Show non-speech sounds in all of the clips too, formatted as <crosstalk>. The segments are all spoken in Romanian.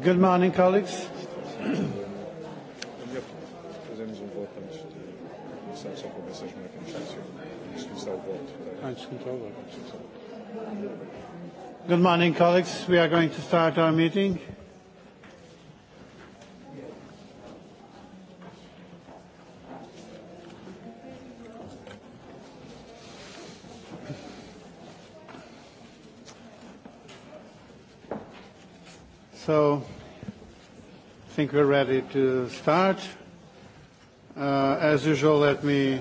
Good morning, colleagues. Good morning, colleagues. We are going to start our meeting. So I think we're ready to start. Uh, as usual, let me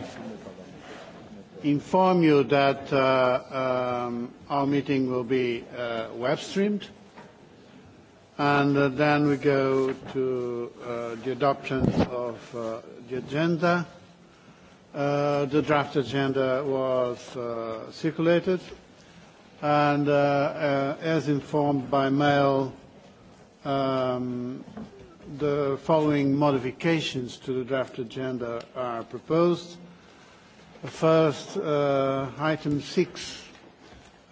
inform you that uh, um, our meeting will be uh, web streamed. And uh, then we go to uh, the adoption of uh, the agenda. Uh, the draft agenda was uh, circulated and uh, uh, as informed by mail Um, the following modifications to the draft agenda are proposed. First, uh, item six,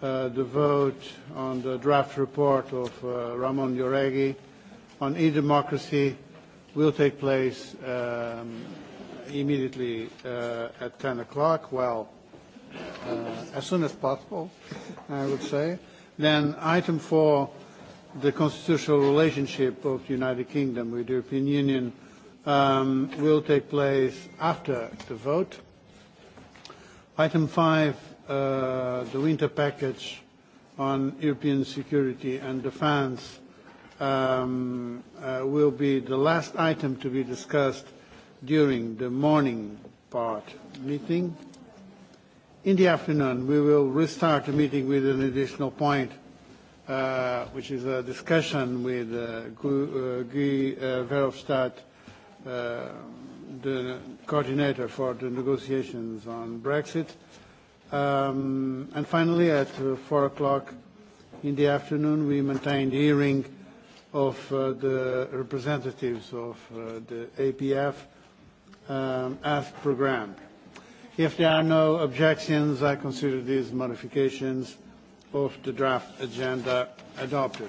uh, the vote on the draft report of uh, Ramon Yoregi on e-democracy will take place um, immediately uh, at 10 o'clock, well, uh, as soon as possible, I would say. Then item four, the constitutional relationship of the United Kingdom with the European Union um, will take place after the vote. Item five, uh, the winter package on European security and defence um, uh, will be the last item to be discussed during the morning part meeting. In the afternoon, we will restart the meeting with an additional point – uh, which is a discussion with uh, uh, Guy uh, Verhofstadt, uh, the coordinator for the negotiations on Brexit. Um, and finally, at uh, 4 o'clock in the afternoon, we maintained hearing of uh, the representatives of uh, the APF um, as programmed. If there are no objections, I consider these modifications of the draft agenda adopted.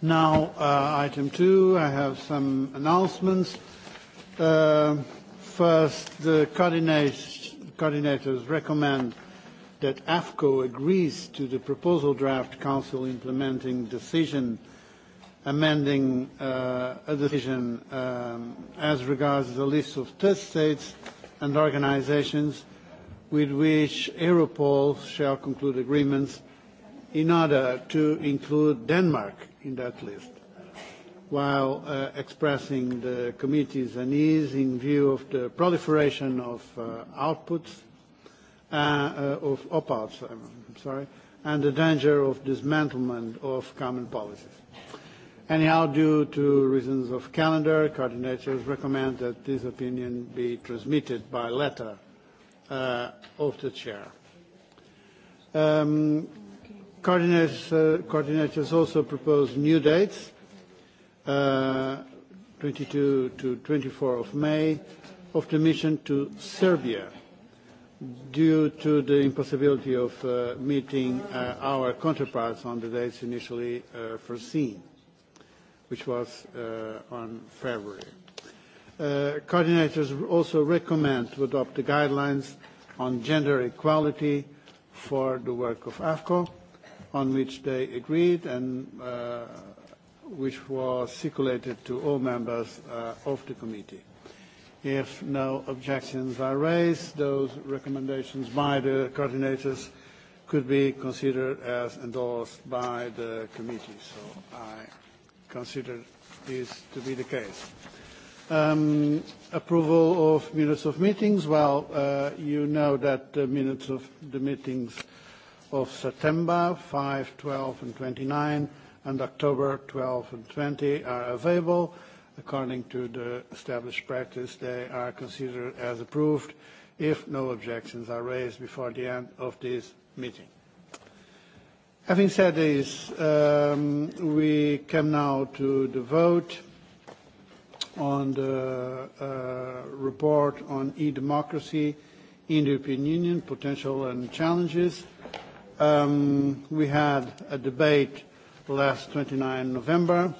Now, uh, item two, I have some announcements. Uh, first, the coordinators recommend that AFCO agrees to the proposal draft Council implementing decision amending uh, a decision um, as regards the list of test states and organizations with which Europol shall conclude agreements in order to include Denmark in that list, while uh, expressing the committee's unease in view of the proliferation of uh, outputs, uh, uh, of opouts, I'm sorry, and the danger of dismantlement of common policies. Anyhow, due to reasons of calendar, coordinators recommend that this opinion be transmitted by letter Uh, of the chair. Um, coordinators, uh, coordinators also propose new dates, uh, 22 to 24 of May, of the mission to Serbia due to the impossibility of uh, meeting uh, our counterparts on the dates initially uh, foreseen, which was uh, on February uh, coordinators also recommend to adopt the guidelines on gender equality for the work of AFCO, on which they agreed and uh, which was circulated to all members uh, of the committee. If no objections are raised, those recommendations by the coordinators could be considered as endorsed by the committee. So I consider this to be the case. Um, approval of minutes of meetings. Well, uh, you know that the minutes of the meetings of September 5, 12, and 29, and October 12 and 20 are available. According to the established practice, they are considered as approved if no objections are raised before the end of this meeting. Having said this, um, we come now to the vote on the uh, report on e-democracy in the European Union, potential and challenges. Um, we had a debate last 29 November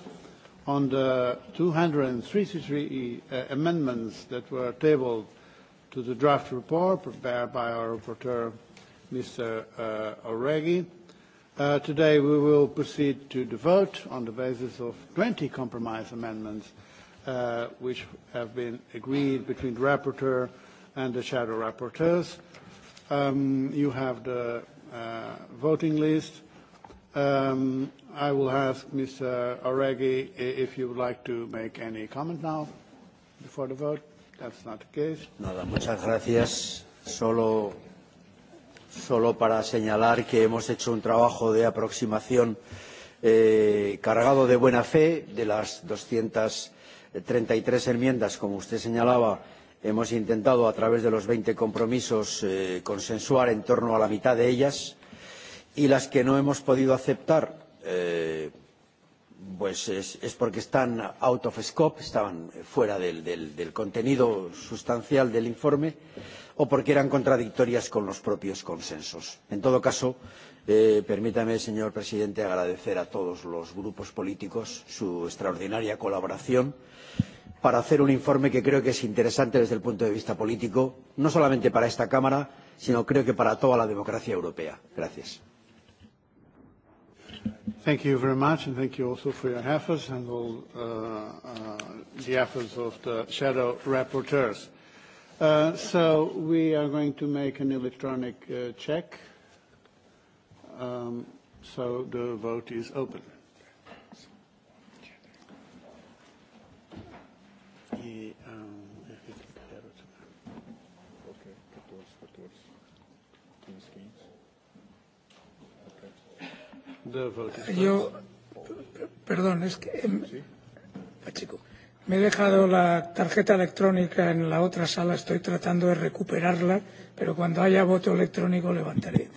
on the 233 uh, amendments that were tabled to the draft report prepared by our rapporteur, Mr. Uh, O'Reilly. Uh, today we will proceed to the vote on the basis of 20 compromise amendments Uh, which have been agreed between the rapporteur and the shadow rapporteurs. Um, you have the uh, voting list. Um, I will ask Ms. Arregui if you would like to make any comment now before the vote. That's not the case. Nada, muchas gracias. Solo, para señalar que hemos hecho un trabajo de aproximación eh, cargado de buena fe de las 200 33 enmiendas, como usted señalaba, hemos intentado a través de los 20 compromisos eh, consensuar en torno a la mitad de ellas y las que no hemos podido aceptar eh, pues es, es porque están out of scope, estaban fuera del, del, del contenido sustancial del informe o porque eran contradictorias con los propios consensos. En todo caso, Eh, permítame, señor presidente, agradecer a todos los grupos políticos su extraordinaria colaboración para hacer un informe que creo que es interesante desde el punto de vista político, no solamente para esta Cámara, sino creo que para toda la democracia europea. Gracias. Thank you very much, and thank you also for your efforts and all uh, uh, the efforts of the shadow rapporteurs. Uh, so we are going to make an electronic uh, check Um, so the vote is open. E, um, 14, 14, 15. Yo, perdón, es que eh, ¿Sí? Ah, chico, me he dejado la tarjeta electrónica en la otra sala, estoy tratando de recuperarla, pero cuando haya voto electrónico levantaré.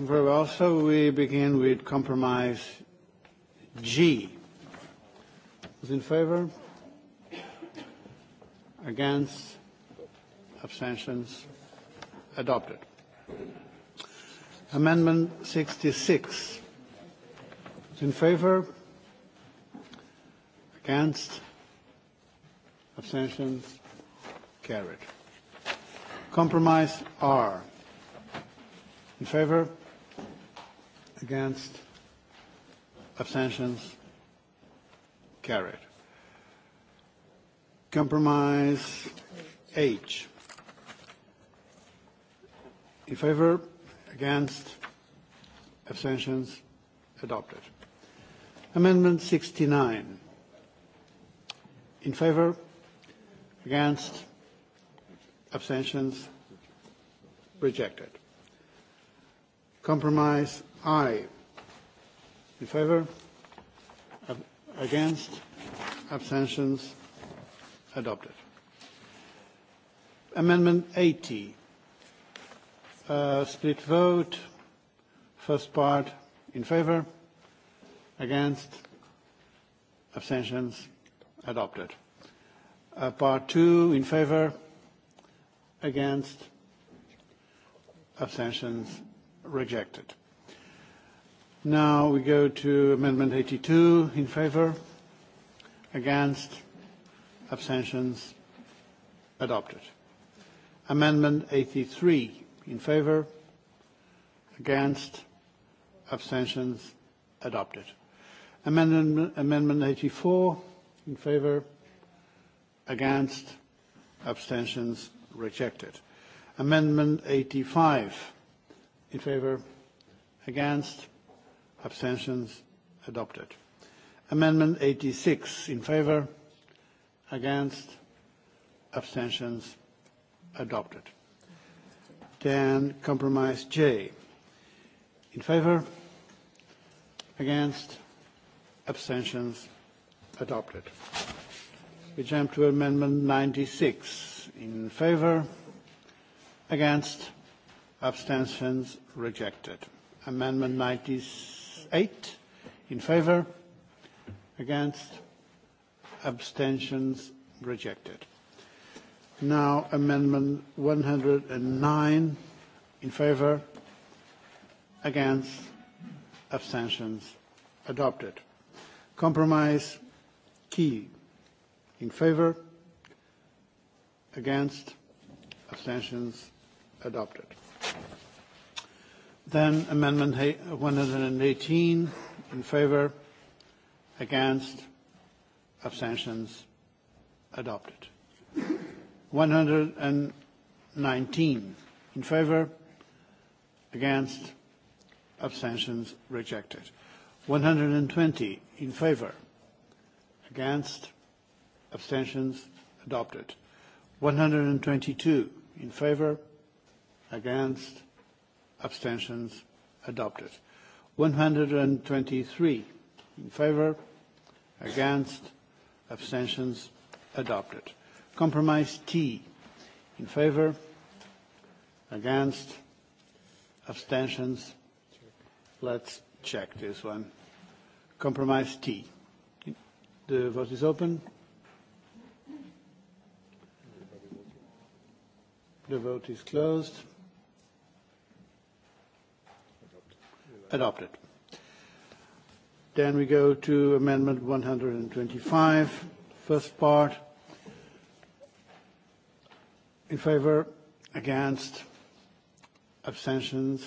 Very well. So we begin with compromise G. Who's in favor? Against? Abstentions? Adopted. Amendment 66. Who's in favor? Against? Abstentions? Carried. Compromise R. In favor? Against? Abstentions? Carried. Compromise H. In favor? Against? Abstentions? Adopted. Amendment 69. In favor? Against? Abstentions? Rejected. Compromise I. In favor? Ab against? Abstentions? Adopted. Amendment 80. Uh, split vote. First part in favor? Against? Abstentions? Adopted. Uh, part two in favor? Against? Abstentions? Rejected. Now we go to Amendment 82. In favor? Against? Abstentions? Adopted. Amendment 83. In favor? Against? Abstentions? Adopted. Amendment, amendment 84. In favor? Against? Abstentions? Rejected. Amendment 85. In favor? Against? abstentions adopted. Amendment 86 in favor, against, abstentions adopted. Then compromise J in favor, against, abstentions adopted. We jump to amendment 96 in favor, against, abstentions rejected. Amendment 97 Eight, 8 in favor, against, abstentions rejected. Now amendment 109 in favor, against, abstentions adopted. Compromise key in favor, against, abstentions adopted. Then Amendment 118 in favour, against, abstentions adopted. 119 in favour, against, abstentions rejected. 120 in favour, against, abstentions adopted. 122 in favour, against, abstentions adopted. 123 in favor, against, abstentions adopted. Compromise T in favor, against, abstentions. Let's check this one. Compromise T. The vote is open. The vote is closed. Adopted. Then we go to Amendment 125, first part. In favor, against, abstentions.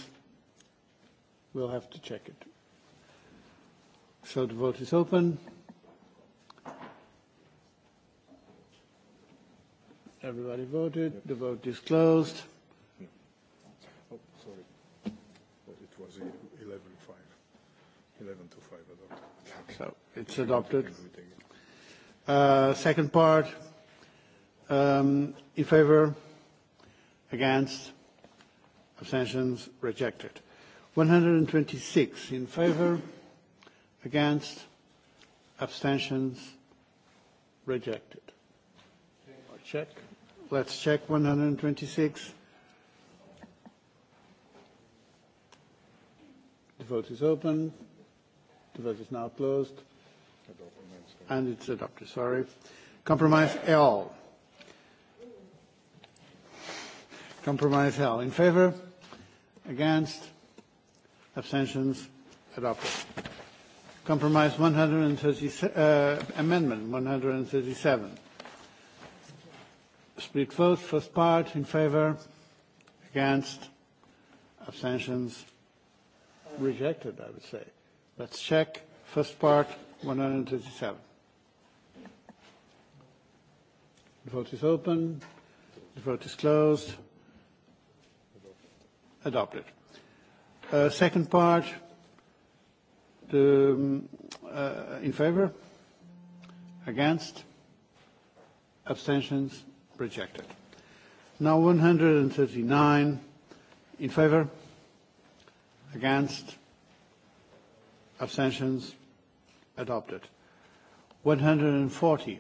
We'll have to check it. So the vote is open. Everybody voted. The vote is closed. 11 to 5 adopted. So it's adopted. Uh, second part, um, in favor, against, abstentions, rejected. 126 in favor, against, abstentions, rejected. Check. Let's check 126. The vote is open. The vote is now closed. And it's adopted, sorry. Compromise L. Compromise L. In favor? Against? Abstentions? Adopted. Compromise 137, uh, Amendment 137. Split vote, first part, in favor? Against? Abstentions? Rejected, I would say. Let's check. First part, 137. The vote is open. The vote is closed. Adopted. Uh, second part, the, um, uh, in favor? Against? Abstentions? Rejected. Now 139. In favor? Against? abstentions adopted 140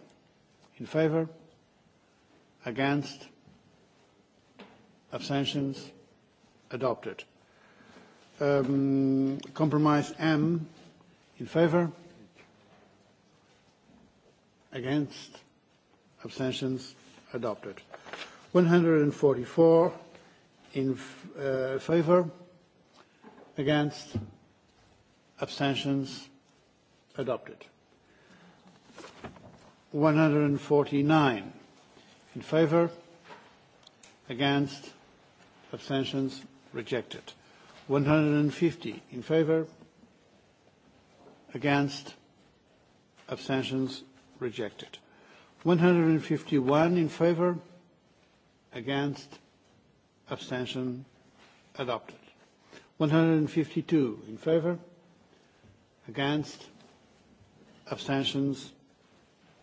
in favor against abstentions adopted um, compromise m in favor against abstentions adopted 144 in uh, favor against Abstentions? Adopted. 149 in favor, against, abstentions, rejected. 150 in favor, against, abstentions, rejected. 151 in favor, against, abstention, adopted. 152 in favor, Against? Abstentions?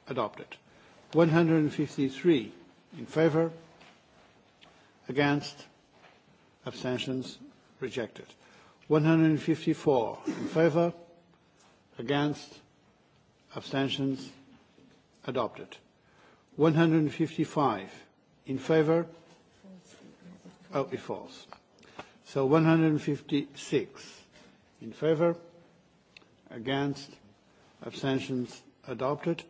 Adopted. 153 in favor? Against? Abstentions? Rejected. 154 in favor? Against? Abstentions? Adopted. 155 in favor? Oh, it falls. So 156 in favor? against, abstentions adopted.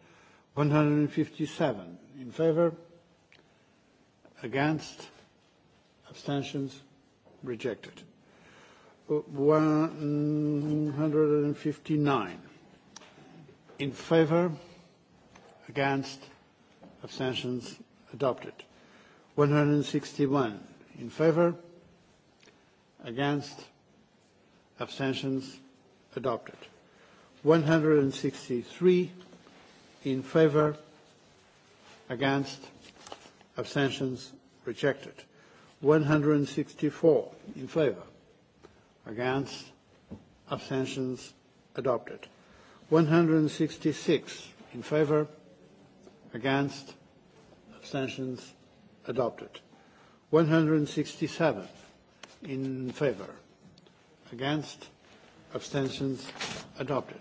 157 in favor, against, abstentions rejected. 159 in favor, against, abstentions adopted. 161 in favor, against, abstentions adopted. 163 in favour, against, abstentions rejected. 164 in favour, against, abstentions adopted. 166 in favour, against, abstentions adopted. 167 in favour, against, abstentions adopted.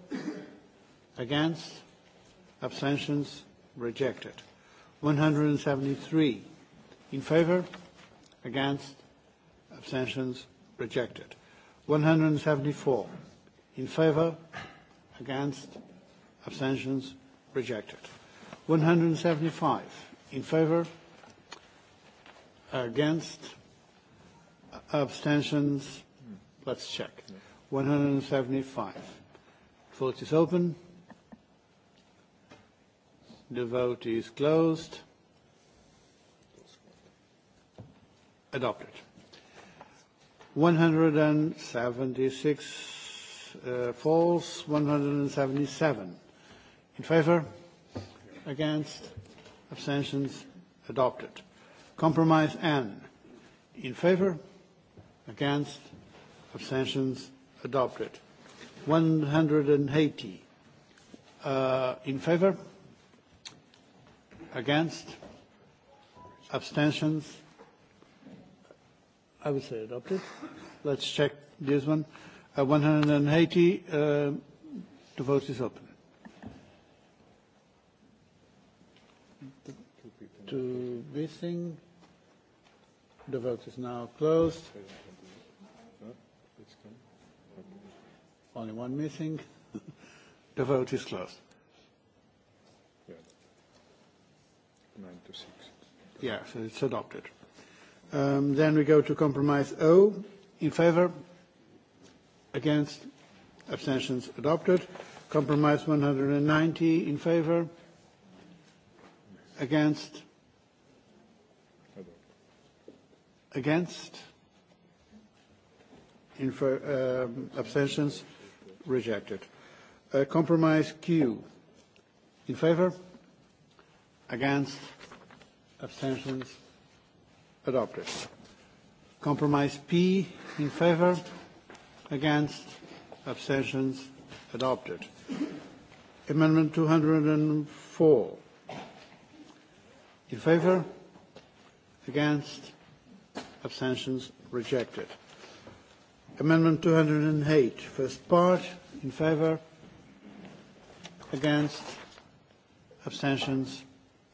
Against? Abstentions? Rejected. 173. In favor? Against? Abstentions? Rejected. 174. In favor? Against? Abstentions? Rejected. 175. In favor? Against? Abstentions? Let's check. 175. Vote is open. The vote is closed. Adopted. 176 uh, false, 177 in favor, against, abstentions, adopted. Compromise N in favor, against, abstentions, adopted. 180 uh, in favor, Against? Abstentions? I would say adopted. Let's check this one. Uh, 180, uh, the vote is open. To missing. the vote is now closed. Only one missing. <laughs> the vote is closed. Yeah, so it's adopted. Um, then we go to compromise O. In favor? Against? Abstentions adopted. Compromise 190 in favor? Against? Against? In for, um, abstentions rejected. Uh, compromise Q. In favor? Against? abstentions adopted. Compromise P in favor, against, abstentions adopted. Amendment 204 in favor, against, abstentions rejected. Amendment 208, first part, in favor, against, abstentions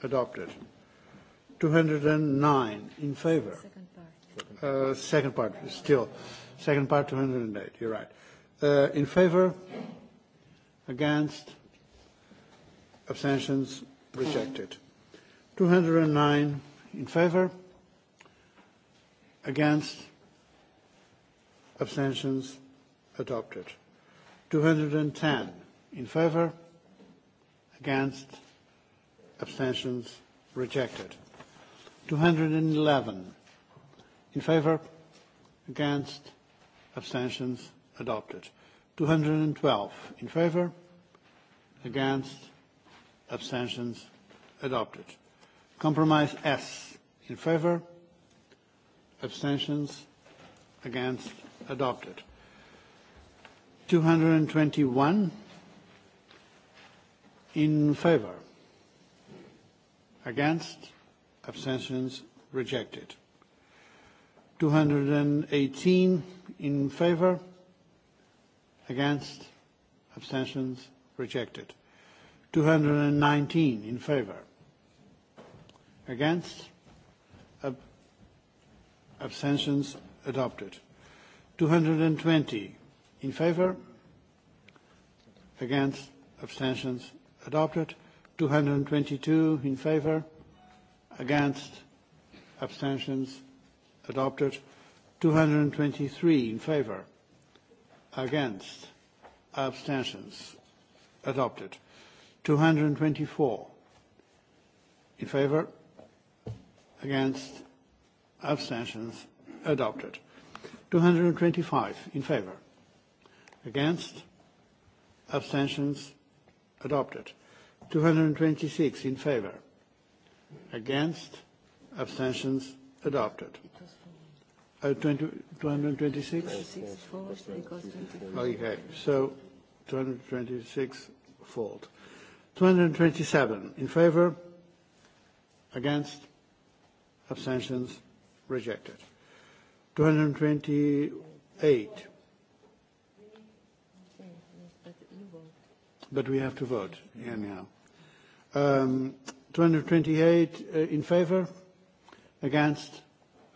adopted. 209 in favor. Second part. Uh, second part, still. Second part, 208, you're right. Uh, in favor? Against? Abstentions? Rejected. 209 in favor? Against? Abstentions? Adopted. 210 in favor? Against? Abstentions? Rejected. 211 in favour, against, abstentions adopted. 212 in favour, against, abstentions adopted. Compromise S in favour, abstentions against adopted. 221 in favour, against, abstentions rejected. 218 in favor, against, abstentions rejected. 219 in favor, against, abstentions adopted. 220 in favor, against, abstentions adopted. 222 in favor, Against? Abstentions? Adopted. 223 in favor Against? Abstentions? Adopted. 224 in favor Against? Abstentions? Adopted. 225 in favor Against? Abstentions? Adopted. 226 in favor Against? Abstentions? Adopted. Uh, 20, 226? Okay, so 226 fault. 227 in favor? Against? Abstentions? Rejected. 228. But we have to vote anyhow. Um, 228 uh, in favor, against,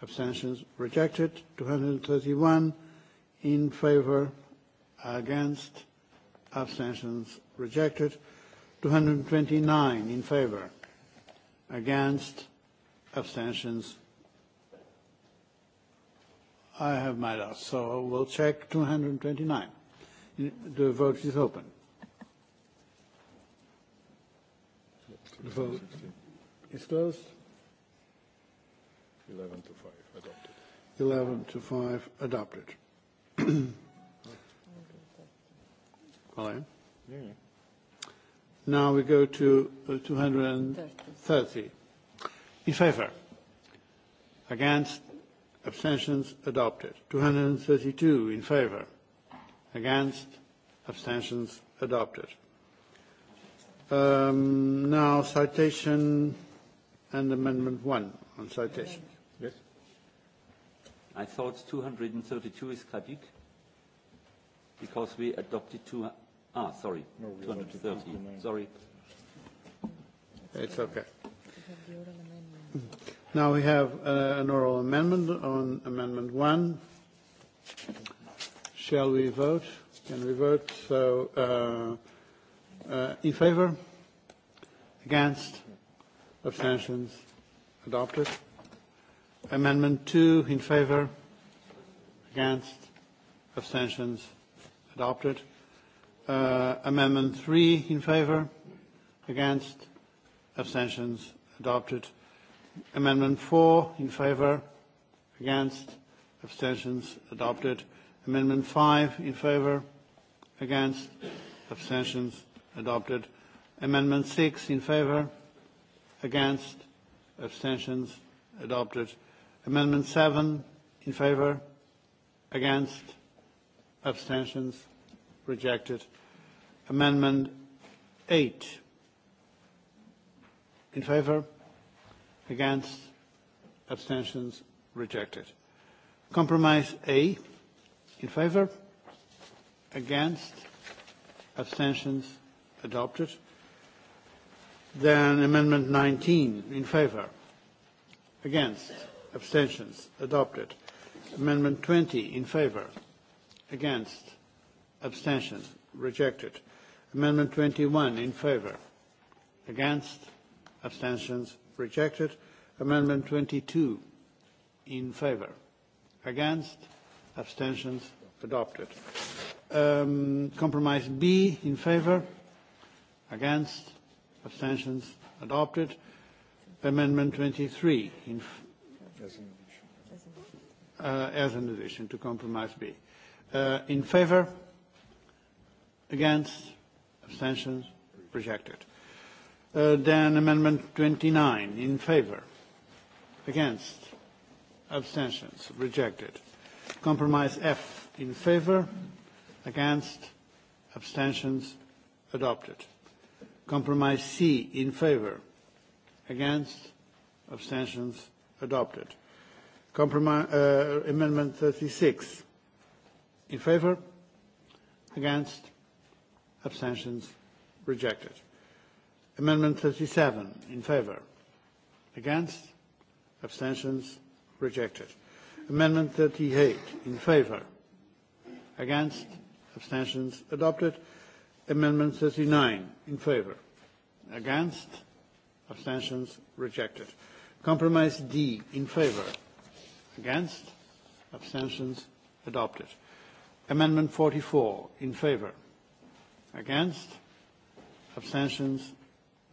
abstentions rejected. 231 in favor, against, abstentions rejected. 229 in favor, against, abstentions. I have my doubts, so we'll check 229. The vote is open. The vote is closed. 11 to 5 adopted. 11 to 5 adopted. <coughs> Alain? Yeah. Now we go to uh, 230. In favor? Against? Abstentions adopted. 232 in favor. Against? Abstentions adopted. Um, now, citation and amendment one on citation. Yes. I thought 232 is Kadik because we adopted two. Ah, sorry, no, 230. Sorry. It's okay. Now we have uh, an oral amendment on amendment one. Shall we vote? Can we vote? So. Uh, Uh, in favor? Against? Abstentions? Adopted. Amendment 2 in favor? Against? Abstentions? Adopted. Uh, amendment 3 in favor? Against? Abstentions? Adopted. Amendment 4 in favor? Against? Abstentions? Adopted. Amendment 5 in favor? Against? Abstentions? adopted. Amendment 6 in favour, against, abstentions, adopted. Amendment 7 in favour, against, abstentions, rejected. Amendment 8 in favour, against, abstentions, rejected. Compromise A in favour, against, abstentions, adopted. Then Amendment 19 in favour. Against. Abstentions. Adopted. Amendment 20 in favour. Against. Abstention. Rejected. Amendment 21 in favour. Against. Abstentions. Rejected. Amendment 22 in favour. Against. Abstentions. Adopted. Um, compromise B in favour Against? Abstentions? Adopted. Amendment 23 in as an addition, uh, as an addition to Compromise B. Uh, in favor? Against? Abstentions? Rejected. Uh, then Amendment 29 in favor? Against? Abstentions? Rejected. Compromise F in favor? Against? Abstentions? Adopted. Compromise C in favor. Against? Abstentions? Adopted. Compromise, uh, amendment 36. In favor? Against? Abstentions? Rejected. Amendment 37. In favor? Against? Abstentions? Rejected. Amendment 38. In favor? Against? Abstentions? Adopted. Amendment 39 in favor. Against? Abstentions rejected. Compromise D in favor. Against? Abstentions adopted. Amendment 44 in favor. Against? Abstentions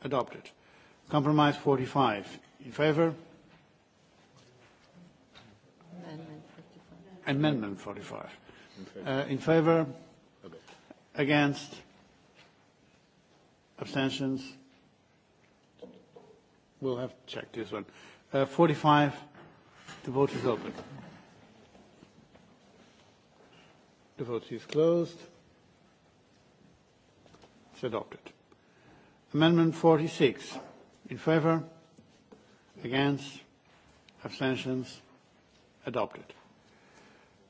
adopted. Compromise 45 in favor. Amendment 45. Amendment 45. In favor. Uh, in favor. Against? Abstentions? We'll have to check this one. Uh, 45. The vote is open. The vote is closed. It's adopted. Amendment 46. In favor? Against? Abstentions? Adopted.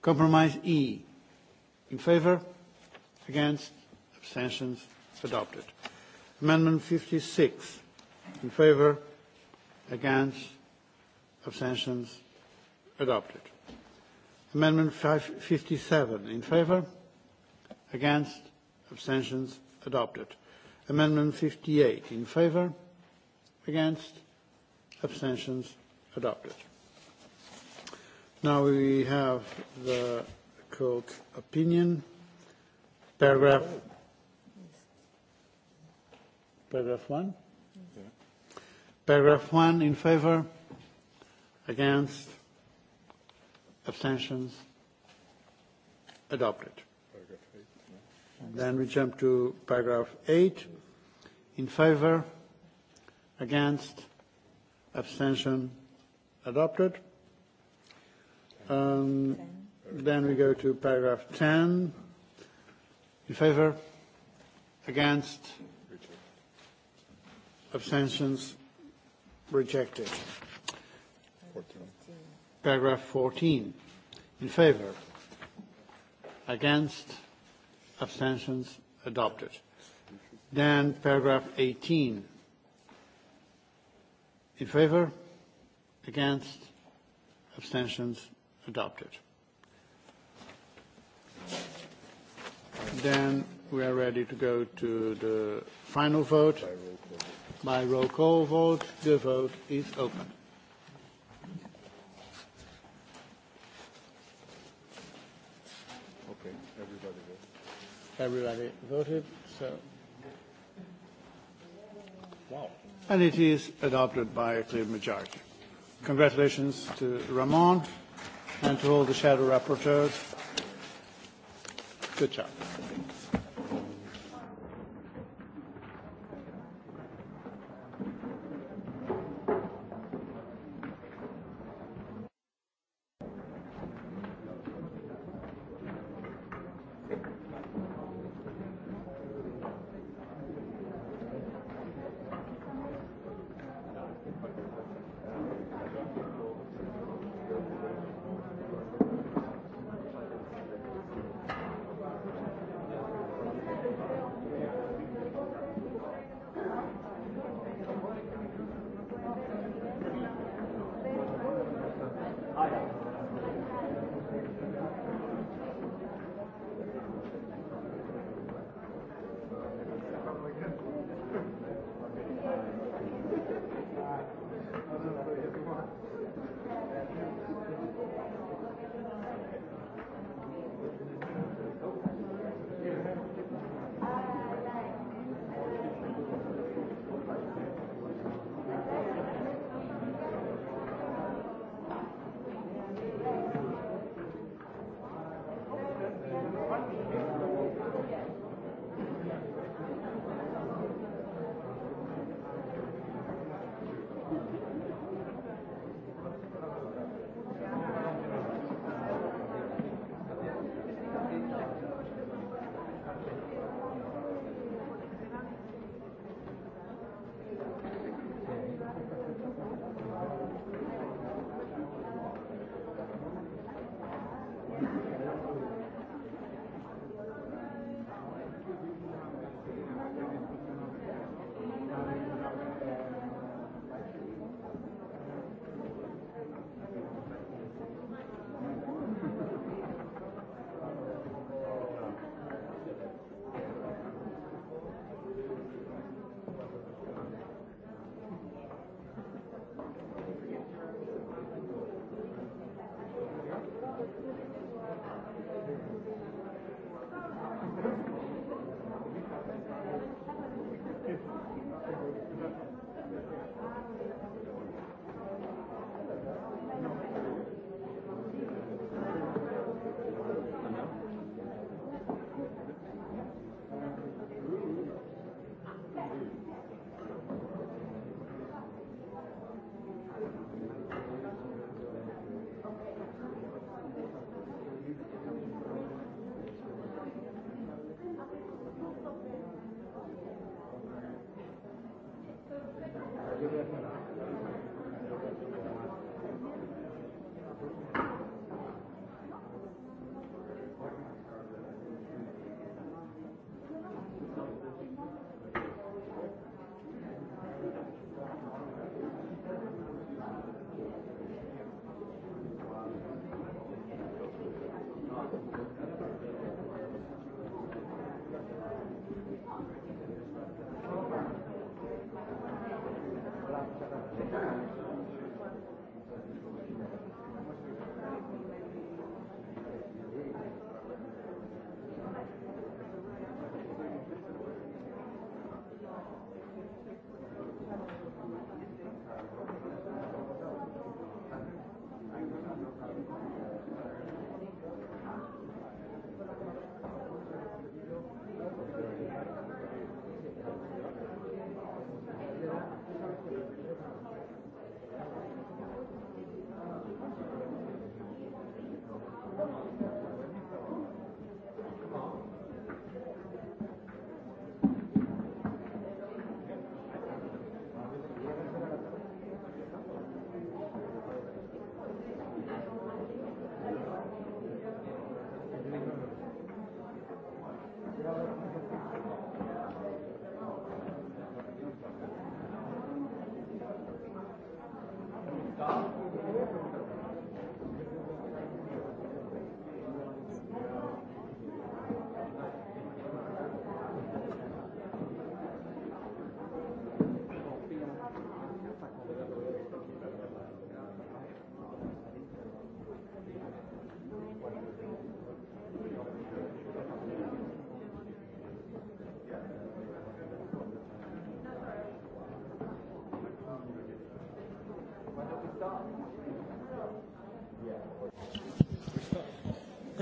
Compromise E. In favor? Against? Abstentions? Adopted. Amendment 56 in favor? against, abstentions, adopted. Amendment 57 in favor? against, abstentions, adopted. Amendment 58 in favor? against, abstentions, adopted. Now we have the Koch opinion, paragraph Paragraph 1? Yeah. Paragraph 1 in favor? Against? Abstentions? Adopted. Paragraph eight, Then we jump to paragraph 8. In favor? Against? Abstention? Adopted. Um, then we go to paragraph 10. In favor? Against? abstentions rejected. 14. Paragraph 14 in favor against abstentions adopted. Then paragraph 18 in favor against abstentions adopted. Then we are ready to go to the final vote. My roll call vote. The vote is open. Okay, everybody voted. Everybody voted, so. Wow. And it is adopted by a clear majority. Congratulations to Ramon and to all the shadow rapporteurs. Good job.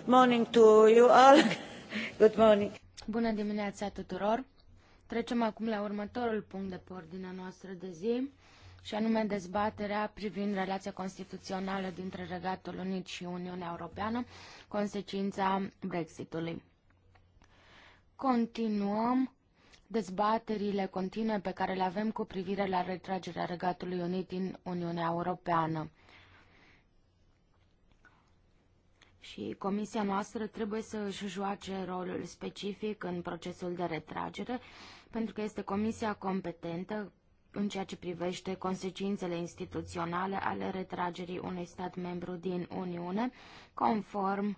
<laughs> Bună dimineața tuturor. Trecem acum la următorul punct de pe ordinea noastră de zi, și anume dezbaterea privind relația constituțională dintre Regatul Unit și Uniunea Europeană, consecința Brexitului. Continuăm dezbaterile continue pe care le avem cu privire la retragerea Regatului Unit din Uniunea Europeană. și comisia noastră trebuie să își joace rolul specific în procesul de retragere, pentru că este comisia competentă în ceea ce privește consecințele instituționale ale retragerii unui stat membru din Uniune, conform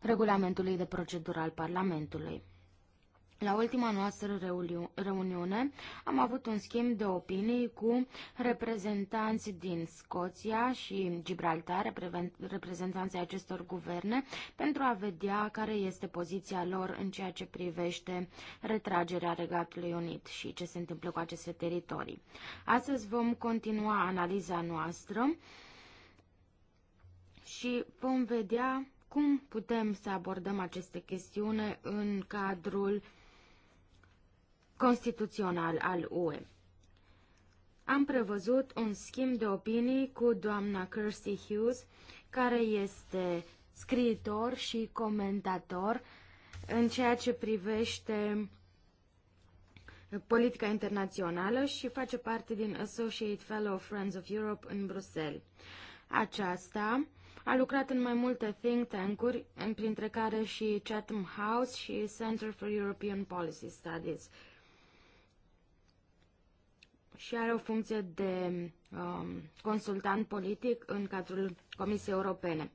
regulamentului de procedură al Parlamentului. La ultima noastră reuniune am avut un schimb de opinii cu reprezentanți din Scoția și Gibraltar, reprezentanții acestor guverne, pentru a vedea care este poziția lor în ceea ce privește retragerea Regatului Unit și ce se întâmplă cu aceste teritorii. Astăzi vom continua analiza noastră și vom vedea cum putem să abordăm aceste chestiune în cadrul constituțional al UE. Am prevăzut un schimb de opinii cu doamna Kirsty Hughes, care este scriitor și comentator în ceea ce privește politica internațională și face parte din Associate Fellow Friends of Europe în Bruxelles. Aceasta a lucrat în mai multe think tank-uri, printre care și Chatham House și Center for European Policy Studies și are o funcție de um, consultant politic în cadrul Comisiei Europene.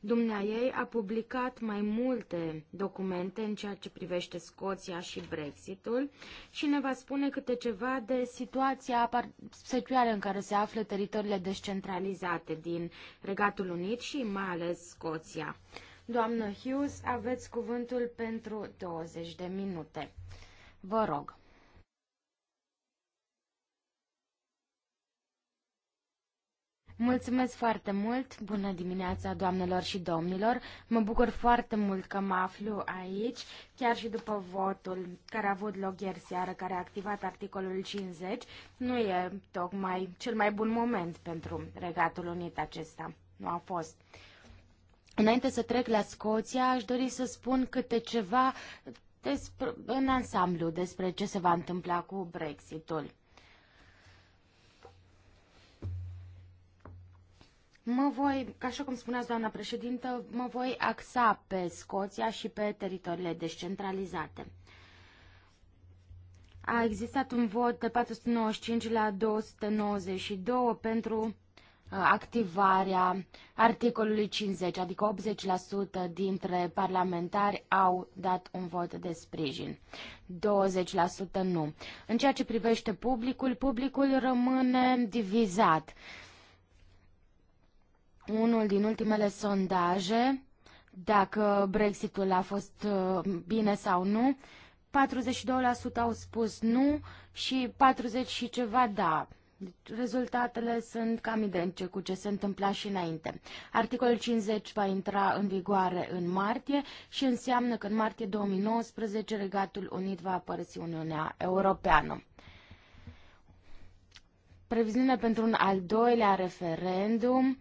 Dumnea ei a publicat mai multe documente în ceea ce privește Scoția și Brexitul și ne va spune câte ceva de situația secuială în care se află teritoriile descentralizate din Regatul Unit și mai ales Scoția. Doamnă Hughes, aveți cuvântul pentru 20 de minute. Vă rog. Mulțumesc foarte mult! Bună dimineața, doamnelor și domnilor! Mă bucur foarte mult că mă aflu aici, chiar și după votul care a avut loc ieri seară, care a activat articolul 50. Nu e tocmai cel mai bun moment pentru Regatul Unit acesta. Nu a fost. Înainte să trec la Scoția, aș dori să spun câte ceva despre, în ansamblu despre ce se va întâmpla cu Brexitul. Mă voi, ca așa cum spunea doamna președintă, mă voi axa pe Scoția și pe teritoriile descentralizate. A existat un vot de 495 la 292 pentru uh, activarea articolului 50, adică 80% dintre parlamentari au dat un vot de sprijin, 20% nu. În ceea ce privește publicul, publicul rămâne divizat unul din ultimele sondaje, dacă Brexitul a fost uh, bine sau nu, 42% au spus nu și 40 și ceva da. Rezultatele sunt cam identice cu ce se întâmpla și înainte. Articolul 50 va intra în vigoare în martie și înseamnă că în martie 2019 Regatul Unit va părăsi Uniunea Europeană. Previziune pentru un al doilea referendum uh,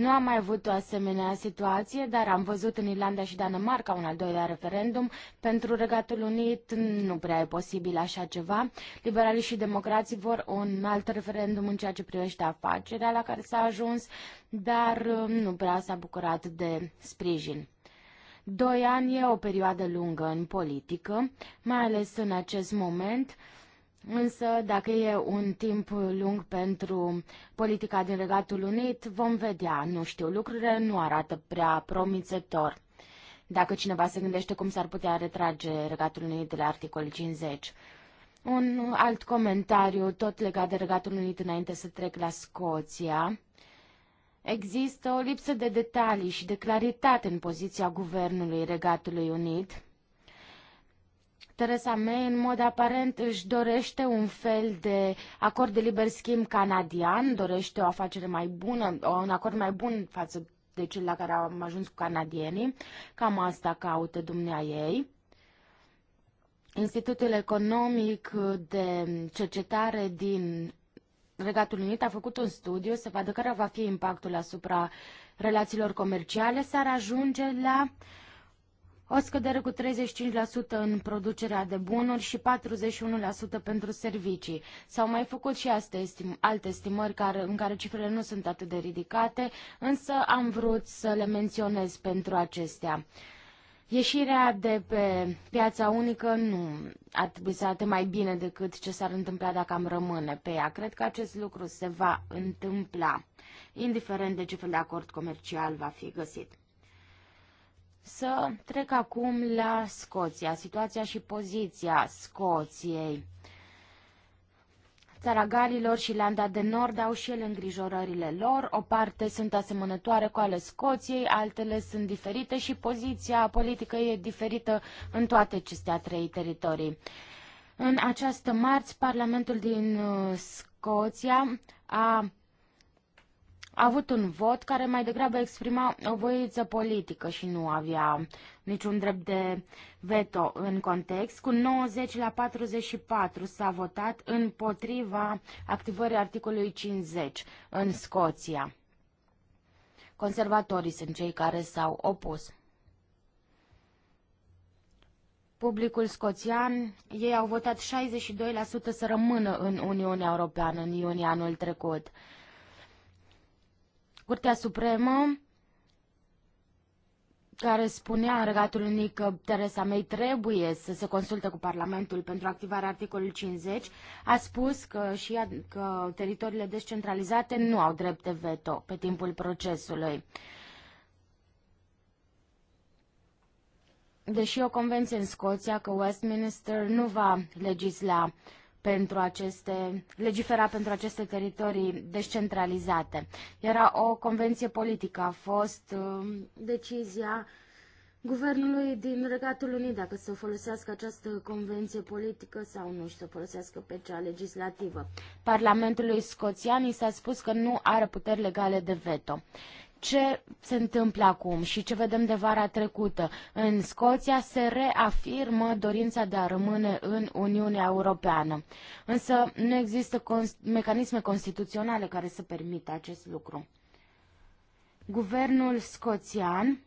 nu am mai avut o asemenea situație, dar am văzut în Irlanda și Danemarca un al doilea referendum. Pentru Regatul Unit nu prea e posibil așa ceva. Liberalii și democrații vor un alt referendum în ceea ce privește afacerea la care s-a ajuns, dar um, nu prea s-a bucurat de sprijin. Doi ani e o perioadă lungă în politică, mai ales în acest moment. Însă, dacă e un timp lung pentru politica din Regatul Unit, vom vedea. Nu știu, lucrurile nu arată prea promițător. Dacă cineva se gândește cum s-ar putea retrage Regatul Unit de la articolul 50. Un alt comentariu, tot legat de Regatul Unit înainte să trec la Scoția. Există o lipsă de detalii și de claritate în poziția Guvernului Regatului Unit Teresa May în mod aparent își dorește un fel de acord de liber schimb canadian, dorește o afacere mai bună, un acord mai bun față de cel la care am ajuns cu canadienii. Cam asta caută dumnea ei. Institutul Economic de Cercetare din Regatul Unit a făcut un studiu să vadă care va fi impactul asupra relațiilor comerciale. S-ar ajunge la uh, o scădere cu 35% în producerea de bunuri și 41% pentru servicii. S-au mai făcut și alte, estim- alte estimări care, în care cifrele nu sunt atât de ridicate, însă am vrut să le menționez pentru acestea. Ieșirea de pe piața unică nu ar trebui să arate mai bine decât ce s-ar întâmpla dacă am rămâne pe ea. Cred că acest lucru se va întâmpla, indiferent de ce fel de acord comercial va fi găsit. Să trec acum la Scoția, situația și poziția Scoției. Țara Galilor și Landa de Nord au și ele îngrijorările lor, o parte sunt asemănătoare cu ale Scoției, altele sunt diferite și poziția politică e diferită în toate acestea trei teritorii. În această marți, Parlamentul din uh, Scoția a a avut un vot care mai degrabă exprima o voință politică și nu avea niciun drept de veto în context. Cu 90 la 44 s-a votat împotriva activării articolului 50 în Scoția. Conservatorii sunt cei care s-au opus. Publicul scoțian, ei au votat 62% să rămână în Uniunea Europeană în iunie anul trecut. Curtea Supremă care spunea în Regatul Unic că Teresa May trebuie să se consulte cu Parlamentul pentru activarea articolului 50, a spus că, și ea, că teritoriile descentralizate nu au drept de veto pe timpul procesului. Deși o convenție în Scoția că Westminster nu va legisla pentru aceste, legifera pentru aceste teritorii descentralizate. Era o convenție politică, a fost uh, decizia guvernului din Regatul Unit dacă să folosească această convenție politică sau nu și să folosească pe cea legislativă. Parlamentului scoțian i s-a spus că nu are puteri legale de veto ce se întâmplă acum și ce vedem de vara trecută. În Scoția se reafirmă dorința de a rămâne în Uniunea Europeană. Însă nu există cons mecanisme constituționale care să permită acest lucru. Guvernul scoțian,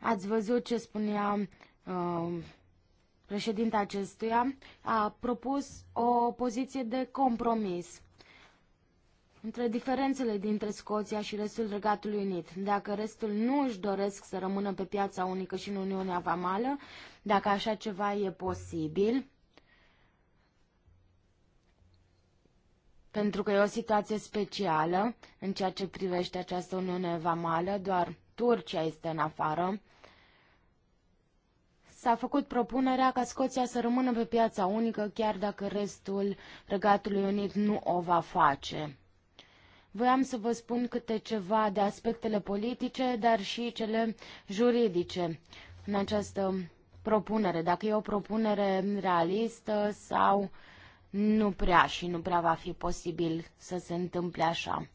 ați văzut ce spunea uh, președinta acestuia, a propus o poziție de compromis între diferențele dintre Scoția și restul Regatului Unit. Dacă restul nu își doresc să rămână pe piața unică și în Uniunea Vamală, dacă așa ceva e posibil, pentru că e o situație specială în ceea ce privește această Uniune Vamală, doar Turcia este în afară, s-a făcut propunerea ca Scoția să rămână pe piața unică, chiar dacă restul Regatului Unit nu o va face. Voiam să vă spun câte ceva de aspectele politice, dar și cele juridice în această propunere, dacă e o propunere realistă sau nu prea și nu prea va fi posibil să se întâmple așa.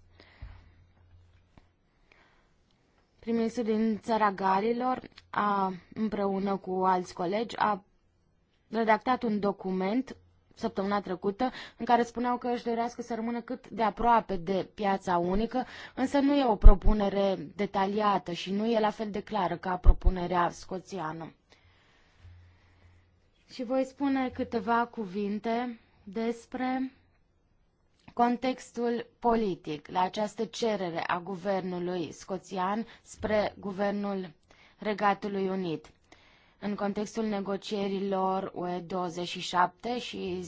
Primisul din țara Galilor, a, împreună cu alți colegi, a redactat un document săptămâna trecută, în care spuneau că își dorească să rămână cât de aproape de piața unică, însă nu e o propunere detaliată și nu e la fel de clară ca propunerea scoțiană. Și voi spune câteva cuvinte despre contextul politic la această cerere a guvernului scoțian spre guvernul Regatului Unit în contextul negocierilor UE27 și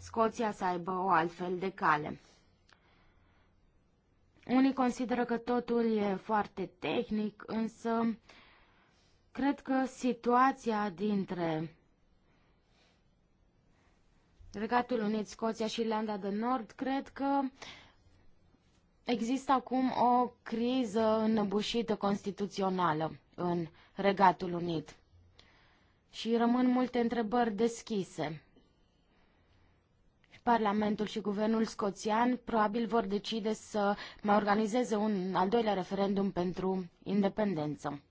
Scoția să aibă o altfel de cale. Unii consideră că totul e foarte tehnic, însă cred că situația dintre Regatul Unit, Scoția și Irlanda de Nord, cred că există acum o criză înăbușită constituțională în Regatul Unit și rămân multe întrebări deschise. Parlamentul și guvernul scoțian probabil vor decide să mai organizeze un al doilea referendum pentru independență.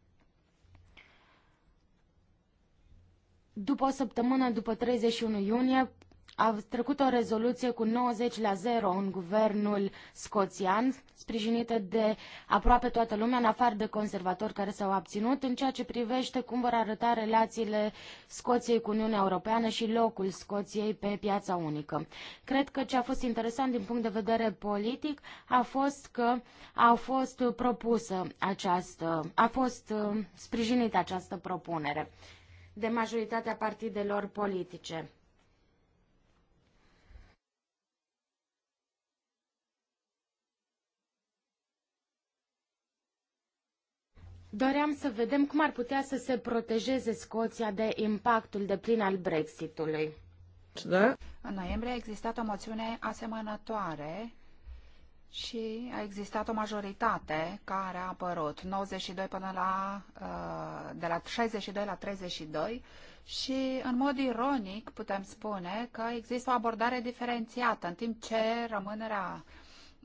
După o săptămână, după 31 iunie, a trecut o rezoluție cu 90 la 0 în guvernul scoțian, sprijinită de aproape toată lumea, în afară de conservatori care s-au abținut, în ceea ce privește cum vor arăta relațiile Scoției cu Uniunea Europeană și locul Scoției pe piața unică. Cred că ce a fost interesant din punct de vedere politic a fost că a fost propusă această, a fost uh, sprijinită această propunere de majoritatea partidelor politice. Doream să vedem cum ar putea să se protejeze Scoția de impactul de plin al Brexitului. Da. În noiembrie a existat o moțiune asemănătoare și a existat o majoritate care a apărut 92 până la uh, de la 62 la 32 și în mod ironic putem spune că există o abordare diferențiată în timp ce rămânerea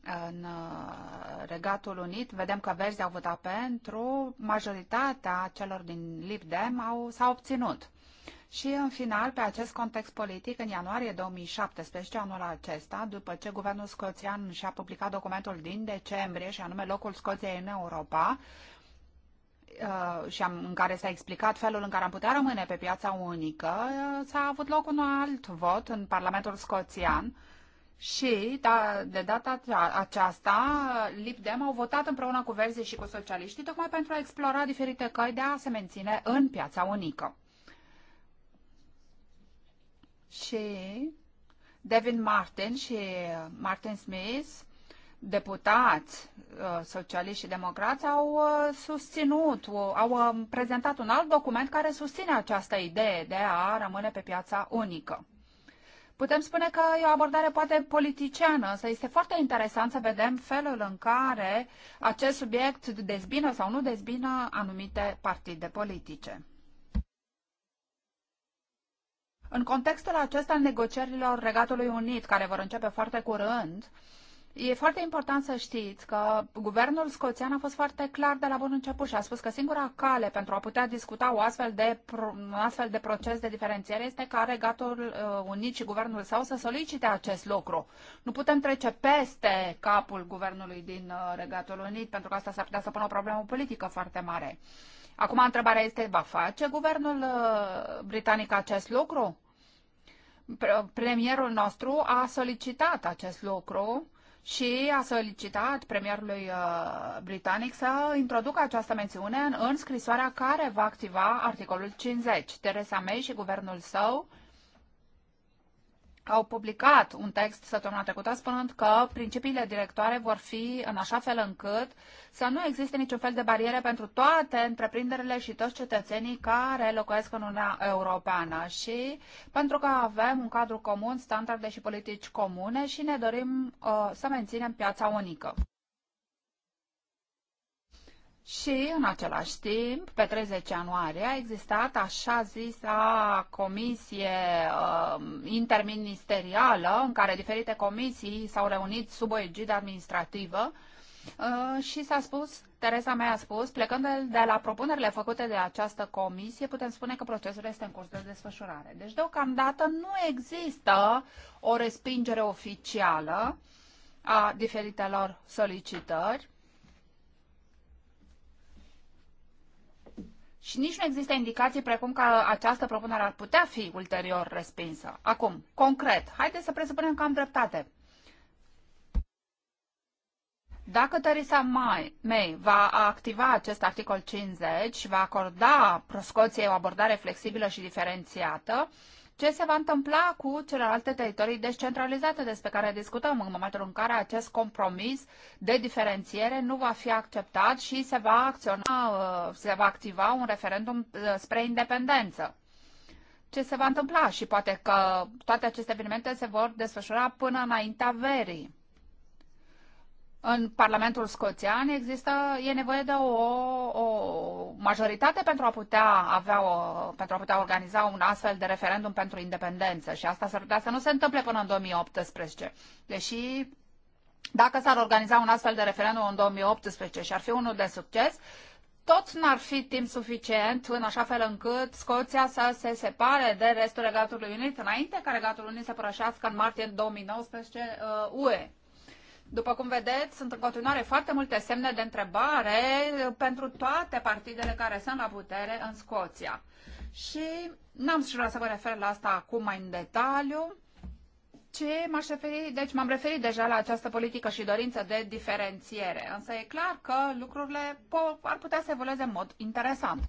în uh, Regatul Unit, vedem că verzi au votat pentru, majoritatea celor din Lib Dem au, s-au obținut. Și în final, pe acest context politic, în ianuarie 2017, anul acesta, după ce guvernul scoțian și-a publicat documentul din decembrie, și anume locul Scoției în Europa, uh, și în care s-a explicat felul în care am putea rămâne pe piața unică, uh, s-a avut loc un alt vot în Parlamentul Scoțian, și da, de data aceasta, Lipdem au votat împreună cu Verzii și cu socialiștii tocmai pentru a explora diferite căi de a se menține în piața unică. Și Devin Martin și Martin Smith, deputați uh, socialiști și democrați, au uh, susținut, uh, au um, prezentat un alt document care susține această idee de a rămâne pe piața unică. Putem spune că e o abordare poate politiciană, însă este foarte interesant să vedem felul în care acest subiect dezbină sau nu dezbină anumite partide politice. În contextul acesta al negocierilor Regatului Unit, care vor începe foarte curând, uh, E foarte important să știți că guvernul scoțian a fost foarte clar de la bun început și a spus că singura cale pentru a putea discuta o astfel de, un astfel de proces de diferențiere este ca Regatul uh, Unit și guvernul său să solicite acest lucru. Nu putem trece peste capul guvernului din uh, Regatul Unit pentru că asta s-ar putea să pună o problemă politică foarte mare. Acum întrebarea este, va face guvernul uh, britanic acest lucru? Premierul nostru a solicitat acest lucru și a solicitat premierului uh, britanic să introducă această mențiune în, scrisoarea care va activa articolul 50. Theresa May și guvernul său au publicat un text săptămâna trecută spunând că principiile directoare vor fi în așa fel încât să nu existe niciun fel de bariere pentru toate întreprinderile și toți cetățenii care locuiesc în Uniunea Europeană și pentru că avem un cadru comun, standarde și politici comune și ne dorim uh, să menținem piața unică. Și, în același timp, pe 30 ianuarie a existat așa zisa comisie uh, interministerială în care diferite comisii s-au reunit sub o egidă administrativă uh, și s-a spus, Teresa mea a spus, plecând de, de la propunerile făcute de această comisie, putem spune că procesul este în curs de desfășurare. Deci, deocamdată, nu există o respingere oficială a diferitelor solicitări Și nici nu există indicații precum că această propunere ar putea fi ulterior respinsă. Acum, concret, haideți să presupunem că am dreptate. Dacă Theresa May va activa acest articol 50 și va acorda proscoției o abordare flexibilă și diferențiată, uh, ce se va întâmpla cu celelalte teritorii descentralizate despre care discutăm în momentul în care acest compromis de diferențiere nu va fi acceptat și se va acționa, uh, se va activa un referendum uh, spre independență ce se va întâmpla și poate că toate aceste evenimente se vor desfășura până înaintea verii în Parlamentul Scoțian există, e nevoie de o, o majoritate pentru a putea avea o, pentru a putea organiza un astfel de referendum pentru independență și asta s-ar putea să nu se întâmple până în 2018. Deși dacă s-ar organiza un astfel de referendum în 2018 și ar fi unul de succes, tot n-ar fi timp suficient în așa fel încât Scoția să se separe de restul Regatului Unit înainte ca Regatul Unit să părășească în martie 2019 uh, UE. După cum vedeți, sunt în continuare foarte multe semne de întrebare pentru toate partidele care sunt la putere în Scoția. Și n-am și vrea să vă refer la asta acum mai în detaliu, ce m-aș referi, deci m-am referit deja la această politică și dorință de diferențiere, însă e clar că lucrurile ar putea să evolueze în mod interesant.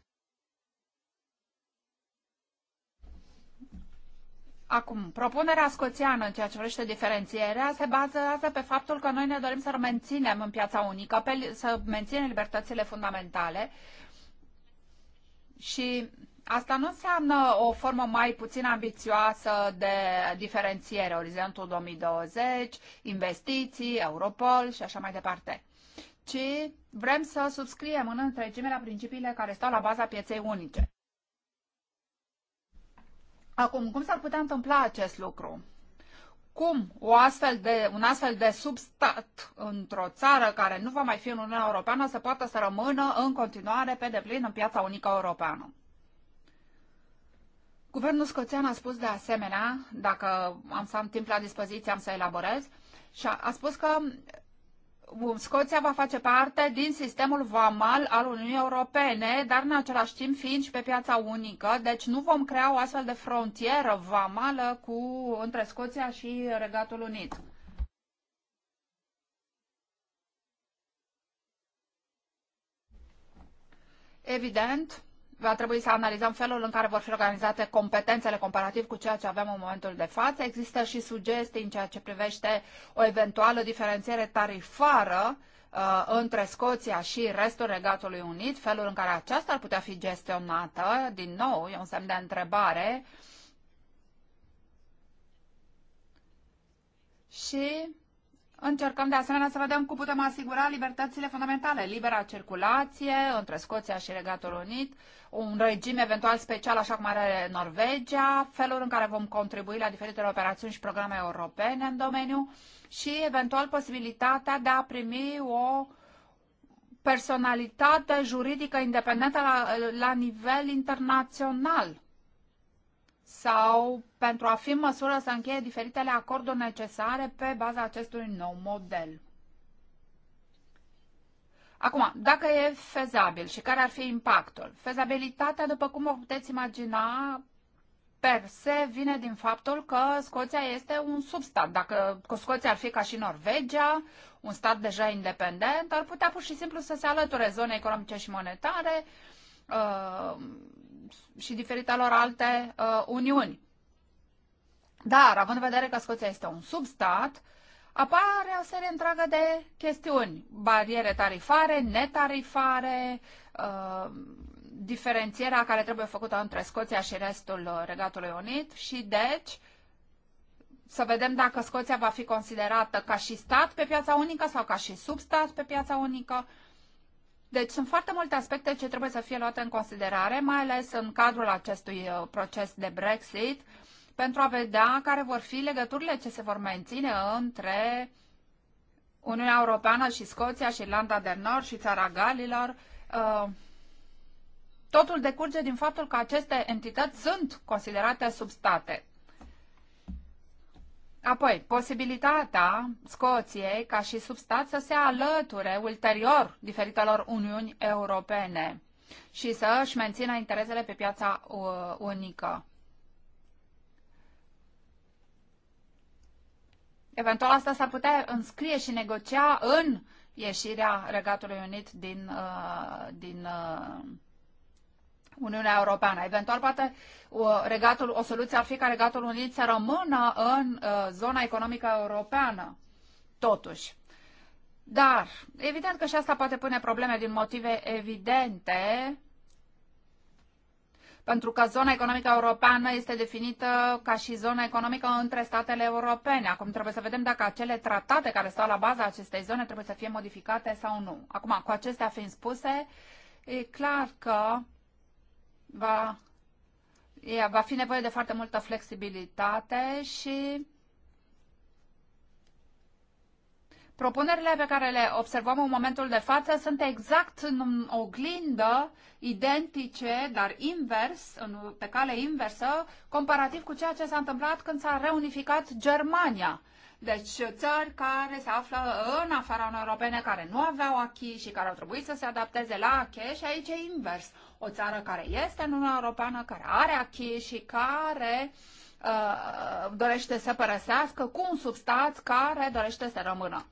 Acum, propunerea scoțiană în ceea ce vrește diferențierea se bazează pe faptul că noi ne dorim să menținem în piața unică, pe, să menținem libertățile fundamentale și Asta nu înseamnă o formă mai puțin ambițioasă de diferențiere, orizontul 2020, investiții, Europol și așa mai departe, ci vrem să subscriem în întregime la principiile care stau la baza pieței unice. Acum, cum s-ar putea întâmpla acest lucru? Cum o astfel de, un astfel de substat într-o țară care nu va mai fi în Uniunea Europeană să poată să rămână în continuare pe deplin în piața unică europeană? Guvernul scoțian a spus de asemenea, dacă am să am timp la dispoziție, am să elaborez, și a, a spus că Scoția va face parte din sistemul VAMAL al Uniunii Europene, dar în același timp fiind și pe piața unică, deci nu vom crea o astfel de frontieră VAMALă cu, între Scoția și Regatul Unit. Evident, va trebui să analizăm felul în care vor fi organizate competențele comparativ cu ceea ce avem în momentul de față. Există și sugestii în ceea ce privește o eventuală diferențiere tarifară uh, între Scoția și restul Regatului Unit, felul în care aceasta ar putea fi gestionată, din nou, e un semn de întrebare. Și Încercăm de asemenea să vedem cum putem asigura libertățile fundamentale, libera circulație între Scoția și Regatul Unit, un regim eventual special așa cum are Norvegia, felul în care vom contribui la diferitele operațiuni și programe europene în domeniu și eventual posibilitatea de a primi o personalitate juridică independentă la, la nivel internațional sau pentru a fi în măsură să încheie diferitele acorduri necesare pe baza acestui nou model. Acum, dacă e fezabil și care ar fi impactul? Fezabilitatea, după cum o puteți imagina, per se vine din faptul că Scoția este un substat. Dacă Scoția ar fi ca și Norvegia, un stat deja independent, ar putea pur și simplu să se alăture zonei economice și monetare, uh, și diferitelor alte uh, uniuni. Dar, având în vedere că Scoția este un substat, apare o serie întreagă de chestiuni. Bariere tarifare, netarifare, uh, diferențierea care trebuie făcută între Scoția și restul Regatului Unit și, deci, să vedem dacă Scoția va fi considerată ca și stat pe piața unică sau ca și substat pe piața unică. Uh, deci sunt foarte multe aspecte ce trebuie să fie luate în considerare, mai ales în cadrul acestui uh, proces de Brexit, pentru a vedea care vor fi legăturile ce se vor menține între Uniunea Europeană și Scoția și Irlanda de Nord și Țara Galilor. Uh, totul decurge din faptul că aceste entități sunt considerate substate. Apoi, posibilitatea Scoției ca și substat să se alăture ulterior diferitelor Uniuni Europene și să își mențină interesele pe piața uh, unică. Eventual asta s-ar putea înscrie și negocia în ieșirea Regatului Unit din, uh, din uh, Uniunea Europeană. Eventual, poate regatul, o soluție ar fi ca Regatul Unit să rămână în uh, zona economică europeană, totuși. Dar, evident că și asta poate pune probleme din motive evidente, pentru că zona economică europeană este definită ca și zona economică între statele europene. Acum trebuie să vedem dacă acele tratate care stau la baza acestei zone trebuie să fie modificate sau nu. Acum, cu acestea fiind spuse, e clar că va, ea, va fi nevoie de foarte multă flexibilitate și Propunerile pe care le observăm în momentul de față sunt exact în oglindă, identice, dar invers, în, pe cale inversă, comparativ cu ceea ce s-a întâmplat când s-a reunificat Germania. Deci țări care se află în afara Uniunii Europene, care nu aveau achii și care au trebuit să se adapteze la achii și aici e invers o țară care este în Uniunea Europeană, care are achi și care uh, dorește să părăsească cu un substat care dorește să rămână.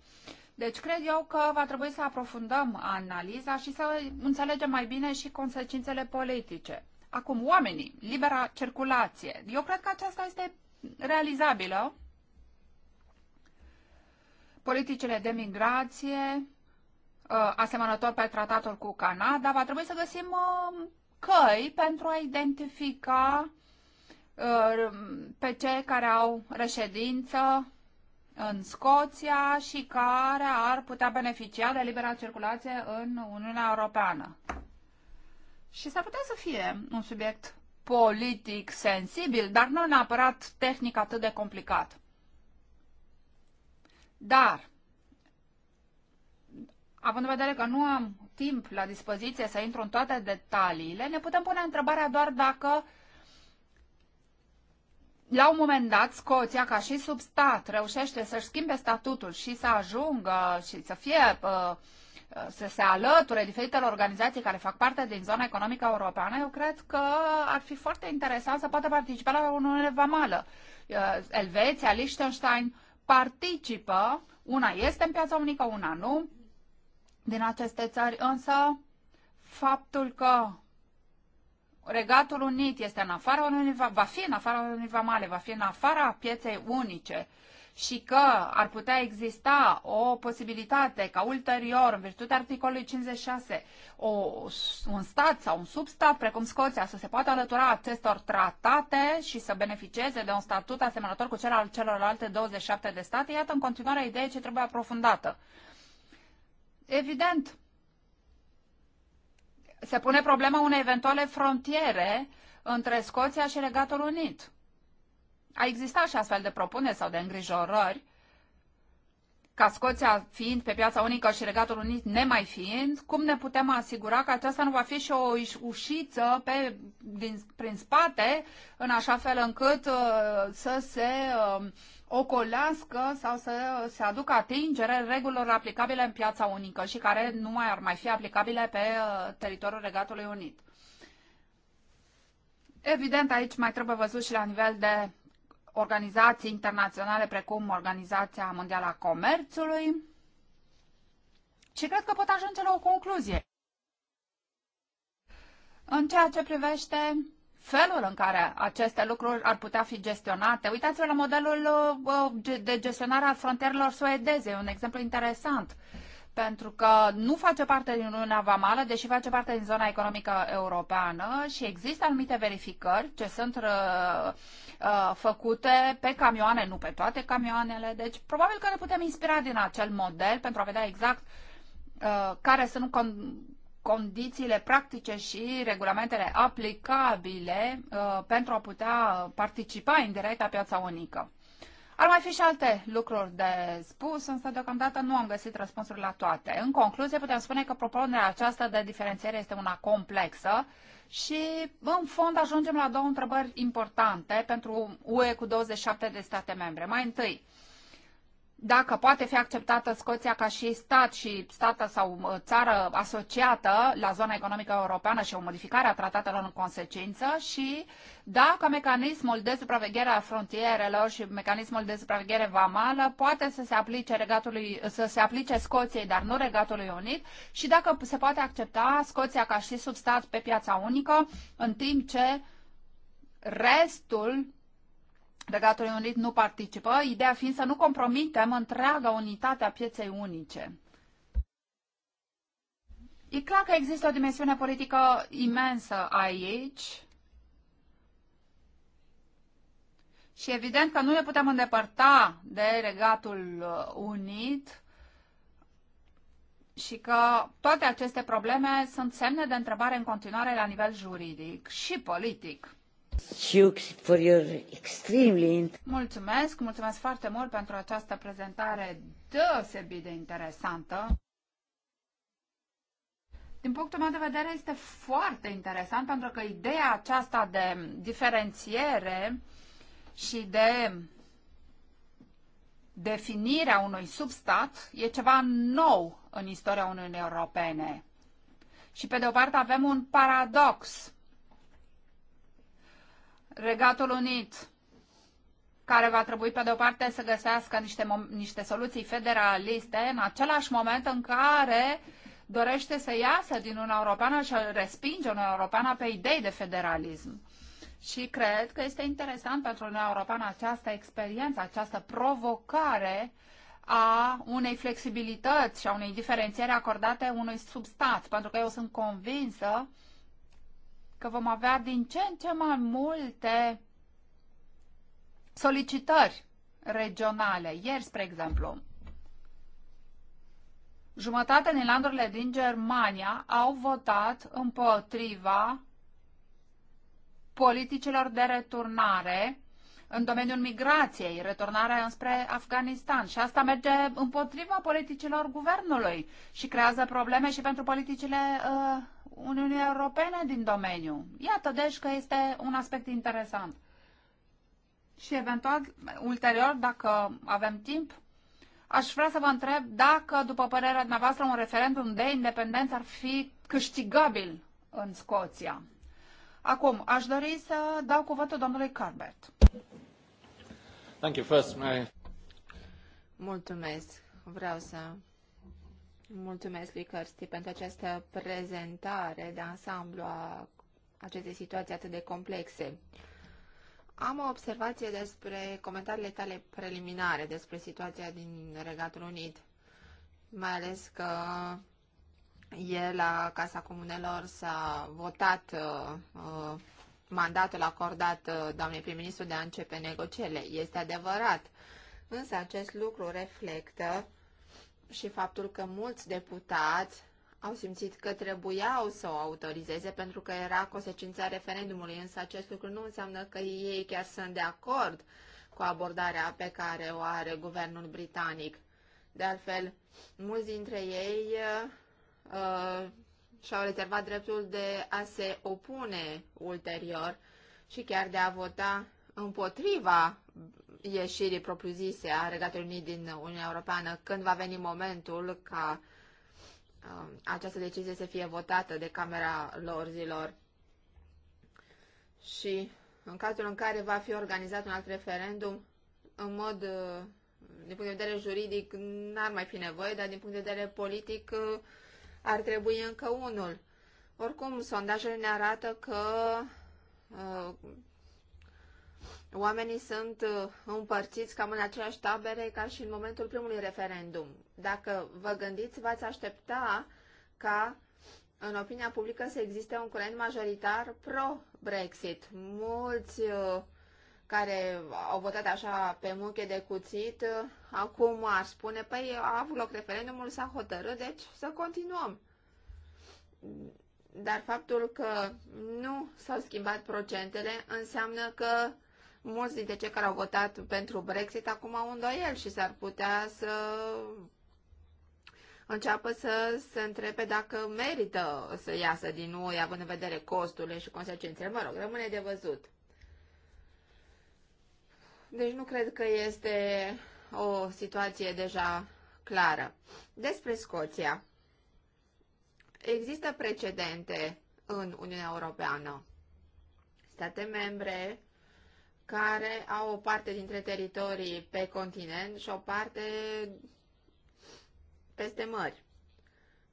Deci cred eu că va trebui să aprofundăm analiza și să înțelegem mai bine și consecințele politice. Acum, oamenii, libera circulație. Eu cred că aceasta este realizabilă. Politicile de migrație, Uh, asemănător pe tratatul cu Canada, va trebui să găsim um, căi pentru a identifica uh, pe cei care au reședință în Scoția și care ar putea beneficia de libera circulație în Uniunea Europeană. Și s-ar putea să fie un subiect politic sensibil, dar nu neapărat tehnic atât de complicat. Dar având în vedere că nu am timp la dispoziție să intru în toate detaliile, ne putem pune întrebarea doar dacă la un moment dat Scoția, ca și substat, reușește să-și schimbe statutul și să ajungă și să fie uh, uh, să se alăture diferitelor organizații care fac parte din zona economică europeană, eu cred că ar fi foarte interesant să poată participa la Uniune Vamală. Uh, Elveția, Liechtenstein participă, una este în piața unică, una nu, din aceste țări, însă faptul că Regatul Unit este în afara Uniunii, va fi în afara Uniunii Vamale, va fi în afara pieței unice și că ar putea exista o posibilitate ca ulterior, în virtutea articolului 56, o, un stat sau un substat, precum Scoția, să se poată alătura acestor tratate și să beneficieze de un statut asemănător cu cel al celorlalte 27 de state, iată în continuare idee ce trebuie aprofundată. Evident, se pune problema unei eventuale frontiere între Scoția și Regatul Unit. A existat și astfel de propuneri sau de îngrijorări ca Scoția fiind pe piața unică și Regatul Unit nemai fiind, cum ne putem asigura că aceasta nu va fi și o ușiță pe, din, prin spate, în așa fel încât uh, să se uh, ocolească sau să se aducă atingere regulilor aplicabile în piața unică și care nu mai ar mai fi aplicabile pe uh, teritoriul Regatului Unit. Evident, aici mai trebuie văzut și la nivel de organizații internaționale precum Organizația Mondială a Comerțului și cred că pot ajunge la o concluzie. În ceea ce privește felul în care aceste lucruri ar putea fi gestionate. Uitați-vă la modelul uh, de gestionare al frontierelor suedeze, un exemplu interesant pentru că nu face parte din Uniunea Vamală, deși face parte din zona economică europeană și există anumite verificări ce sunt uh, uh, făcute pe camioane, nu pe toate camioanele, deci probabil că ne putem inspira din acel model pentru a vedea exact uh, care sunt condițiile practice și regulamentele aplicabile uh, pentru a putea participa indirect la piața unică. Ar mai fi și alte lucruri de spus, însă deocamdată nu am găsit răspunsuri la toate. În concluzie, putem spune că propunerea aceasta de diferențiere este una complexă și, în fond, ajungem la două întrebări importante pentru UE cu 27 de state membre. Mai întâi, dacă poate fi acceptată Scoția ca și stat și stată sau țară asociată la zona economică europeană și o modificare a tratatelor în consecință și dacă mecanismul de supraveghere a frontierelor și mecanismul de supraveghere vamală poate să se aplice regatului, să se aplice Scoției, dar nu Regatului Unit și dacă se poate accepta Scoția ca și substat pe piața unică, în timp ce restul Regatul Unit nu participă, ideea fiind să nu compromitem întreaga unitate a pieței unice. E clar că există o dimensiune politică imensă aici și evident că nu ne putem îndepărta de Regatul uh, Unit și că toate aceste probleme sunt semne de întrebare în continuare la nivel juridic și politic. For your extremely... Mulțumesc, mulțumesc foarte mult pentru această prezentare deosebit de interesantă. Din punctul meu de vedere este foarte interesant pentru că ideea aceasta de diferențiere și de definirea unui substat e ceva nou în istoria Uniunii Europene. Și pe de o parte avem un paradox Regatul Unit, care va trebui pe de-o parte să găsească niște, niște soluții federaliste în același moment în care dorește să iasă din Uniunea Europeană și respinge Uniunea Europeană pe idei de federalism. Și cred că este interesant pentru Uniunea Europeană această experiență, această provocare a unei flexibilități și a unei diferențiere acordate unui substat, pentru că eu sunt convinsă uh, că vom avea din ce în ce mai multe solicitări regionale. Ieri, spre exemplu, jumătate din landurile din Germania au votat împotriva politicilor de returnare în domeniul migrației, returnarea înspre Afganistan. Și asta merge împotriva politicilor guvernului și creează probleme și pentru politicile uh, Uniunii Europene din domeniu. Iată deci că este un aspect interesant. Și eventual, ulterior, dacă avem timp, aș vrea să vă întreb dacă, după părerea dumneavoastră, un referendum de independență ar fi câștigabil în Scoția. Acum, aș dori să dau cuvântul domnului Carbert. Thank you. First, may... Mulțumesc. Vreau să Mulțumesc lui Cărsti pentru această prezentare de ansamblu a acestei situații atât de complexe. Am o observație despre comentariile tale preliminare despre situația din Regatul Unit, mai ales că ieri la Casa Comunelor s-a votat uh, uh, mandatul acordat uh, doamnei prim-ministru de a începe negocierile. Este adevărat, însă acest lucru reflectă și faptul că mulți deputați au simțit că trebuiau să o autorizeze pentru că era consecința referendumului, însă acest lucru nu înseamnă că ei chiar sunt de acord cu abordarea pe care o are guvernul britanic. De altfel, mulți dintre ei uh, și-au rezervat dreptul de a se opune ulterior și chiar de a vota împotriva ieșirii propriu-zise a Regatului Unii din Uniunea Europeană, când va veni momentul ca um, această decizie să fie votată de Camera Lorzilor. Și în cazul în care va fi organizat un alt referendum, în mod, uh, din punct de vedere juridic, n-ar mai fi nevoie, dar din punct de vedere politic uh, ar trebui încă unul. Oricum, sondajele ne arată că uh, oamenii sunt uh, împărțiți cam în aceeași tabere ca și în momentul primului referendum. Dacă vă gândiți, v-ați aștepta ca în opinia publică să existe un curent majoritar pro-Brexit. Mulți uh, care au votat așa pe muche de cuțit, uh, acum ar spune, păi a avut loc referendumul, s-a hotărât, deci să continuăm. Dar faptul că nu s-au schimbat procentele înseamnă că mulți dintre cei care au votat pentru Brexit acum au îndoiel și s-ar putea să înceapă să se întrebe dacă merită să iasă din noi, având în vedere costurile și consecințele. Mă rog, rămâne de văzut. Deci nu cred că este o situație deja clară. Despre Scoția. Există precedente în Uniunea Europeană. State membre care au o parte dintre teritorii pe continent și o parte peste mări.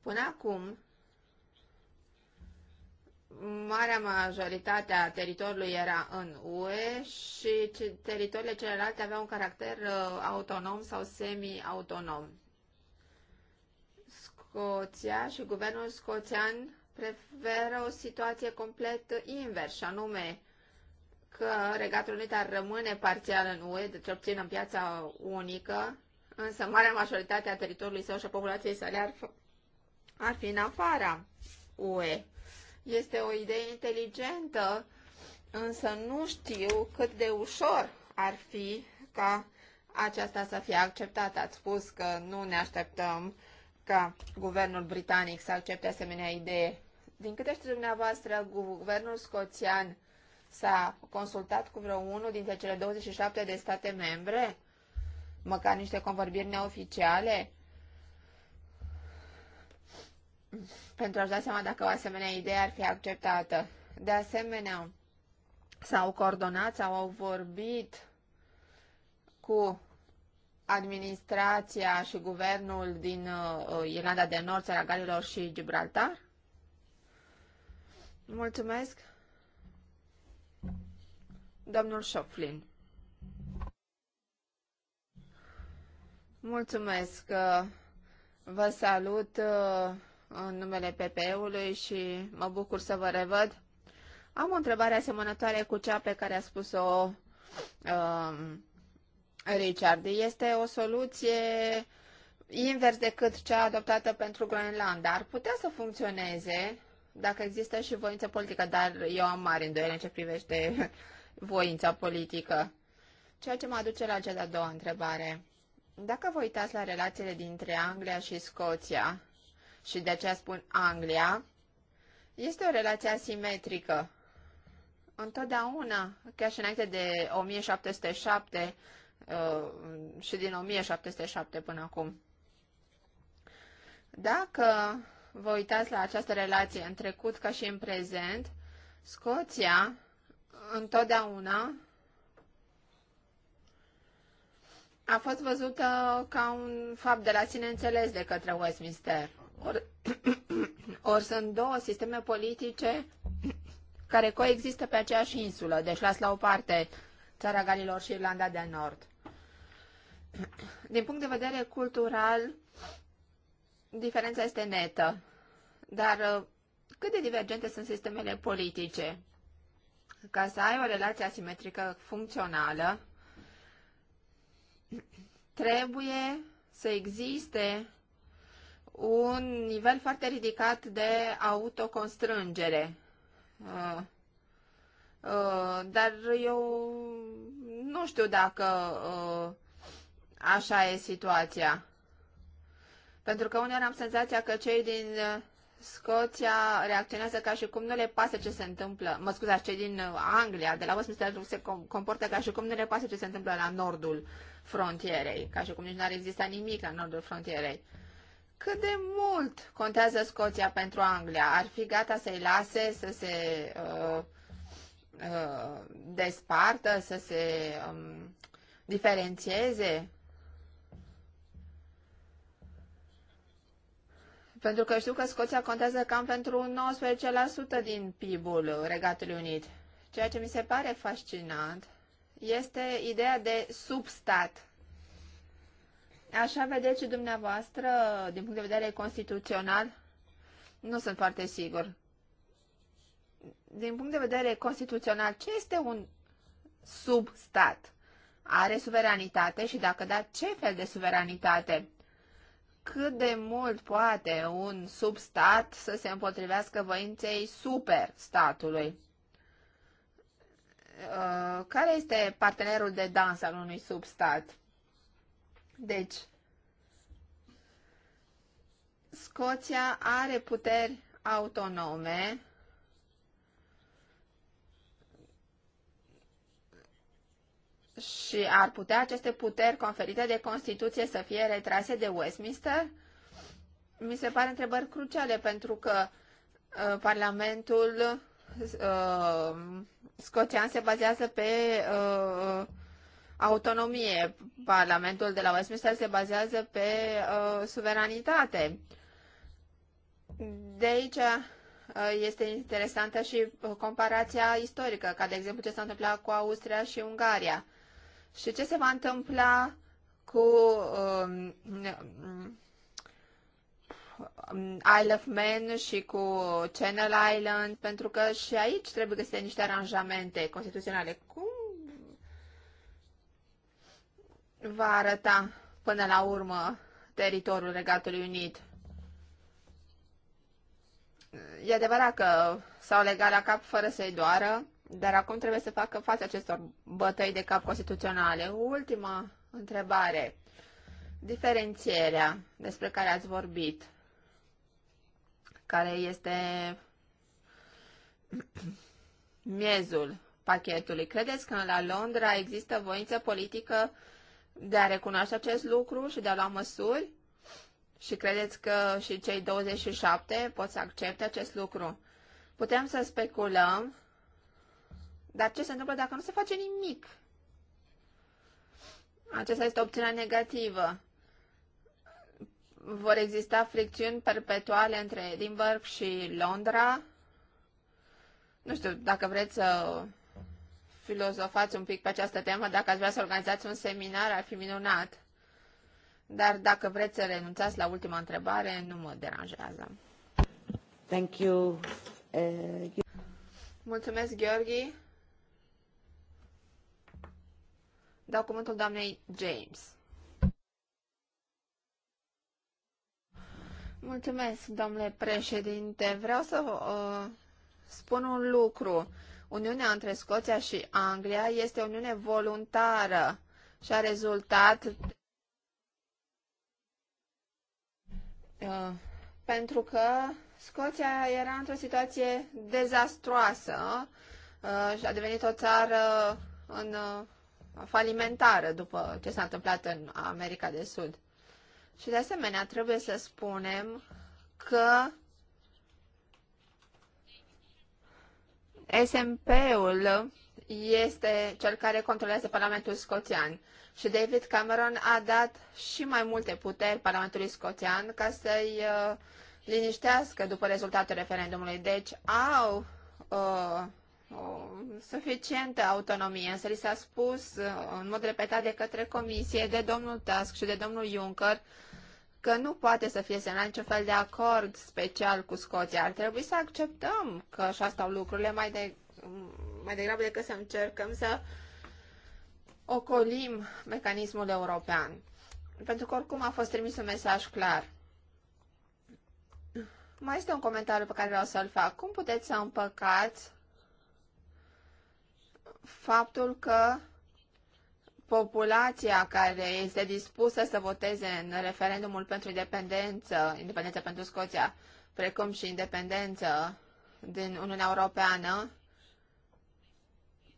Până acum, marea majoritate a teritoriului era în UE și teritoriile celelalte aveau un caracter uh, autonom sau semi-autonom. Scoția și guvernul scoțian preferă o situație complet invers, și anume că Regatul Unit ar rămâne parțial în UE, deci obțin în piața unică, însă marea majoritate a teritoriului său și a populației sale ar, ar fi în afara UE. Este o idee inteligentă, însă nu știu cât de ușor ar fi ca aceasta să fie acceptată. Ați spus că nu ne așteptăm ca guvernul britanic să accepte asemenea idee. Din câte știu dumneavoastră, guvernul scoțian S-a consultat cu vreo unul dintre cele 27 de state membre? Măcar niște convorbiri neoficiale? Pentru a-și da seama dacă o asemenea idee ar fi acceptată. De asemenea, s-au coordonat sau au vorbit cu administrația și guvernul din uh, Irlanda de Nord, țara Galilor și Gibraltar? Mulțumesc! Domnul Șoflin. Mulțumesc. Uh, vă salut uh, în numele PPE-ului și mă bucur să vă revăd. Am o întrebare asemănătoare cu cea pe care a spus-o um, Richard. Este o soluție invers decât cea adoptată pentru Groenlanda. Ar putea să funcționeze dacă există și voință politică, dar eu am mari îndoieli în ce privește voința politică. Ceea ce mă aduce la cea de-a doua întrebare. Dacă vă uitați la relațiile dintre Anglia și Scoția, și de aceea spun Anglia, este o relație asimetrică. Întotdeauna, chiar și înainte de 1707 uh, și din 1707 până acum. Dacă vă uitați la această relație în trecut ca și în prezent, Scoția întotdeauna a fost văzută ca un fapt de la sine înțeles de către Westminster. Ori <coughs> or sunt două sisteme politice care coexistă pe aceeași insulă, deci las la o parte țara Galilor și Irlanda de Nord. <coughs> Din punct de vedere cultural, diferența este netă, dar uh, cât de divergente sunt sistemele politice? ca să ai o relație asimetrică funcțională, trebuie să existe un nivel foarte ridicat de autoconstrângere. Uh, uh, dar eu nu știu dacă uh, așa e situația. Pentru că uneori am senzația că cei din Scoția reacționează ca și cum nu le pasă ce se întâmplă, mă scuzați, cei din uh, Anglia, de la Westminster se comportă ca și cum nu le pasă ce se întâmplă la nordul frontierei, ca și cum nici n-ar exista nimic la nordul frontierei. Cât de mult contează Scoția pentru Anglia? Ar fi gata să-i lase să se uh, uh, despartă, să se um, diferențieze? Pentru că știu că Scoția contează cam pentru 19% din PIB-ul Regatului Unit. Ceea ce mi se pare fascinant este ideea de substat. Așa vedeți și dumneavoastră, din punct de vedere constituțional? Nu sunt foarte sigur. Din punct de vedere constituțional, ce este un substat? Are suveranitate și dacă da, ce fel de suveranitate? cât de mult poate un substat să se împotrivească voinței superstatului. Uh, care este partenerul de dans al unui substat? Deci, Scoția are puteri autonome și ar putea aceste puteri conferite de Constituție să fie retrase de Westminster? Mi se pare întrebări cruciale pentru că uh, Parlamentul uh, scoțian se bazează pe uh, autonomie. Parlamentul de la Westminster se bazează pe uh, suveranitate. De aici uh, este interesantă și uh, comparația istorică, ca de exemplu ce s-a întâmplat cu Austria și Ungaria. Și ce se va întâmpla cu um, um, Isle of Man și cu Channel Island, pentru că și aici trebuie găsite niște aranjamente constituționale. Cum va arăta până la urmă teritoriul Regatului Unit? E adevărat că s-au legat la cap fără să-i doară, dar acum trebuie să facă față acestor bătăi de cap constituționale. Ultima întrebare. Diferențierea despre care ați vorbit, care este <clears throat> miezul pachetului. Credeți că la Londra există voință politică de a recunoaște acest lucru și de a lua măsuri? Și credeți că și cei 27 pot să accepte acest lucru? Putem să speculăm dar ce se întâmplă dacă nu se face nimic? Aceasta este opțiunea negativă. Vor exista fricțiuni perpetuale între Edinburgh și Londra. Nu știu, dacă vreți să filozofați un pic pe această temă, dacă ați vrea să organizați un seminar, ar fi minunat. Dar dacă vreți să renunțați la ultima întrebare, nu mă deranjează. Thank you. Uh, Mulțumesc, Gheorghi. dau cuvântul doamnei James. Mulțumesc, domnule președinte. Vreau să uh, spun un lucru. Uniunea între Scoția și Anglia este o uniune voluntară și a rezultat uh, pentru că Scoția era într-o situație dezastroasă uh, și a devenit o țară în uh, falimentară după ce s-a întâmplat în America de Sud. Și de asemenea, trebuie să spunem că SMP-ul este cel care controlează Parlamentul Scoțian și David Cameron a dat și mai multe puteri Parlamentului Scoțian ca să-i uh, liniștească după rezultatul referendumului. Deci au uh, o suficientă autonomie, însă li s-a spus uh, în mod repetat de către comisie, de domnul Tusk și de domnul Juncker, că nu poate să fie semnat niciun fel de acord special cu Scoția. Ar trebui să acceptăm că așa stau lucrurile mai, de, mai degrabă decât să încercăm să ocolim mecanismul european. Pentru că oricum a fost trimis un mesaj clar. Mai este un comentariu pe care vreau să-l fac. Cum puteți să împăcați faptul că populația care este dispusă să voteze în referendumul pentru independență, independență pentru Scoția, precum și independență din Uniunea Europeană,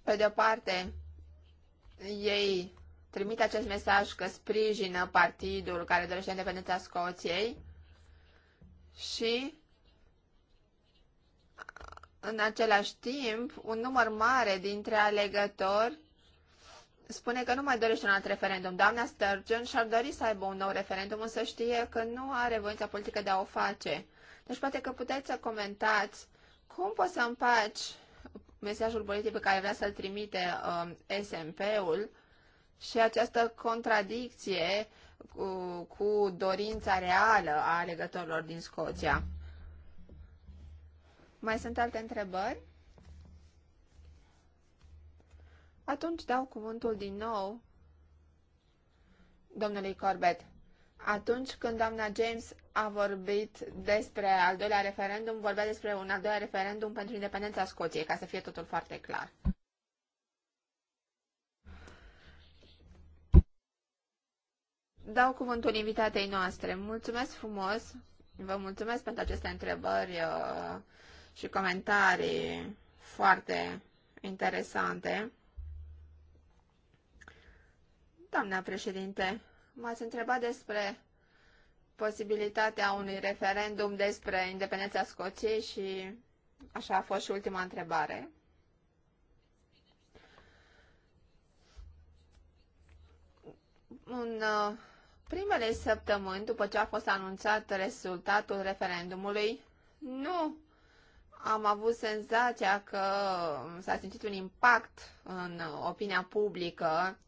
pe de o parte, ei trimit acest mesaj că sprijină partidul care dorește independența Scoției și în același timp, un număr mare dintre alegători spune că nu mai dorește un alt referendum. Doamna Sturgeon și-ar dori să aibă un nou referendum, însă știe că nu are voința politică de a o face. Deci poate că puteți să comentați cum poți să împaci mesajul politic pe care vrea să-l trimite um, SMP-ul și această contradicție cu, cu dorința reală a alegătorilor din Scoția. Mai sunt alte întrebări? Atunci dau cuvântul din nou domnului Corbett. Atunci când doamna James a vorbit despre al doilea referendum, vorbea despre un al doilea referendum pentru independența Scoției, ca să fie totul foarte clar. Dau cuvântul invitatei noastre. Mulțumesc frumos! Vă mulțumesc pentru aceste întrebări uh, și comentarii foarte interesante. Doamna președinte, m-ați întrebat despre posibilitatea unui referendum despre independența Scoției și așa a fost și ultima întrebare. În uh, primele săptămâni după ce a fost anunțat rezultatul referendumului, nu am avut senzația că s-a simțit un impact în opinia publică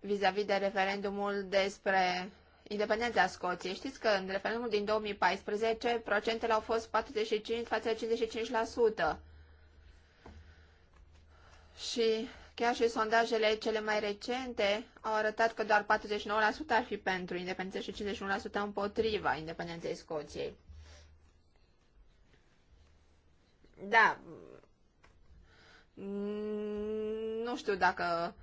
vis-a-vis -vis de referendumul despre independența Scoției. Știți că în referendumul din 2014 procentele au fost 45 față de 55%. Și chiar și sondajele cele mai recente au arătat că doar 49% ar fi pentru independență și 51% împotriva independenței Scoției. Da. Nu știu dacă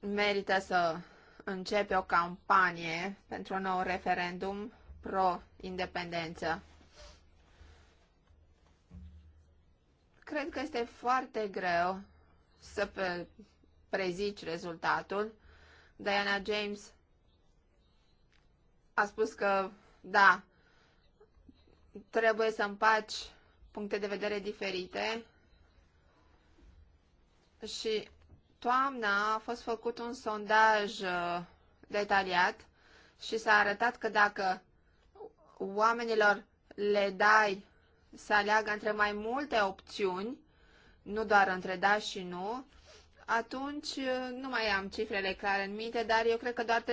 merită să începe o campanie pentru un nou referendum pro-independență. Cred că este foarte greu să prezici rezultatul. Diana James a spus că, da, trebuie să împaci puncte de vedere diferite și toamna a fost făcut un sondaj uh, detaliat și s-a arătat că dacă oamenilor le dai să aleagă între mai multe opțiuni, nu doar între da și nu, atunci uh, nu mai am cifrele clare în minte, dar eu cred că doar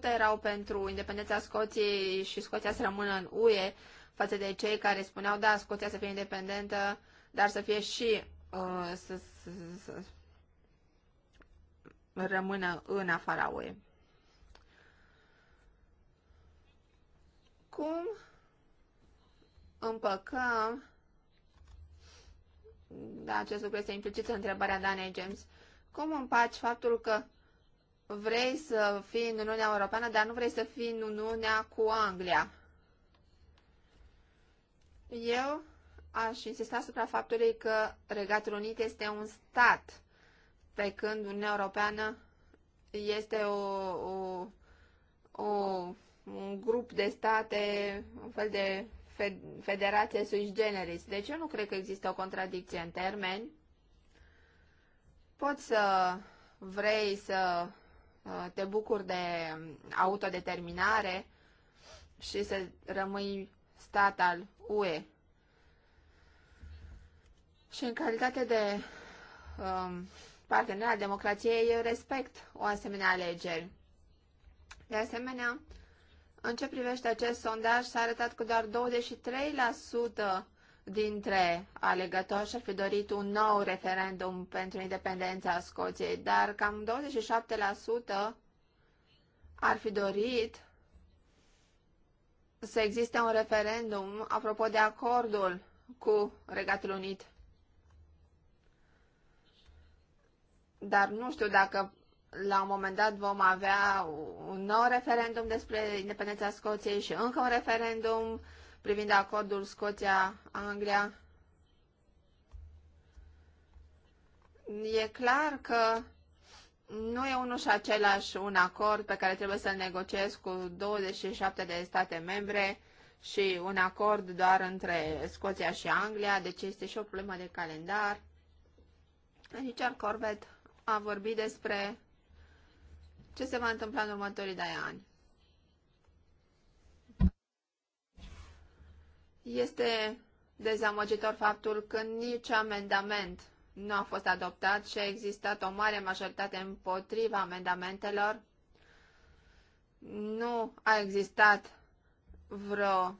36% erau pentru independența Scoției și Scoția să rămână în UE, față de cei care spuneau, da, Scoția să fie independentă, dar să fie și uh, să, să, să, rămână în afara UE. Cum împăcăm da, acest lucru este implicit în întrebarea Danei James. Cum împaci faptul că vrei să fii în Uniunea Europeană, dar nu vrei să fii în Uniunea cu Anglia? Eu aș insista asupra faptului că Regatul Unit este un stat, pe când Uniunea Europeană este o, o, o, un grup de state, un fel de federație sui generis. Deci eu nu cred că există o contradicție în termeni. Poți să vrei să uh, te bucuri de autodeterminare și să rămâi stat al UE. Și în calitate de um, partener al democrației, eu respect o asemenea alegeri. De asemenea, în ce privește acest sondaj, s-a arătat că doar 23% dintre alegători și-ar fi dorit un nou referendum pentru independența Scoției, dar cam 27% ar fi dorit să existe un referendum apropo de acordul cu Regatul Unit. Dar nu știu dacă la un moment dat vom avea un nou referendum despre independența Scoției și încă un referendum privind acordul Scoția-Anglia. E clar că nu e unul și același un acord pe care trebuie să-l negociez cu 27 de state membre și un acord doar între Scoția și Anglia, deci este și o problemă de calendar. Richard deci, Corbett a vorbit despre ce se va întâmpla în următorii de ani. Este dezamăgitor faptul că nici amendament nu a fost adoptat și a existat o mare majoritate împotriva amendamentelor. Nu a existat vreo,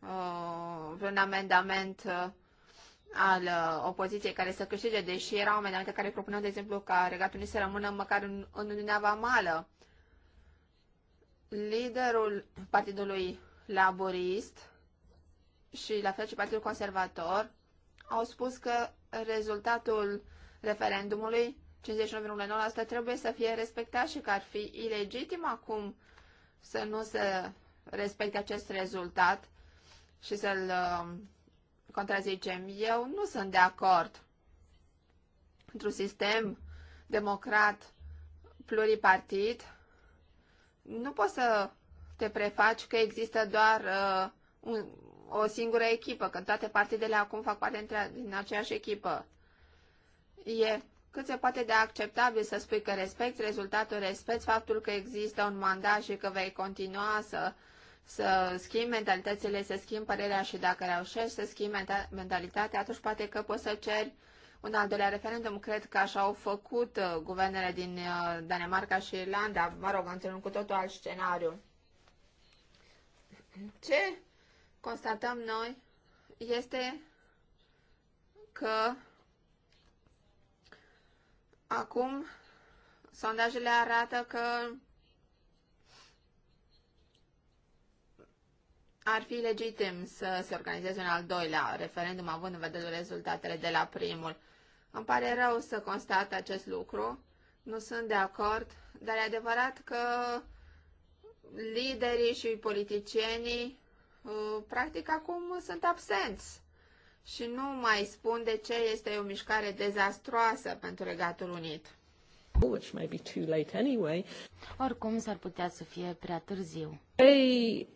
uh, vreun amendament uh, al uh, opoziției care să câștige, deși erau amendamente care propuneau, de exemplu, ca Regatul Unit să rămână măcar în, în Uniunea Vamală. Liderul Partidului Laborist și la fel și Partidul Conservator au spus că rezultatul referendumului, 59,9%, trebuie să fie respectat și că ar fi ilegitim acum să nu se respecte acest rezultat și să-l um, contrazicem. Eu nu sunt de acord într-un sistem democrat pluripartit. Nu poți să te prefaci că există doar uh, un, o singură echipă, când toate partidele acum fac parte între, din aceeași echipă. E cât se poate de acceptabil să spui că respecti rezultatul, respecti faptul că există un mandat și că vei continua să, să schimbi mentalitățile, să schimbi părerea și dacă reușești să schimbi mentalitatea, atunci poate că poți să ceri un al doilea referendum. Cred că așa au făcut uh, guvernele din uh, Danemarca și Irlanda, mă rog, într cu totul alt scenariu. Ce constatăm noi este că acum sondajele arată că ar fi legitim să se organizeze un al doilea referendum, având în vedere rezultatele de la primul. Îmi pare rău să constat acest lucru, nu sunt de acord, dar e adevărat că liderii și politicienii Uh, practic acum sunt absenți și nu mai spun de ce este o mișcare dezastroasă pentru Regatul Unit. Which may be too late anyway. Oricum s-ar putea să fie prea târziu.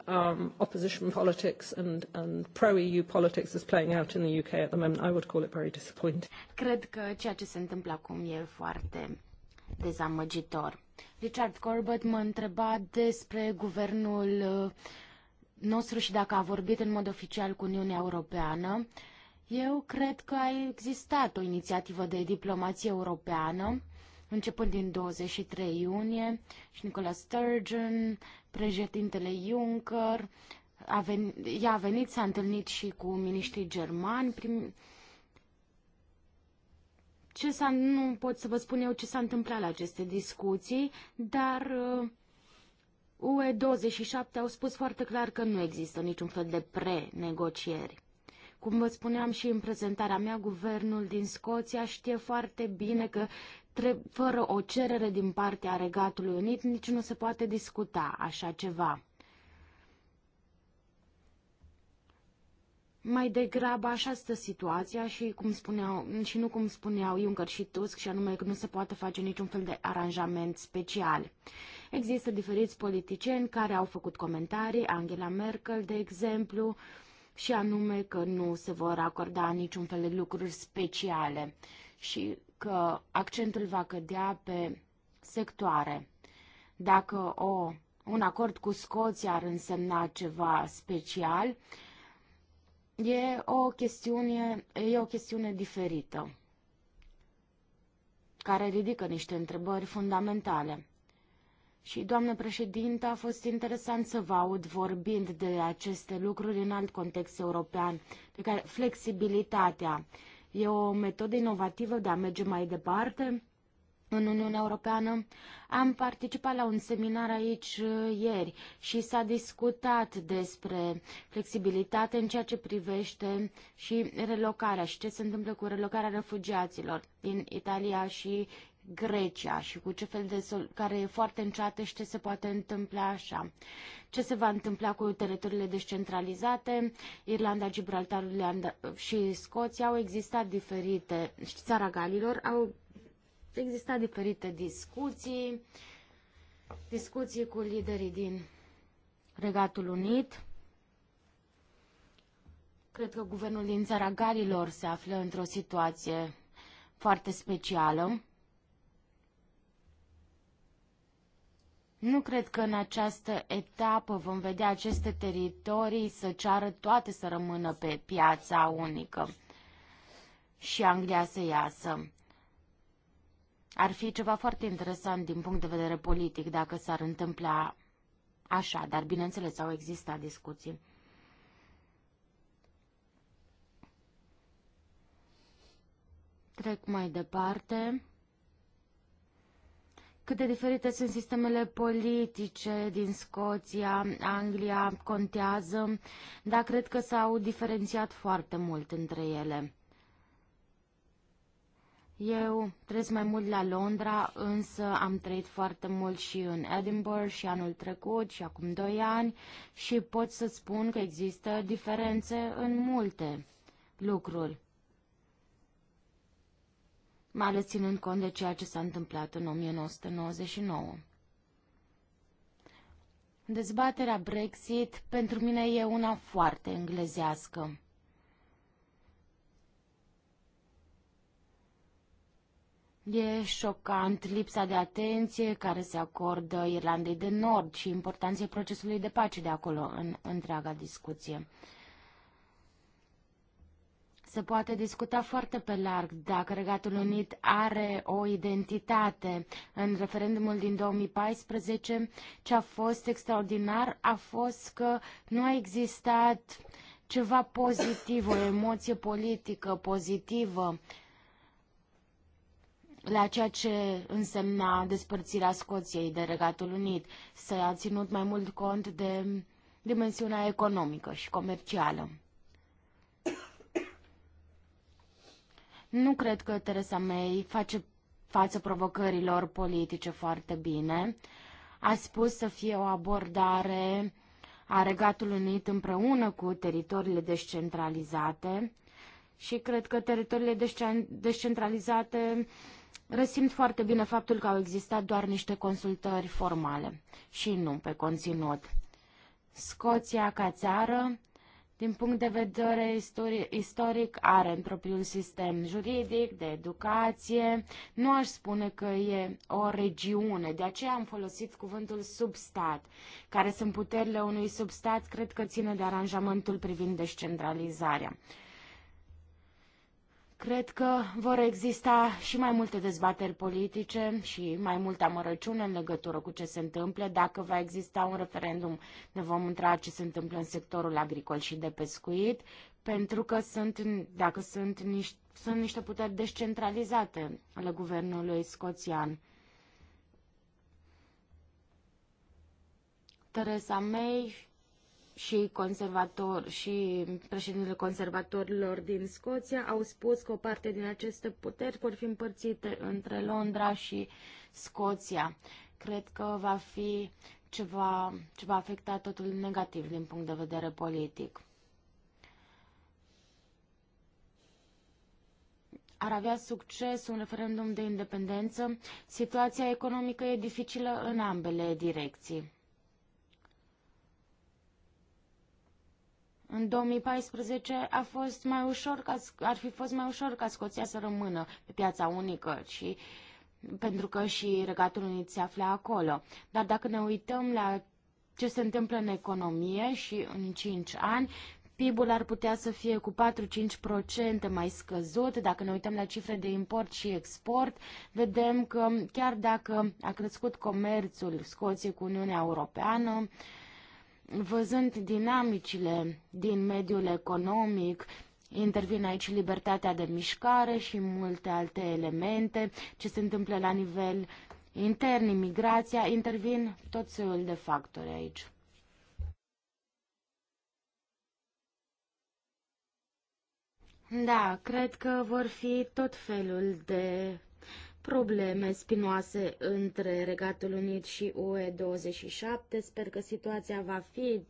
A um, opposition politics and, and pro-EU politics is playing out in the UK at the moment. I would call it very disappointing. Cred că ceea ce se întâmplă acum e foarte dezamăgitor. Richard Corbett m-a întrebat despre guvernul uh, nostru și dacă a vorbit în mod oficial cu Uniunea Europeană, eu cred că a existat o inițiativă de diplomație europeană, începând din 23 iunie, și Nicola Sturgeon, președintele Juncker, a venit, ea a venit, s-a întâlnit și cu miniștrii germani. Prim... Ce s-a, nu pot să vă spun eu ce s-a întâmplat la aceste discuții, dar uh, UE27 au spus foarte clar că nu există niciun fel de pre-negocieri. Cum vă spuneam și în prezentarea mea, guvernul din Scoția știe foarte bine că fără o cerere din partea Regatului Unit nici nu se poate discuta așa ceva. mai degrabă așa stă situația și, cum spuneau, și nu cum spuneau Juncker și Tusk, și anume că nu se poate face niciun fel de aranjament special. Există diferiți politicieni care au făcut comentarii, Angela Merkel, de exemplu, și anume că nu se vor acorda niciun fel de lucruri speciale și că accentul va cădea pe sectoare. Dacă o, un acord cu Scoția ar însemna ceva special, uh, E o chestiune, e o chestiune diferită, care ridică niște întrebări fundamentale. Și, doamnă președinte a fost interesant să vă aud vorbind de aceste lucruri în alt context european, de care flexibilitatea e o metodă inovativă de a merge mai departe în Uniunea Europeană. Am participat la un seminar aici uh, ieri și s-a discutat despre flexibilitate în ceea ce privește și relocarea și ce se întâmplă cu relocarea refugiaților din Italia și Grecia și cu ce fel de sol, care e foarte înceată și ce se poate întâmpla așa. Ce se va întâmpla cu teritoriile descentralizate, Irlanda, Gibraltarul și Scoția au existat diferite, și țara Galilor au Exista diferite discuții, discuții cu liderii din Regatul Unit. Cred că guvernul din țara Galilor se află într-o situație foarte specială. Nu cred că în această etapă vom vedea aceste teritorii să ceară toate să rămână pe piața unică și Anglia să iasă. Ar fi ceva foarte interesant din punct de vedere politic dacă s-ar întâmpla așa, dar bineînțeles au existat discuții. Trec mai departe. Cât de diferite sunt sistemele politice din Scoția, Anglia, contează, dar cred că s-au diferențiat foarte mult între ele. Eu trăiesc mai mult la Londra, însă am trăit foarte mult și în Edinburgh și anul trecut și acum doi ani și pot să spun că există diferențe în multe lucruri, mai ales ținând cont de ceea ce s-a întâmplat în 1999. Dezbaterea Brexit pentru mine e una foarte englezească. E șocant lipsa de atenție care se acordă Irlandei de Nord și importanța procesului de pace de acolo în întreaga discuție. Se poate discuta foarte pe larg dacă Regatul Unit are o identitate. În referendumul din 2014, ce a fost extraordinar a fost că nu a existat ceva pozitiv, o emoție politică pozitivă la ceea ce însemna despărțirea Scoției de Regatul Unit. S-a ținut mai mult cont de dimensiunea economică și comercială. Nu cred că Teresa May face față provocărilor politice foarte bine. A spus să fie o abordare a Regatul Unit împreună cu teritoriile descentralizate și cred că teritoriile descentralizate Resimt foarte bine faptul că au existat doar niște consultări formale și nu pe conținut. Scoția ca țară, din punct de vedere istoric, istoric are în propriul sistem juridic, de educație. Nu aș spune că e o regiune, de aceea am folosit cuvântul substat. Care sunt puterile unui substat, cred că ține de aranjamentul privind descentralizarea. Cred că vor exista și mai multe dezbateri politice și mai multă amărăciune în legătură cu ce se întâmplă. Dacă va exista un referendum, ne vom întreba ce se întâmplă în sectorul agricol și de pescuit, pentru că sunt, dacă sunt, niște, sunt niște puteri descentralizate ale guvernului scoțian. Teresa May și, conservator, și președintele conservatorilor din Scoția au spus că o parte din aceste puteri vor fi împărțite între Londra și Scoția. Cred că va fi ceva ce va afecta totul negativ din punct de vedere politic. ar avea succes un referendum de independență, situația economică e dificilă în ambele direcții. În 2014 a fost mai ușor ca, ar fi fost mai ușor ca Scoția să rămână pe piața unică și pentru că și Regatul Unit se afla acolo. Dar dacă ne uităm la ce se întâmplă în economie și în 5 ani, PIB-ul ar putea să fie cu 4-5% mai scăzut. Dacă ne uităm la cifre de import și export, vedem că chiar dacă a crescut comerțul Scoției cu Uniunea Europeană, uh, Văzând dinamicile din mediul economic, intervine aici libertatea de mișcare și multe alte elemente, ce se întâmplă la nivel intern, imigrația, intervin tot soiul de factori aici. Da, cred că vor fi tot felul de probleme spinoase între Regatul Unit și UE27. Sper că situația va fi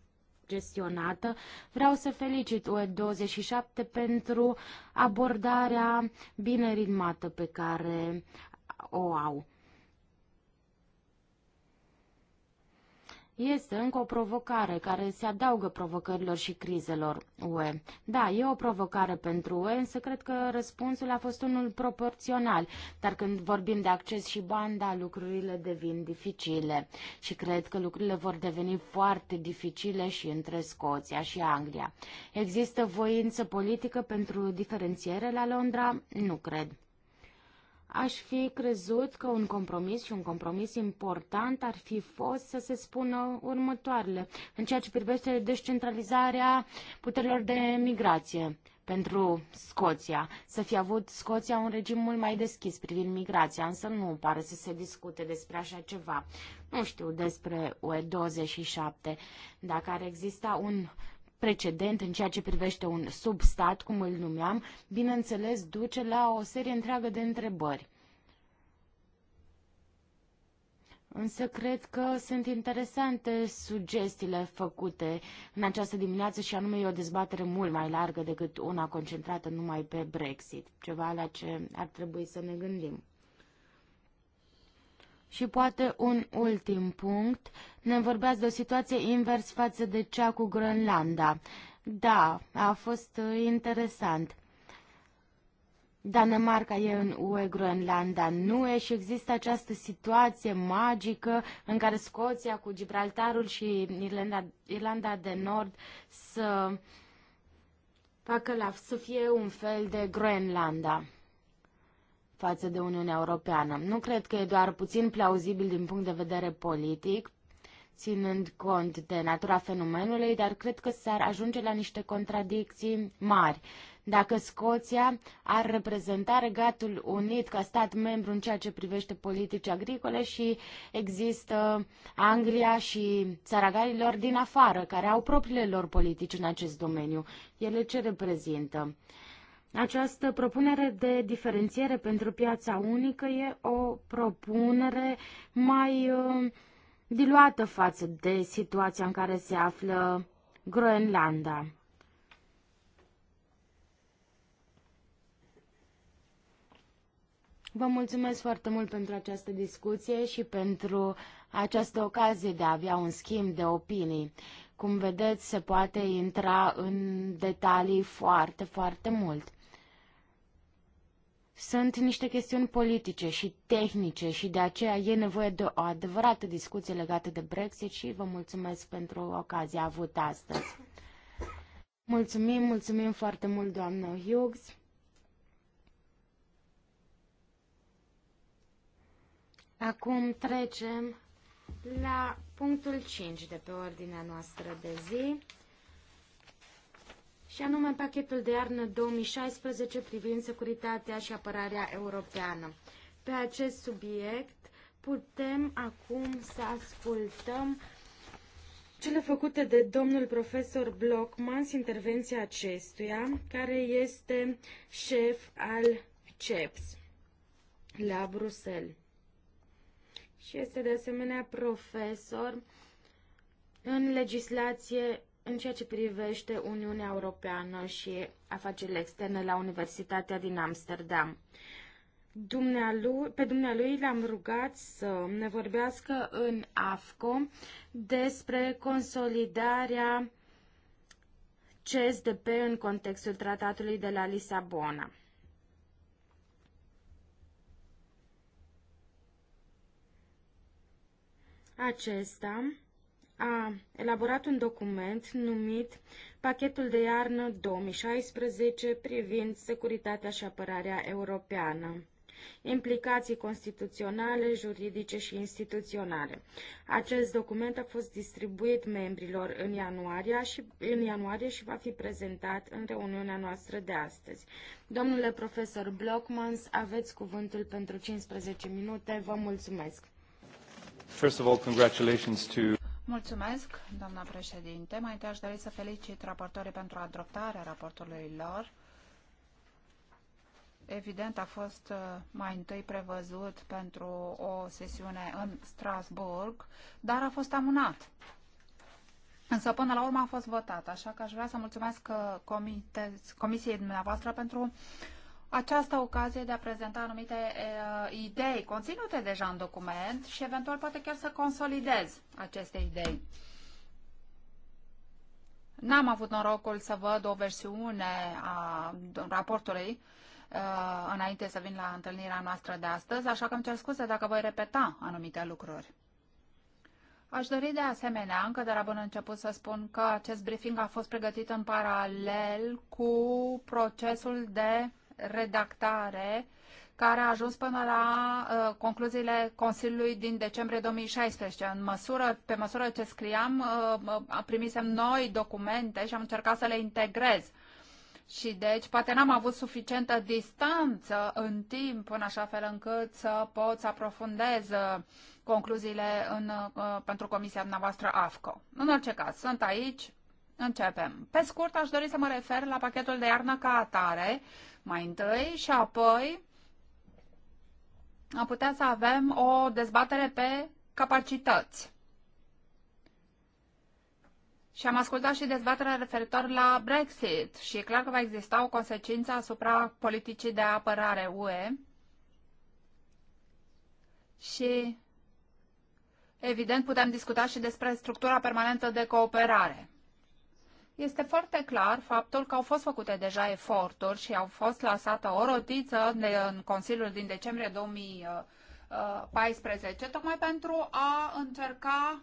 gestionată. Vreau să felicit UE27 pentru abordarea bine ritmată pe care o au. Este încă o provocare care se adaugă provocărilor și crizelor UE. Da, e o provocare pentru UE, însă cred că răspunsul a fost unul proporțional. Dar când vorbim de acces și banda, lucrurile devin dificile. Și cred că lucrurile vor deveni foarte dificile și între Scoția și Anglia. Există voință politică pentru diferențiere la Londra? Nu cred. Aș fi crezut că un compromis și un compromis important ar fi fost să se spună următoarele în ceea ce privește descentralizarea puterilor de migrație pentru Scoția, să fi avut Scoția un regim mult mai deschis privind migrația, însă nu pare să se discute despre așa ceva. Nu știu despre UE27, dacă ar exista un precedent în ceea ce privește un substat, cum îl numeam, bineînțeles duce la o serie întreagă de întrebări. Însă cred că sunt interesante sugestiile făcute în această dimineață și anume e o dezbatere mult mai largă decât una concentrată numai pe Brexit, ceva la ce ar trebui să ne gândim. Și poate un ultim punct. Ne vorbeați de o situație invers față de cea cu Groenlanda. Da, a fost uh, interesant. Danemarca e în UE, Groenlanda nu e și există această situație magică în care Scoția cu Gibraltarul și Irlanda, Irlanda de Nord să facă la, să fie un fel de Groenlanda față de Uniunea Europeană. Nu cred că e doar puțin plauzibil din punct de vedere politic, ținând cont de natura fenomenului, dar cred că s-ar ajunge la niște contradicții mari. Dacă Scoția ar reprezenta Regatul Unit ca stat membru în ceea ce privește politici agricole și există Anglia și țara galilor din afară, care au propriile lor politici în acest domeniu, ele ce reprezintă? Această propunere de diferențiere pentru piața unică e o propunere mai um, diluată față de situația în care se află Groenlanda. Vă mulțumesc foarte mult pentru această discuție și pentru această ocazie de a avea un schimb de opinii. Cum vedeți, se poate intra în detalii foarte, foarte mult. Sunt niște chestiuni politice și tehnice și de aceea e nevoie de o adevărată discuție legată de Brexit și vă mulțumesc pentru ocazia avută astăzi. Mulțumim, mulțumim foarte mult, doamnă Hughes. Acum trecem la punctul 5 de pe ordinea noastră de zi și anume pachetul de iarnă 2016 privind securitatea și apărarea europeană. Pe acest subiect putem acum să ascultăm cele făcute de domnul profesor Blockmans, intervenția acestuia, care este șef al CEPS la Bruxelles. Și este de asemenea profesor în legislație în ceea ce privește Uniunea Europeană și afacerile externe la Universitatea din Amsterdam. Dumnealui, pe dumnealui l-am rugat să ne vorbească în AFCO despre consolidarea CSDP în contextul tratatului de la Lisabona. Acesta a elaborat un document numit Pachetul de iarnă 2016 privind securitatea și apărarea europeană implicații constituționale, juridice și instituționale. Acest document a fost distribuit membrilor în ianuarie și, în ianuarie și va fi prezentat în reuniunea noastră de astăzi. Domnule profesor Blockmans, aveți cuvântul pentru 15 minute. Vă mulțumesc. First of all, congratulations to Mulțumesc, președinte. Mai întâi aș dori să felicit raportorii pentru adoptarea raportului lor. Evident, a fost uh, mai întâi prevăzut pentru o sesiune în Strasburg, dar a fost amânat. Însă până la urmă a fost votat, așa că aș vrea să mulțumesc uh, comis Comisiei dumneavoastră pentru uh, această ocazie de a prezenta anumite uh, idei conținute deja în document și eventual poate chiar să consolidez aceste idei. N-am avut norocul să văd o versiune a raportului uh, înainte să vin la întâlnirea noastră de astăzi, așa că îmi cer scuze dacă voi repeta anumite lucruri. Aș dori de asemenea, încă de la bun început, să spun că acest briefing a fost pregătit în paralel cu procesul de redactare care a ajuns până la uh, concluziile Consiliului din decembrie 2016. În măsură, pe măsură ce scriam, uh, uh, primisem noi documente și am încercat să le integrez. Și deci poate n-am avut suficientă distanță în timp în așa fel încât să pot să aprofundez uh, concluziile în, uh, pentru comisia noastră AFCO. În orice caz, sunt aici, Începem. Pe scurt, aș dori să mă refer la pachetul de iarnă ca atare mai întâi și apoi am putea să avem o dezbatere pe capacități. Și am ascultat și dezbaterea referitor la Brexit și e clar că va exista o consecință asupra politicii de apărare UE. Și evident putem discuta și despre structura permanentă de cooperare este foarte clar faptul că au fost făcute deja eforturi și au fost lăsate o rotiță în Consiliul din decembrie 2014, uh, uh, tocmai pentru a încerca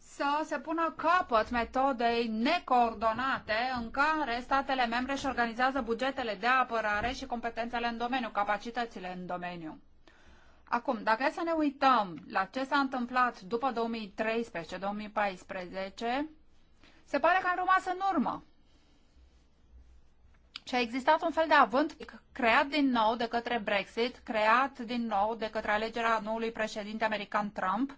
să se pună capăt metodei necoordonate în care statele membre își organizează bugetele de apărare și competențele în domeniu, capacitățile în domeniu. Acum, dacă e să ne uităm la ce s-a întâmplat după 2013-2014, se pare că am rămas în urmă. Și a existat un fel de avânt creat din nou de către Brexit, creat din nou de către alegerea noului președinte american Trump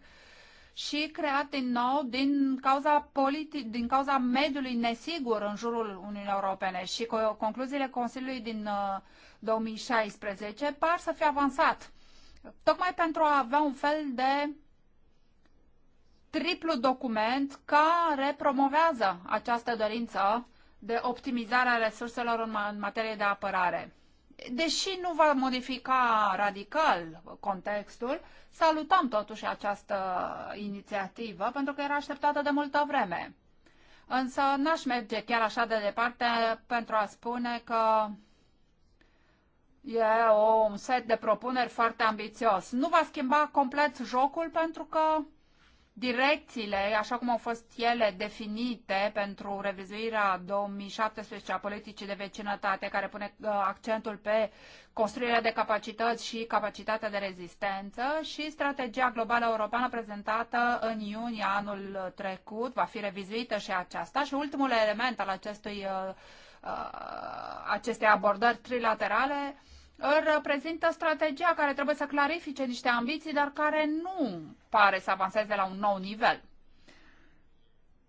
și creat din nou din cauza, politi- din cauza mediului nesigur în jurul Uniunii Europene. Și concluziile Consiliului din 2016 uh, par să fie avansat. Tocmai pentru a avea un fel de triplu document care promovează această dorință de optimizare a resurselor în, materie de apărare. Deși nu va modifica radical contextul, salutăm totuși această inițiativă pentru că era așteptată de multă vreme. Însă n-aș merge chiar așa de departe pentru a spune că e un set de propuneri foarte ambițios. Nu va schimba complet jocul pentru că direcțiile, așa cum au fost ele definite pentru revizuirea 2017 a politicii de vecinătate, care pune uh, accentul pe construirea de capacități și capacitatea de rezistență și strategia globală europeană prezentată în iunie anul trecut, va fi revizuită și aceasta și ultimul element al acestui, uh, uh, acestei abordări trilaterale reprezintă strategia care trebuie să clarifice niște ambiții, dar care nu pare să avanseze la un nou nivel.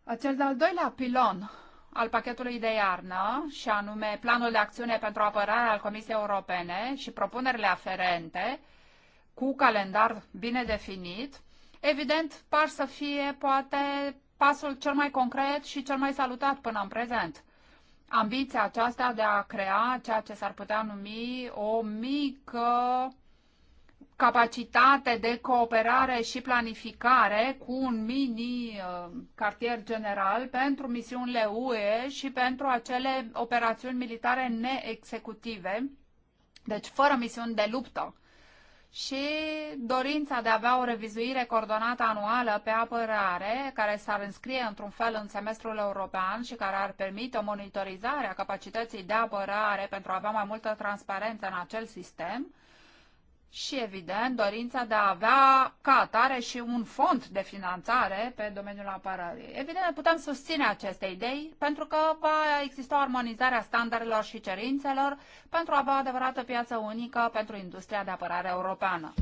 Acel de-al doilea pilon al pachetului de iarnă, și anume Planul de Acțiune pentru Apărare al Comisiei Europene și propunerile aferente, cu calendar bine definit, evident par să fie poate pasul cel mai concret și cel mai salutat până în prezent ambiția aceasta de a crea ceea ce s-ar putea numi o mică capacitate de cooperare și planificare cu un mini uh, cartier general pentru misiunile UE și pentru acele operațiuni militare neexecutive, deci fără misiuni de luptă și dorința de a avea o revizuire coordonată anuală pe apărare, care s-ar înscrie într-un fel în semestrul european și care ar permite o monitorizare a capacității de apărare pentru a avea mai multă transparență în acel sistem, și, evident, dorința de a avea ca atare și un fond de finanțare pe domeniul apărării. Evident, putem susține aceste idei pentru că va exista o armonizare a standardelor și cerințelor pentru a avea o adevărată piață unică pentru industria de apărare europeană.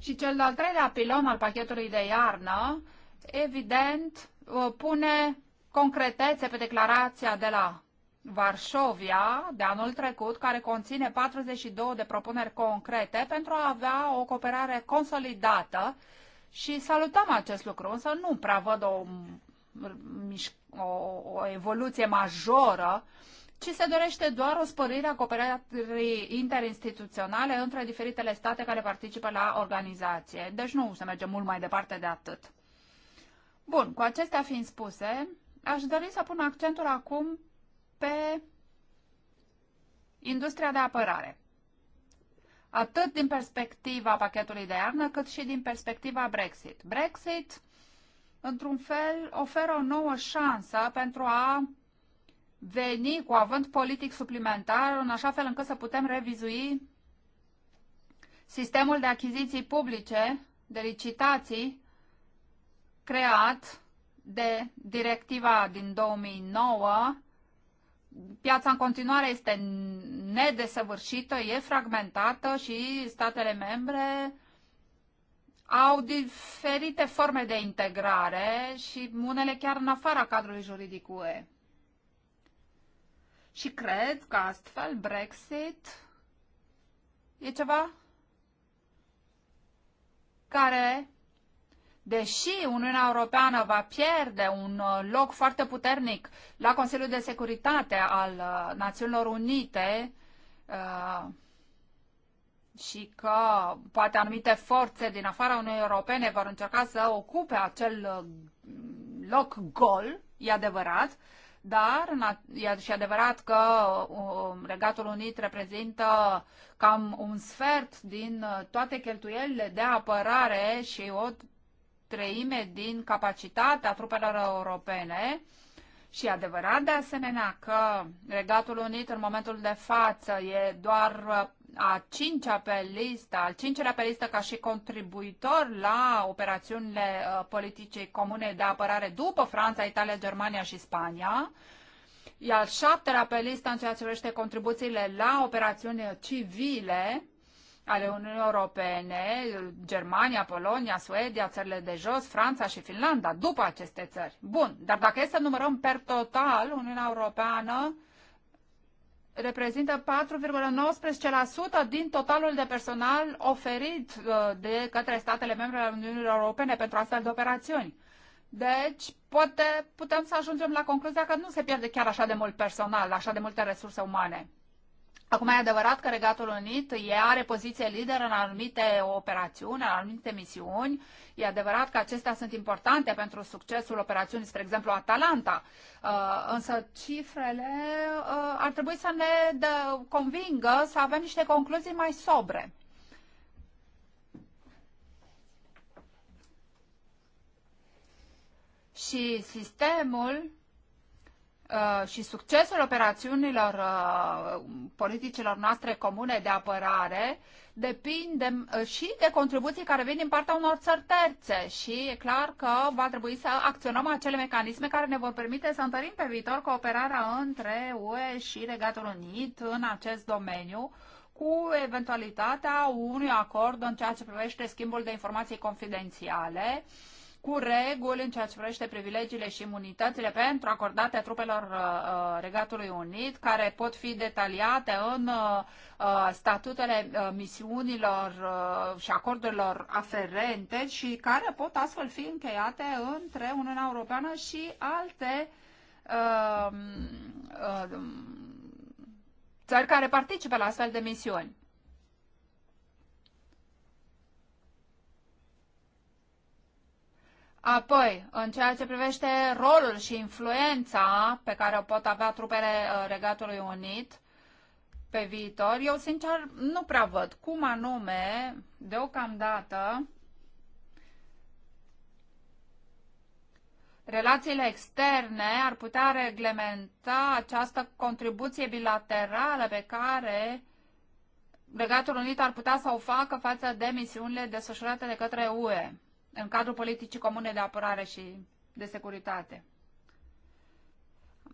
Și cel de-al treilea pilon al pachetului de iarnă, evident, uh, pune concretețe pe declarația de la Varșovia de anul trecut, care conține 42 de propuneri concrete pentru a avea o cooperare consolidată și salutăm acest lucru, însă nu prea văd o, o, o evoluție majoră, ci se dorește doar o spărire a cooperării interinstituționale între diferitele state care participă la organizație. Deci nu se merge mult mai departe de atât. Bun, cu acestea fiind spuse, aș dori să pun accentul acum pe industria de apărare. Atât din perspectiva pachetului de iarnă, cât și din perspectiva Brexit. Brexit, într-un fel, oferă o nouă șansă pentru a veni cu avânt politic suplimentar, în așa fel încât să putem revizui sistemul de achiziții publice, de licitații, creat de directiva din 2009 piața în continuare este nedesăvârșită, e fragmentată și statele membre au diferite forme de integrare și unele chiar în afara cadrului juridic UE. Și cred că astfel Brexit e ceva care deși Uniunea Europeană va pierde un uh, loc foarte puternic la Consiliul de Securitate al uh, Națiunilor Unite uh, și că poate anumite forțe din afara Uniunii Europene vor încerca să ocupe acel loc gol, e adevărat, dar e adevărat că Regatul Unit reprezintă cam un sfert din toate cheltuielile de apărare și o treime din capacitatea trupelor europene și adevărat de asemenea că Regatul Unit în momentul de față e doar uh, a cincea pe listă, al cincelea pe listă ca și contribuitor la operațiunile uh, politicii comune de apărare după Franța, Italia, Germania și Spania, iar șaptelea pe listă în ceea ce privește contribuțiile la operațiuni civile, ale Uniunii Europene, Germania, Polonia, Suedia, țările de jos, Franța și Finlanda, după aceste țări. Bun, dar dacă e să numărăm per total, Uniunea Europeană reprezintă 4,19% din totalul de personal oferit uh, de către statele membre ale Uniunii Europene pentru astfel de operațiuni. Deci, poate putem să ajungem la concluzia că nu se pierde chiar așa de mult personal, așa de multe resurse umane. Acum e adevărat că Regatul Unit e, are poziție lideră în anumite operațiuni, în anumite misiuni. E adevărat că acestea sunt importante pentru succesul operațiunii, spre exemplu Atalanta. Uh, însă cifrele uh, ar trebui să ne dă, convingă să avem niște concluzii mai sobre. Și sistemul Uh, și succesul operațiunilor uh, politicilor noastre comune de apărare depinde uh, și de contribuții care vin din partea unor țări terțe și e clar că va trebui să acționăm acele mecanisme care ne vor permite să întărim pe viitor cooperarea între UE și Regatul Unit în acest domeniu cu eventualitatea unui acord în ceea ce privește schimbul de informații confidențiale uh, cu reguli în ceea ce privește privilegiile și imunitățile pentru acordate trupelor uh, uh, Regatului Unit, care pot fi detaliate în uh, uh statutele uh, misiunilor uh, și acordurilor aferente și care pot astfel fi încheiate între Uniunea Europeană și alte um, țări care participă la astfel de misiuni. Apoi, în ceea ce privește rolul și influența pe care o pot avea trupele uh, Regatului Unit pe viitor, eu sincer nu prea văd cum anume, deocamdată, relațiile externe ar putea reglementa această contribuție bilaterală pe care Regatul Unit ar putea să o facă față de misiunile desfășurate de către UE în cadrul politicii comune de apărare și de securitate.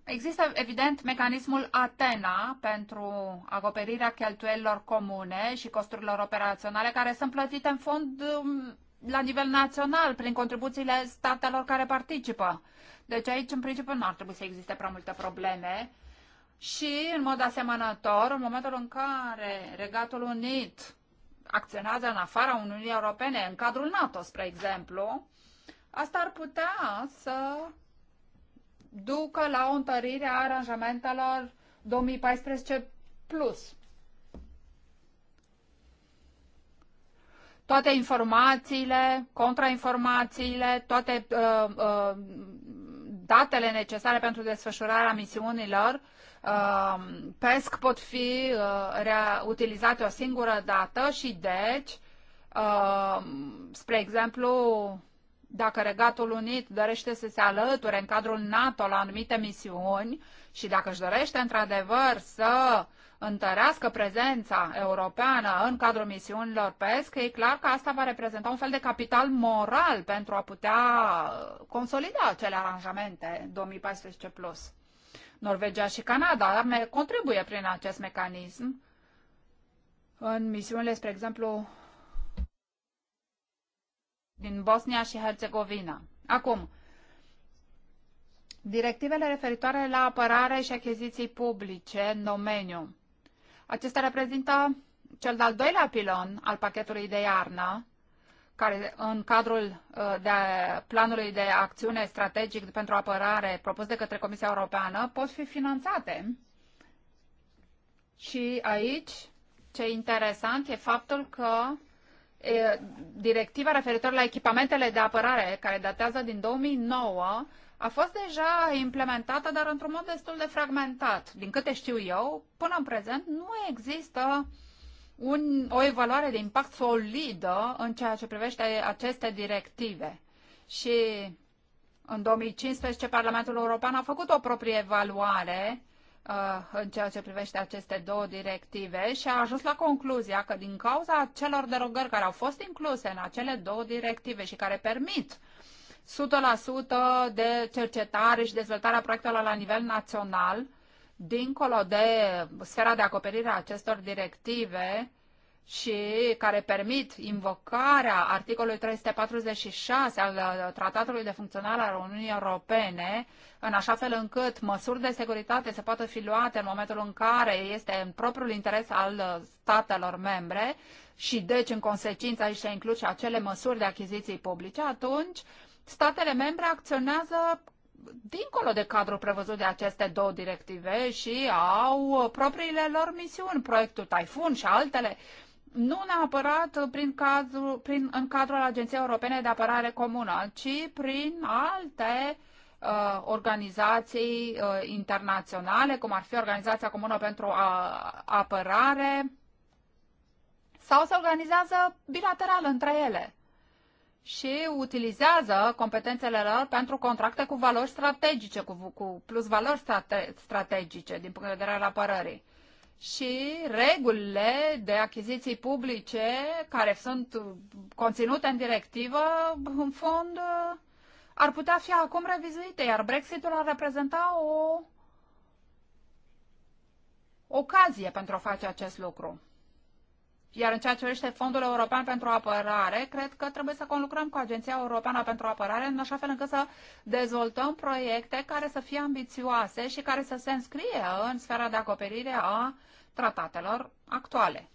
Există, evident, mecanismul Atena pentru acoperirea cheltuielilor comune și costurilor operaționale care sunt plătite în fond um, la nivel național prin contribuțiile statelor care participă. Deci aici, în principiu, nu ar trebui să existe prea multe probleme. Și, în mod asemănător, în momentul în care Regatul Unit acționează în afara Uniunii Europene, în cadrul NATO, spre exemplu, asta ar putea să ducă la o întărire a aranjamentelor 2014 plus. Toate informațiile, contrainformațiile, toate uh, uh, datele necesare pentru desfășurarea misiunilor uh, Um, PESC pot fi uh, utilizate o singură dată și deci, um, spre exemplu, dacă Regatul Unit dorește să se alăture în cadrul NATO la anumite misiuni și dacă își dorește într-adevăr să întărească prezența europeană în cadrul misiunilor PESC, e clar că asta va reprezenta un fel de capital moral pentru a putea consolida acele aranjamente 2014+. Plus. Norvegia și Canada contribuie prin acest mecanism în misiunile, spre exemplu, din Bosnia și Herțegovina. Acum, directivele referitoare la apărare și achiziții publice în domeniu. Acesta reprezintă cel de-al doilea pilon al pachetului de iarnă care în cadrul uh, de planului de acțiune strategic pentru apărare propus de către Comisia Europeană pot fi finanțate. Și aici ce interesant e faptul că directiva referitor la echipamentele de apărare, care datează din 2009, a fost deja implementată, dar într-un mod destul de fragmentat. Din câte știu eu, până în prezent nu există uh, un, o evaluare de impact solidă în ceea ce privește aceste directive. Și în 2015 Parlamentul European a făcut o proprie evaluare uh, în ceea ce privește aceste două directive și a ajuns la concluzia că din cauza celor derogări care au fost incluse în acele două directive și care permit 100% de cercetare și dezvoltarea proiectelor la nivel național, dincolo de sfera de acoperire a acestor directive și care permit invocarea articolului 346 al uh, Tratatului de Funcționare al Uniunii Europene, în așa fel încât măsuri de securitate să poată fi luate în momentul în care este în propriul interes al uh, statelor membre și deci în consecință aici se includ și acele măsuri de achiziții publice, atunci statele membre acționează dincolo de cadrul prevăzut de aceste două directive și au propriile lor misiuni, proiectul Taifun și altele, nu neapărat prin cadru, prin, în cadrul Agenției Europene de Apărare Comună, ci prin alte uh, organizații uh, internaționale, cum ar fi Organizația Comună pentru a, uh, Apărare, sau se organizează bilateral între ele și utilizează competențele lor pentru contracte cu valori strategice, cu, cu plus valori strate, strategice din punct de vedere al apărării. Și regulile de achiziții publice care sunt conținute în directivă, în fond, ar putea fi acum revizuite, iar Brexitul ar reprezenta o ocazie pentru a face acest lucru. Iar în ceea ce privește Fondul European pentru Apărare, cred că trebuie să conlucrăm cu Agenția Europeană pentru Apărare în așa fel încât să dezvoltăm proiecte care să fie ambițioase și care să se înscrie în sfera de acoperire a tratatelor actuale.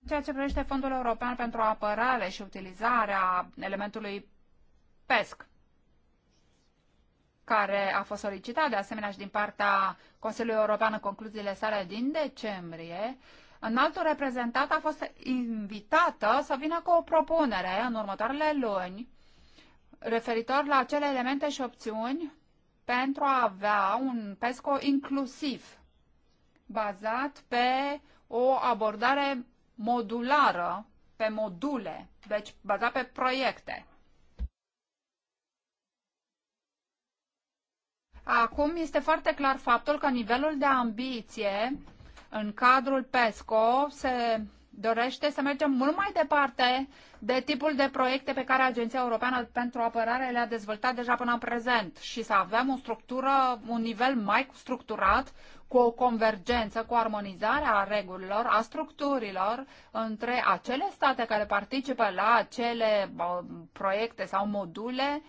În ceea ce privește Fondul European pentru Apărare și utilizarea elementului PESC, care a fost solicitat de asemenea și din partea Consiliului European în concluziile sale din decembrie, înaltul reprezentat a fost invitată să vină cu o propunere în următoarele luni referitor la acele elemente și opțiuni pentru a avea un PESCO inclusiv, bazat pe o abordare modulară, pe module, deci bazat pe proiecte. Acum este foarte clar faptul că nivelul de ambiție în cadrul PESCO se dorește să mergem mult mai departe de tipul de proiecte pe care Agenția Europeană pentru Apărare le-a dezvoltat deja până în prezent și să avem o structură, un nivel mai structurat, cu o convergență, cu armonizarea regulilor, a structurilor între acele state care participă la acele uh, proiecte sau module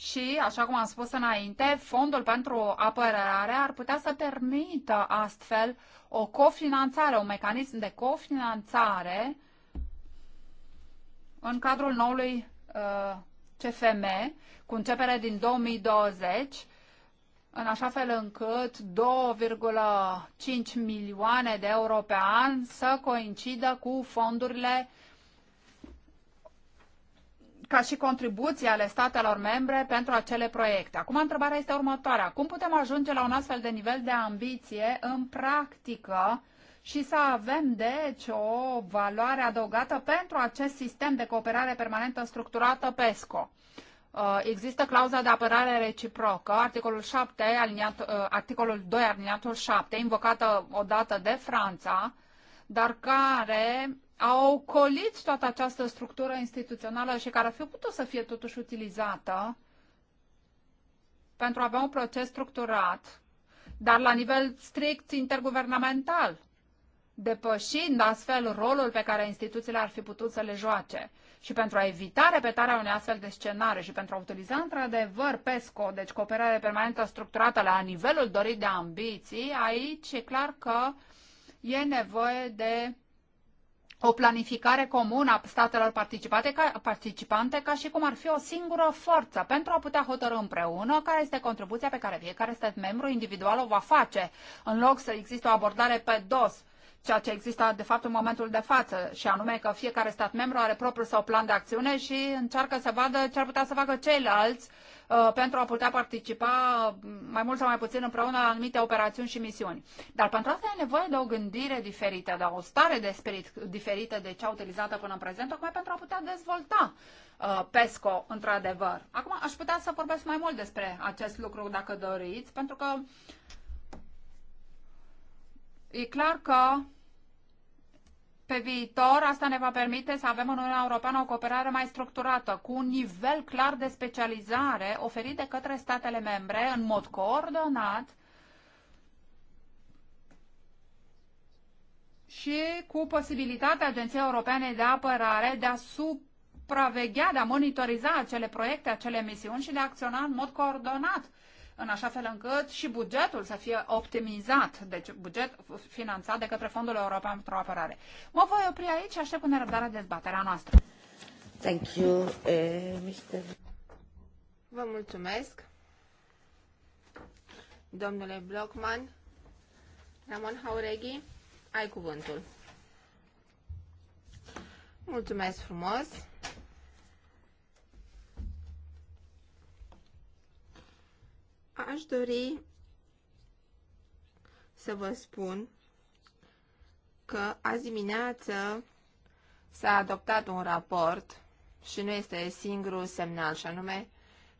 și, așa cum am spus înainte, fondul pentru apărare ar putea să permită astfel o cofinanțare, un mecanism de cofinanțare în cadrul noului uh, CFM, cu începere din 2020, în așa fel încât 2,5 milioane de euro pe an să coincidă cu fondurile ca și contribuții ale statelor membre pentru acele proiecte. Acum întrebarea este următoarea. Cum putem ajunge la un astfel de nivel de ambiție în practică și să avem, deci, o valoare adăugată pentru acest sistem de cooperare permanentă structurată PESCO? Uh, există clauza de apărare reciprocă, articolul, 7, aliniat, uh, articolul 2, aliniatul 7, invocată odată de Franța, dar care au colit toată această structură instituțională și care ar fi putut să fie totuși utilizată pentru a avea un proces structurat, dar la nivel strict interguvernamental, depășind astfel rolul pe care instituțiile ar fi putut să le joace. Și pentru a evita repetarea unei astfel de scenarii și pentru a utiliza într-adevăr PESCO, deci cooperare permanentă structurată la nivelul dorit de ambiții, aici e clar că e nevoie de o planificare comună a statelor participate ca, participante ca și cum ar fi o singură forță pentru a putea hotărâ împreună care este contribuția pe care fiecare stat membru individual o va face, în loc să existe o abordare pe dos ceea ce există de fapt în momentul de față, și anume că fiecare stat membru are propriul său plan de acțiune și încearcă să vadă ce ar putea să facă ceilalți uh, Uh, pentru a putea participa mai mult sau mai puțin împreună la anumite operațiuni și misiuni. Dar pentru asta e nevoie de o gândire diferită, de o stare de spirit diferită de cea utilizată până în prezent, tocmai pentru a putea dezvolta uh, PESCO, într-adevăr. Acum aș putea să vorbesc mai mult despre acest lucru, dacă doriți, pentru că e clar că pe viitor asta ne va permite să avem în Uniunea Europeană o cooperare mai structurată, cu un nivel clar de specializare oferit de către statele membre în mod coordonat și cu posibilitatea Agenției Europene de Apărare de a supraveghea, de a monitoriza acele proiecte, acele misiuni și de a acționa în mod coordonat în așa fel încât și bugetul să fie optimizat, deci buget finanțat de către Fondul European pentru Apărare. Mă voi opri aici și aștept cu nerăbdare dezbaterea noastră. Thank you, eh, Mr. Vă mulțumesc. Domnule Blockman, Ramon Haureghi, ai cuvântul. Mulțumesc frumos. Aș dori să vă spun că azi dimineață s-a adoptat un raport și nu este singurul semnal, și anume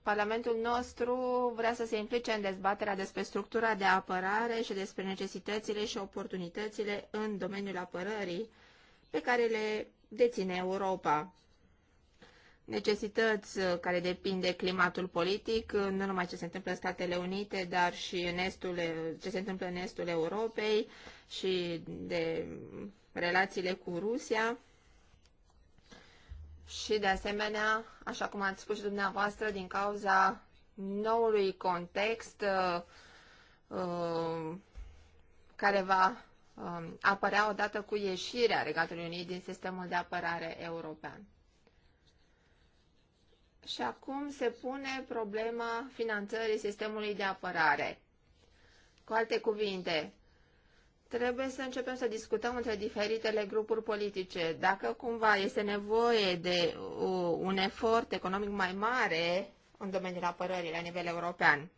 Parlamentul nostru vrea să se implice în dezbaterea despre structura de apărare și despre necesitățile și oportunitățile în domeniul apărării pe care le deține Europa necesități uh, care depind de climatul politic, uh, nu numai ce se întâmplă în Statele Unite, dar și în estul, uh, ce se întâmplă în estul Europei și de relațiile cu Rusia. Și, de asemenea, așa cum ați spus și dumneavoastră, din cauza noului context uh, care va uh, apărea odată cu ieșirea Regatului Unit din sistemul de apărare european. Și acum se pune problema finanțării sistemului de apărare. Cu alte cuvinte, trebuie să începem să discutăm între diferitele grupuri politice. Dacă cumva este nevoie de un efort economic mai mare în domeniul apărării la nivel european.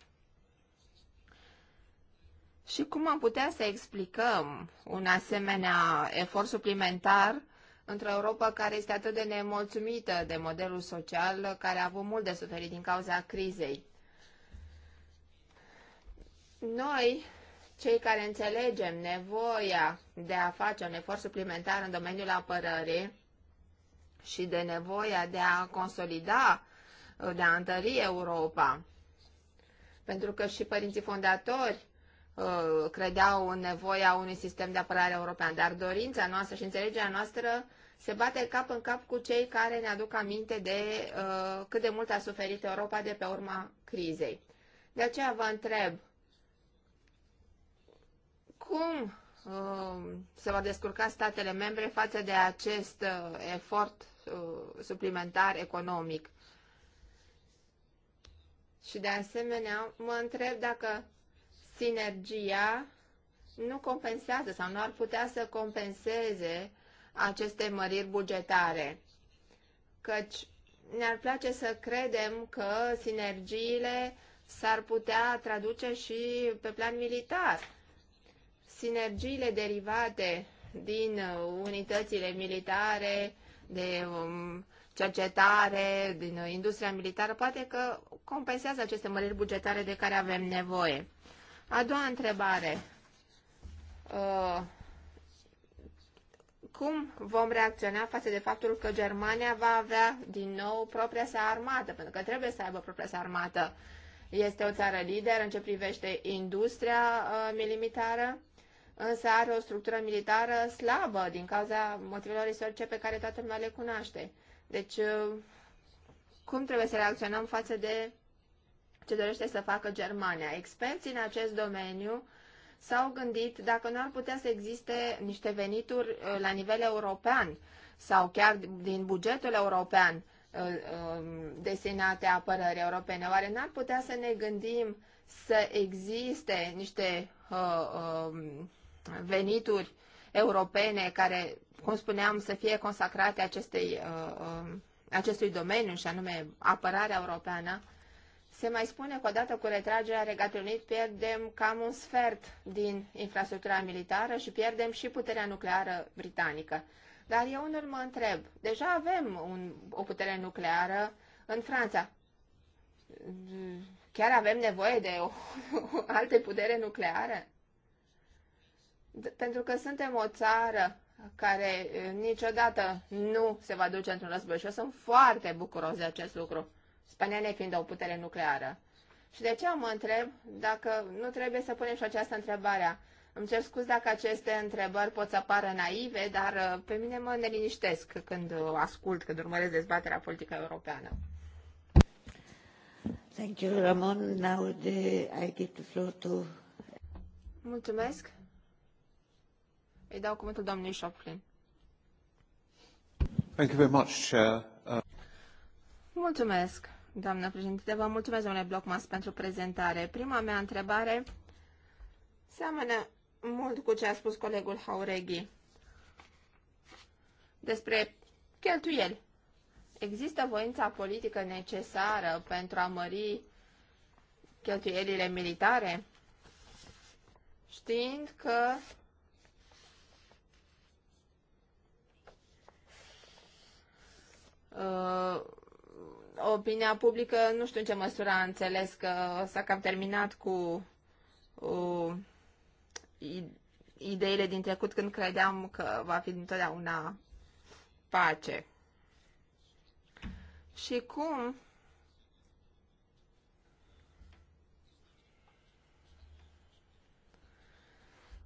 Și cum am putea să explicăm un asemenea efort suplimentar într-o Europa care este atât de nemulțumită de modelul social, care a avut mult de suferit din cauza crizei. Noi, cei care înțelegem nevoia de a face un efort suplimentar în domeniul apărării și de nevoia de a consolida, de a întări Europa, pentru că și părinții fondatori Uh, credeau în nevoia unui sistem de apărare european, dar dorința noastră și înțelegerea noastră se bate cap în cap cu cei care ne aduc aminte de uh, cât de mult a suferit Europa de pe urma crizei. De aceea vă întreb, cum uh, se vor descurca statele membre față de acest uh, efort uh, suplimentar economic? Și de asemenea, mă întreb dacă sinergia nu compensează sau nu ar putea să compenseze aceste măriri bugetare. Căci ne-ar place să credem că sinergiile s-ar putea traduce și pe plan militar. Sinergiile derivate din unitățile militare, de um, cercetare, din industria militară, poate că compensează aceste măriri bugetare de care avem nevoie. A doua întrebare. Uh, cum vom reacționa față de faptul că Germania va avea din nou propria sa armată, pentru că trebuie să aibă propria sa armată. Este o țară lider în ce privește industria uh, militară, însă are o structură militară slabă din cauza motivelor istorice pe care toată lumea le cunoaște. Deci, uh, cum trebuie să reacționăm față de ce dorește să facă Germania. Experții în acest domeniu s-au gândit dacă nu ar putea să existe niște venituri uh, la nivel european sau chiar din bugetul european uh, um, desenate apărării europene. Oare n-ar putea să ne gândim să existe niște uh, um, venituri europene care, cum spuneam, să fie consacrate acestei, um, acestui domeniu, și anume apărarea europeană? Se mai spune că odată cu retragerea Regatului Unit pierdem cam un sfert din infrastructura militară și pierdem și puterea nucleară britanică. Dar eu unul mă întreb, deja avem un, o putere nucleară în Franța. Chiar avem nevoie de o, o alte putere nucleară? Pentru că suntem o țară care eh, niciodată nu se va duce într-un război și eu sunt foarte bucuros de acest lucru spaniele fiind o putere nucleară. Și de ce mă întreb dacă nu trebuie să punem și această întrebare? Îmi cer scuz dacă aceste întrebări pot să pară naive, dar uh, pe mine mă neliniștesc când uh, ascult, când urmăresc dezbaterea politică europeană. Thank you, Ramon. Now the, I give the floor to... Mulțumesc. Îi dau cuvântul domnului Șoplin. Thank you very much, Chair. Uh... Mulțumesc doamnă președinte. Vă mulțumesc, domnule Blocmas, pentru prezentare. Prima mea întrebare seamănă mult cu ce a spus colegul Haureghi despre cheltuieli. Există voința politică necesară pentru a mări cheltuielile militare? Știind că uh, opinia publică, nu știu în ce măsură a înțeles că s-a cam terminat cu uh, ideile din trecut când credeam că va fi întotdeauna pace. Și cum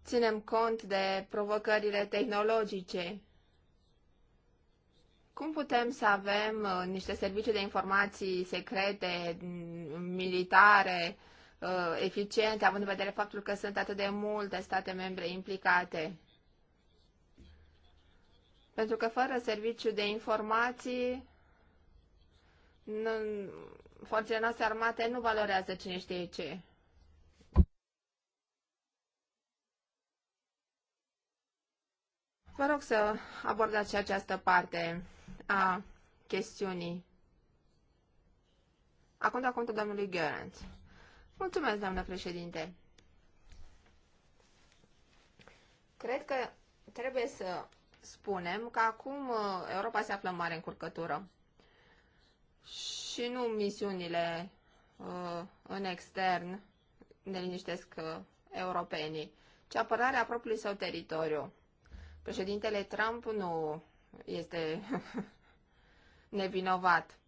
ținem cont de provocările tehnologice cum putem să avem uh, niște servicii de informații secrete, mm, militare, uh, eficiente, având în vedere faptul că sunt atât de multe state membre implicate? Pentru că fără serviciu de informații, forțele noastre armate nu valorează cine știe ce. Vă rog să abordați și această parte a chestiunii. Acum dau contul domnului Gerent. Mulțumesc, doamnă președinte. Cred că trebuie să spunem că acum uh, Europa se află în mare încurcătură și nu misiunile uh, în extern ne liniștesc uh, europenii, ci apărarea propriului său teritoriu. Președintele Trump nu este <laughs> nevinovat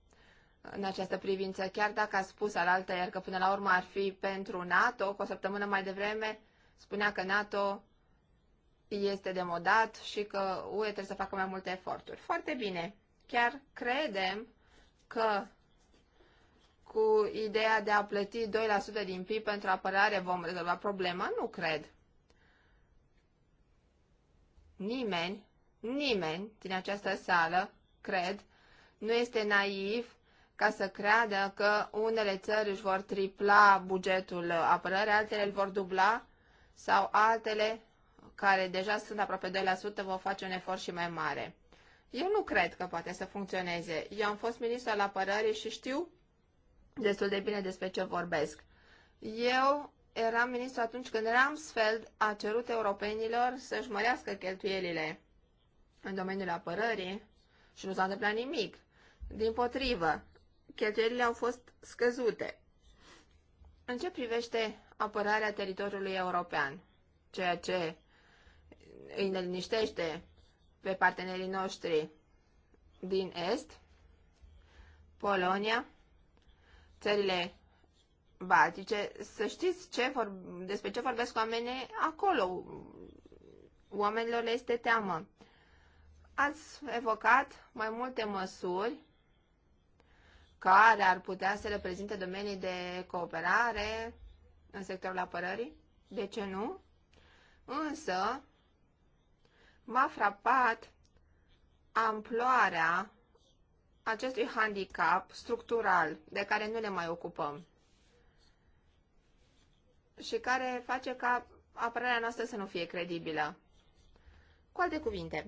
în această privință, chiar dacă a spus alaltă iar că până la urmă ar fi pentru NATO, cu o săptămână mai devreme spunea că NATO este demodat și că UE trebuie să facă mai multe eforturi. Foarte bine. Chiar credem că cu ideea de a plăti 2% din PIB pentru apărare vom rezolva problema? Nu cred. Nimeni, nimeni din această sală, cred, nu este naiv ca să creadă că unele țări își vor tripla bugetul apărării, altele îl vor dubla sau altele care deja sunt aproape 2% vor face un efort și mai mare. Eu nu cred că poate să funcționeze. Eu am fost ministru al apărării și știu destul de bine despre ce vorbesc. Eu eram ministru atunci când Ramsfeld a cerut europenilor să-și mărească cheltuielile în domeniul apărării și nu s-a întâmplat nimic. Din potrivă, cheltuielile au fost scăzute. În ce privește apărarea teritoriului european, ceea ce îi neliniștește pe partenerii noștri din Est, Polonia, țările baltice, să știți ce vor, despre ce vorbesc oamenii acolo. Oamenilor le este teamă. Ați evocat mai multe măsuri care ar putea să reprezinte domenii de cooperare în sectorul apărării? De ce nu? Însă, m-a frapat amploarea acestui handicap structural de care nu ne mai ocupăm și care face ca apărarea noastră să nu fie credibilă. Cu alte cuvinte,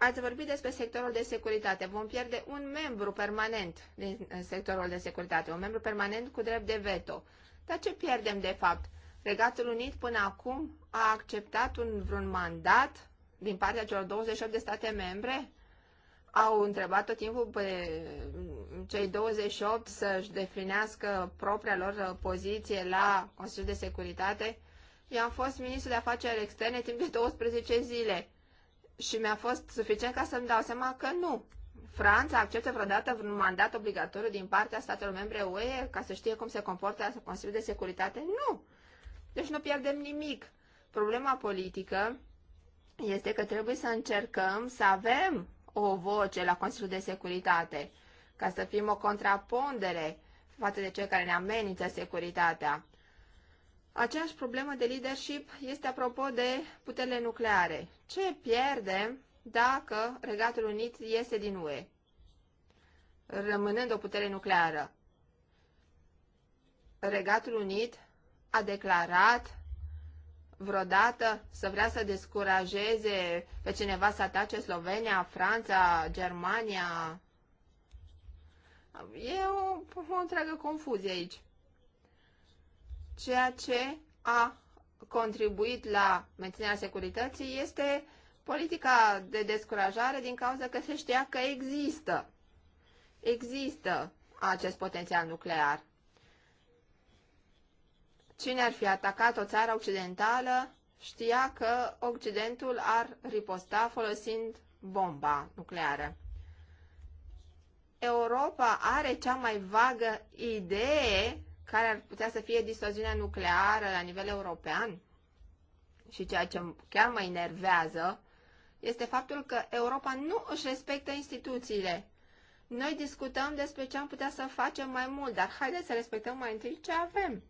Ați vorbit despre sectorul de securitate. Vom pierde un membru permanent din sectorul de securitate, un membru permanent cu drept de veto. Dar ce pierdem de fapt? Regatul Unit până acum a acceptat un, vreun mandat din partea celor 28 de state membre? Au întrebat tot timpul pe cei 28 să-și definească propria lor poziție la Consiliul de Securitate? Eu am fost ministru de afaceri externe timp de 12 zile și mi-a fost suficient ca să-mi dau seama că nu. Franța acceptă vreodată un mandat obligatoriu din partea statelor membre UE ca să știe cum se comportă Consiliul de Securitate? Nu! Deci nu pierdem nimic. Problema politică este că trebuie să încercăm să avem o voce la Consiliul de Securitate, ca să fim o contrapondere față de cei care ne amenință securitatea. Aceeași problemă de leadership este apropo de puterile nucleare. Ce pierdem dacă Regatul Unit iese din UE, rămânând o putere nucleară? Regatul Unit a declarat vreodată să vrea să descurajeze pe cineva să atace Slovenia, Franța, Germania. E o, o întreagă confuzie aici. Ceea ce a contribuit la menținerea securității este politica de descurajare din cauza că se știa că există. Există acest potențial nuclear. Cine ar fi atacat o țară occidentală știa că Occidentul ar riposta folosind bomba nucleară. Europa are cea mai vagă idee care ar putea să fie disoziunea nucleară la nivel european? Și ceea ce chiar mă enervează este faptul că Europa nu își respectă instituțiile. Noi discutăm despre ce am putea să facem mai mult, dar haideți să respectăm mai întâi ce avem.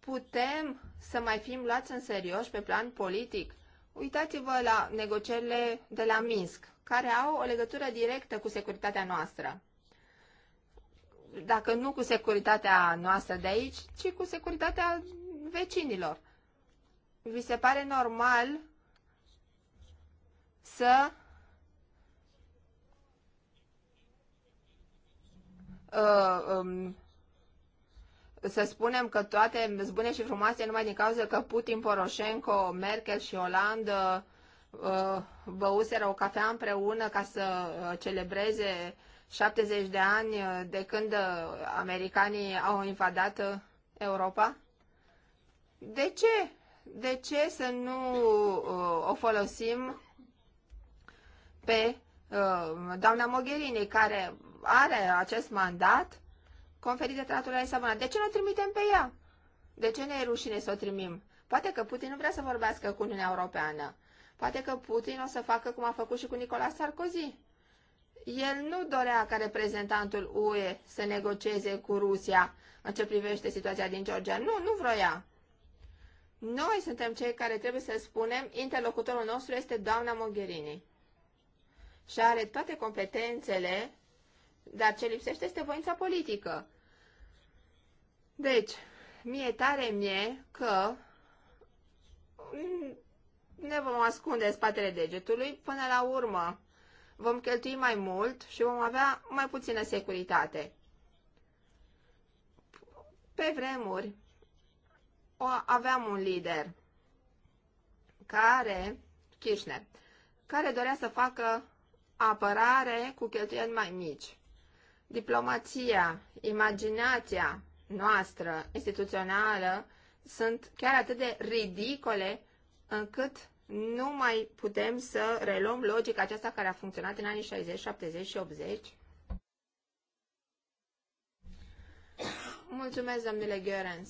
Putem să mai fim luați în serios pe plan politic. Uitați-vă la negocierile de la Minsk, care au o legătură directă cu securitatea noastră dacă nu cu securitatea noastră de aici, ci cu securitatea vecinilor. Vi se pare normal să uh, um, să spunem că toate zbune și frumoase numai din cauza că Putin, Poroșenko, Merkel și Olandă uh, băuseră o cafea împreună ca să celebreze 70 de ani uh, de când uh, americanii au invadat uh, Europa? De ce? De ce să nu o folosim pe doamna Mogherini, care are acest mandat conferit de Tratul de Lisabona? De ce nu o trimitem pe ea? De ce ne e rușine să o trimim? Poate că Putin nu vrea să vorbească cu Uniunea Europeană. Poate că Putin o să facă cum a făcut și cu Nicola Sarkozy. El nu dorea ca reprezentantul UE să negocieze cu Rusia în ce privește situația din Georgia. Nu, nu vroia. Noi suntem cei care trebuie să spunem, interlocutorul nostru este doamna Mogherini. Și are toate competențele, dar ce lipsește este voința politică. Deci, mie tare mie că ne vom ascunde spatele degetului până la urmă vom cheltui mai mult și vom avea mai puțină securitate. Pe vremuri o, aveam un lider care, Kirchner, care dorea să facă apărare cu cheltuieli mai mici. Diplomația, imaginația noastră instituțională sunt chiar atât de ridicole încât nu mai putem să reluăm logica aceasta care a funcționat în anii 60, 70 și 80? Mulțumesc, domnule Görens.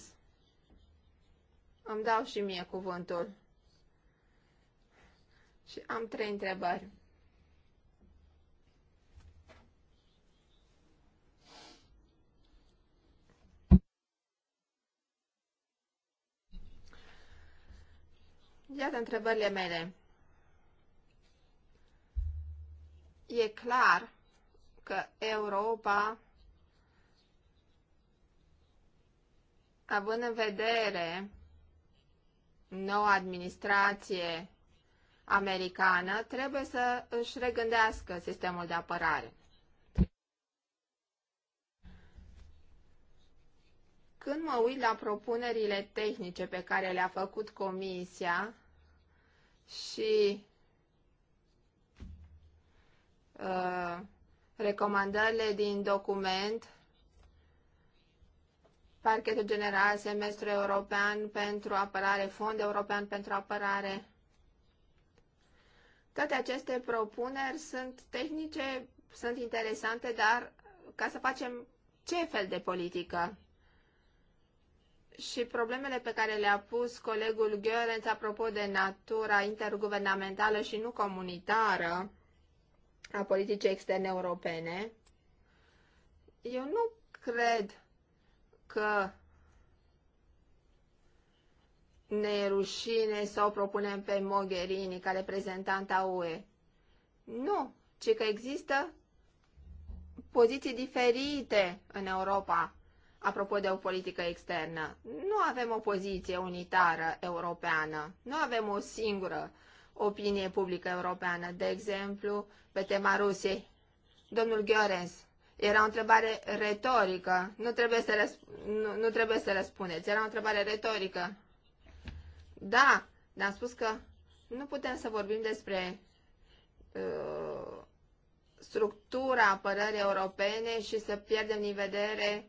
Îmi dau și mie cuvântul. Și am trei întrebări. Iată întrebările mele. E clar că Europa, având în vedere noua administrație americană, trebuie să își regândească sistemul de apărare. Când mă uit la propunerile tehnice pe care le-a făcut comisia și uh, recomandările din document, Parchetul General, Semestru European pentru Apărare, Fond European pentru Apărare. Toate aceste propuneri sunt tehnice, sunt interesante, dar ca să facem ce fel de politică? și problemele pe care le-a pus colegul Gheorenț apropo de natura interguvernamentală și nu comunitară a politicii externe europene, eu nu cred că ne e rușine să o propunem pe Mogherini ca reprezentanta UE. Nu, ci că există poziții diferite în Europa apropo de o politică externă. Nu avem o poziție unitară europeană, nu avem o singură opinie publică europeană. De exemplu, pe tema Rusiei, domnul Gheorens, era o întrebare retorică, nu trebuie să, răsp- nu, nu trebuie să răspundeți, era o întrebare retorică. Da, dar am spus că nu putem să vorbim despre uh, structura apărării europene și să pierdem din vedere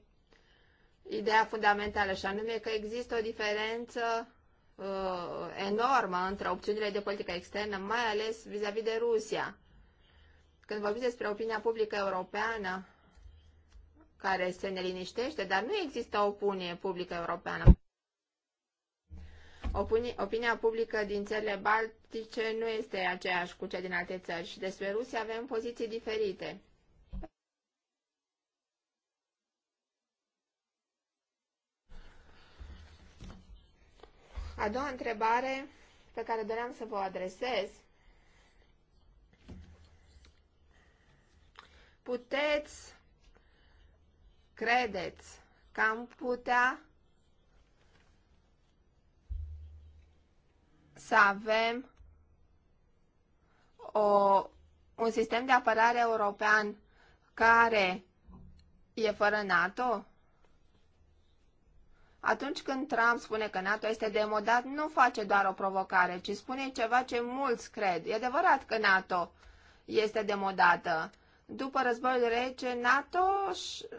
ideea fundamentală și anume că există o diferență uh, enormă între opțiunile de politică externă, mai ales vis-a-vis -vis de Rusia. Când vorbim despre opinia publică europeană, care se neliniștește, dar nu există o opinie publică europeană. opinia publică din țările baltice nu este aceeași cu cea din alte țări și despre Rusia avem poziții diferite. A doua întrebare pe care doream să vă adresez. Puteți, credeți că am putea să avem o, un sistem de apărare european care e fără NATO? Atunci când Trump spune că NATO este demodat, nu face doar o provocare, ci spune ceva ce mulți cred. E adevărat că NATO este demodată. După războiul rece, NATO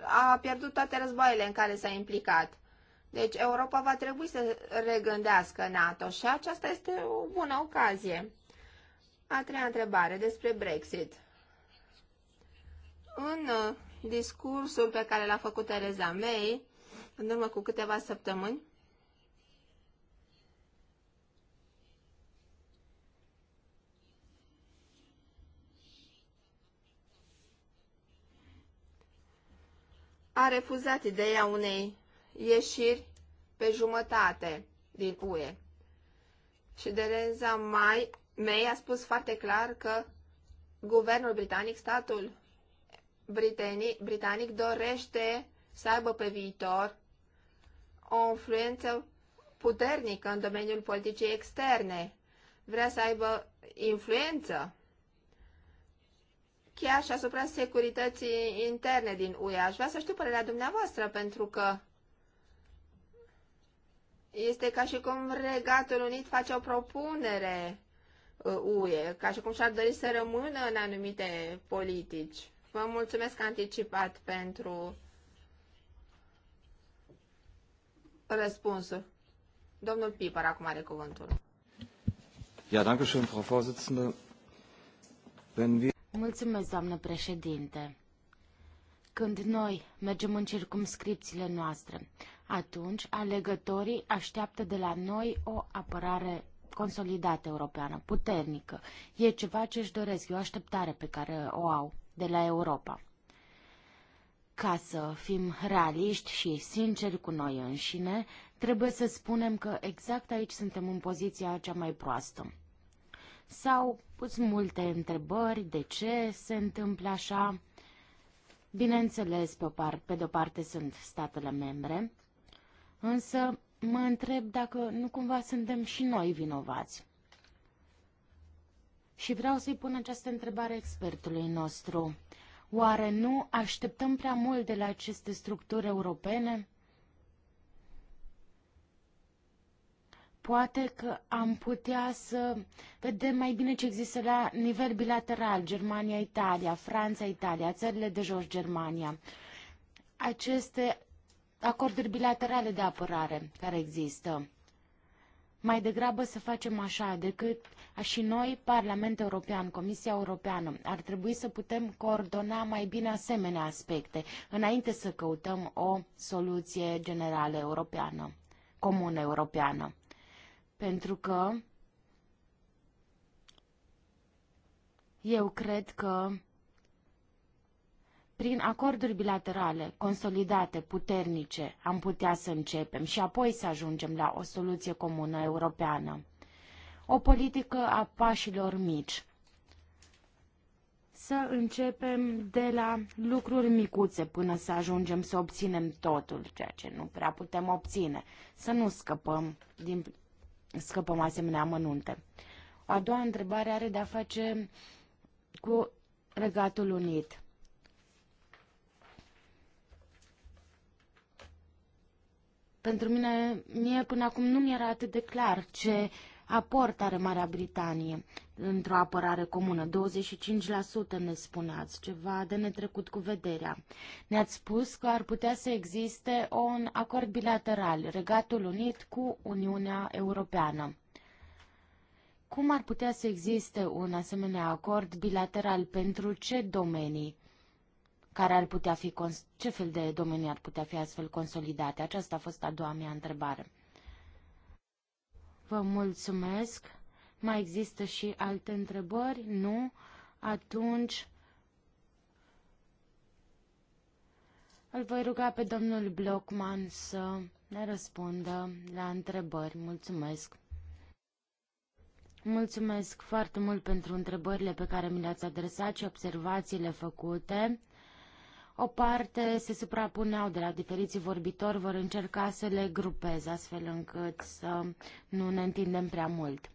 a pierdut toate războaiele în care s-a implicat. Deci Europa va trebui să regândească NATO și aceasta este o bună ocazie. A treia întrebare despre Brexit. În uh, discursul pe care l-a făcut Theresa May, în urmă cu câteva săptămâni, a refuzat ideea unei ieșiri pe jumătate din UE. Și reza mai, mai a spus foarte clar că guvernul britanic, statul britanic, britanic dorește să aibă pe viitor o influență puternică în domeniul politicii externe. Vrea să aibă influență chiar și asupra securității interne din UE. Aș vrea să știu părerea dumneavoastră, pentru că este ca și cum Regatul Unit face o propunere UE, uh, ca și cum și-ar dori să rămână în anumite politici. Vă mulțumesc anticipat pentru răspunsul. Domnul Piper acum are cuvântul. Ja, danke schön, Frau Vorsitzende. Wenn wir... Mulțumesc, doamnă președinte. Când noi mergem în circumscripțiile noastre, atunci alegătorii așteaptă de la noi o apărare consolidată europeană, puternică. E ceva ce își doresc, e o așteptare pe care o au de la Europa. Ca să fim realiști și sinceri cu noi înșine, trebuie să spunem că exact aici suntem în poziția cea mai proastă. S-au pus multe întrebări de ce se întâmplă așa. Bineînțeles, pe, o par- pe de-o parte sunt statele membre, însă mă întreb dacă nu cumva suntem și noi vinovați. Și vreau să-i pun această întrebare expertului nostru. Oare nu așteptăm prea mult de la aceste structuri europene? Poate că am putea să vedem mai bine ce există la nivel bilateral, Germania-Italia, Franța-Italia, țările de jos Germania. Aceste acorduri bilaterale de apărare care există. Mai degrabă să facem așa decât și noi, Parlamentul European, Comisia Europeană, ar trebui să putem coordona mai bine asemenea aspecte, înainte să căutăm o soluție generală europeană, comună europeană. Pentru că eu cred că prin acorduri bilaterale consolidate, puternice, am putea să începem și apoi să ajungem la o soluție comună europeană. O politică a pașilor mici. Să începem de la lucruri micuțe până să ajungem să obținem totul, ceea ce nu prea putem obține. Să nu scăpăm, din, scăpăm asemenea amănunte. a doua întrebare are de-a face cu Regatul Unit. Pentru mine, mie până acum nu mi era atât de clar ce aport are Marea Britanie într-o apărare comună. 25% ne spuneați, ceva de netrecut cu vederea. Ne-ați spus că ar putea să existe un acord bilateral, Regatul Unit cu Uniunea Europeană. Cum ar putea să existe un asemenea acord bilateral pentru ce domenii? care ar putea fi, ce fel de domenii ar putea fi astfel consolidate? Aceasta a fost a doua mea întrebare. Vă mulțumesc. Mai există și alte întrebări? Nu? Atunci îl voi ruga pe domnul Blockman să ne răspundă la întrebări. Mulțumesc. Mulțumesc foarte mult pentru întrebările pe care mi le-ați adresat și observațiile făcute. O parte se suprapuneau de la diferiții vorbitori, vor încerca să le grupez astfel încât să nu ne întindem prea mult.